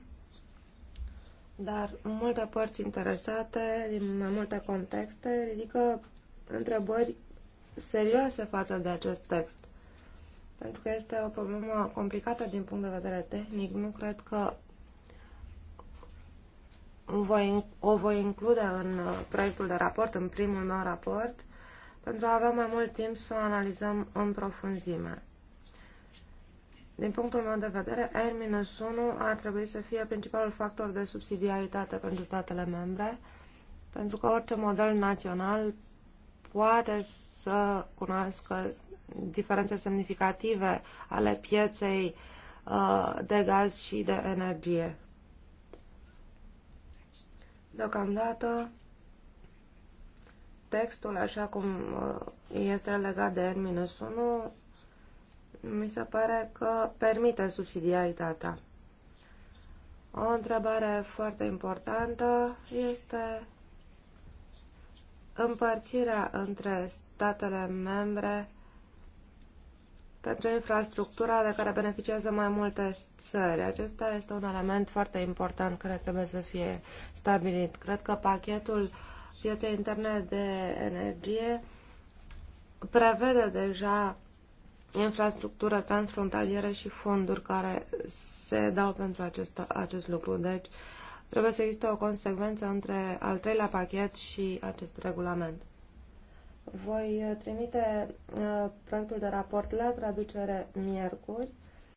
dar multe părți interesate din mai multe contexte ridică întrebări serioase față de acest text. Pentru că este o problemă complicată din punct de vedere tehnic, nu cred că voi, o voi include în uh, proiectul de raport, în primul meu raport, pentru a avea mai mult timp să o analizăm în profunzime. Din punctul meu de vedere, R-1 ar trebui să fie principalul factor de subsidiaritate pentru statele membre, pentru că orice model național poate să cunoască diferențe semnificative ale pieței uh, de gaz și de energie. Deocamdată, textul, așa cum uh, este legat de N-1, mi se pare că permite subsidiaritatea. O întrebare foarte importantă este împărțirea între statele membre pentru infrastructura de care beneficiază mai multe țări. Acesta este un element foarte important care trebuie să fie stabilit. Cred că pachetul pieței interne de energie prevede deja infrastructură transfrontalieră și fonduri care se dau pentru acest, acest lucru. Deci trebuie să existe o consecvență între al treilea pachet și acest regulament. Voi trimite uh, proiectul de raport la traducere miercuri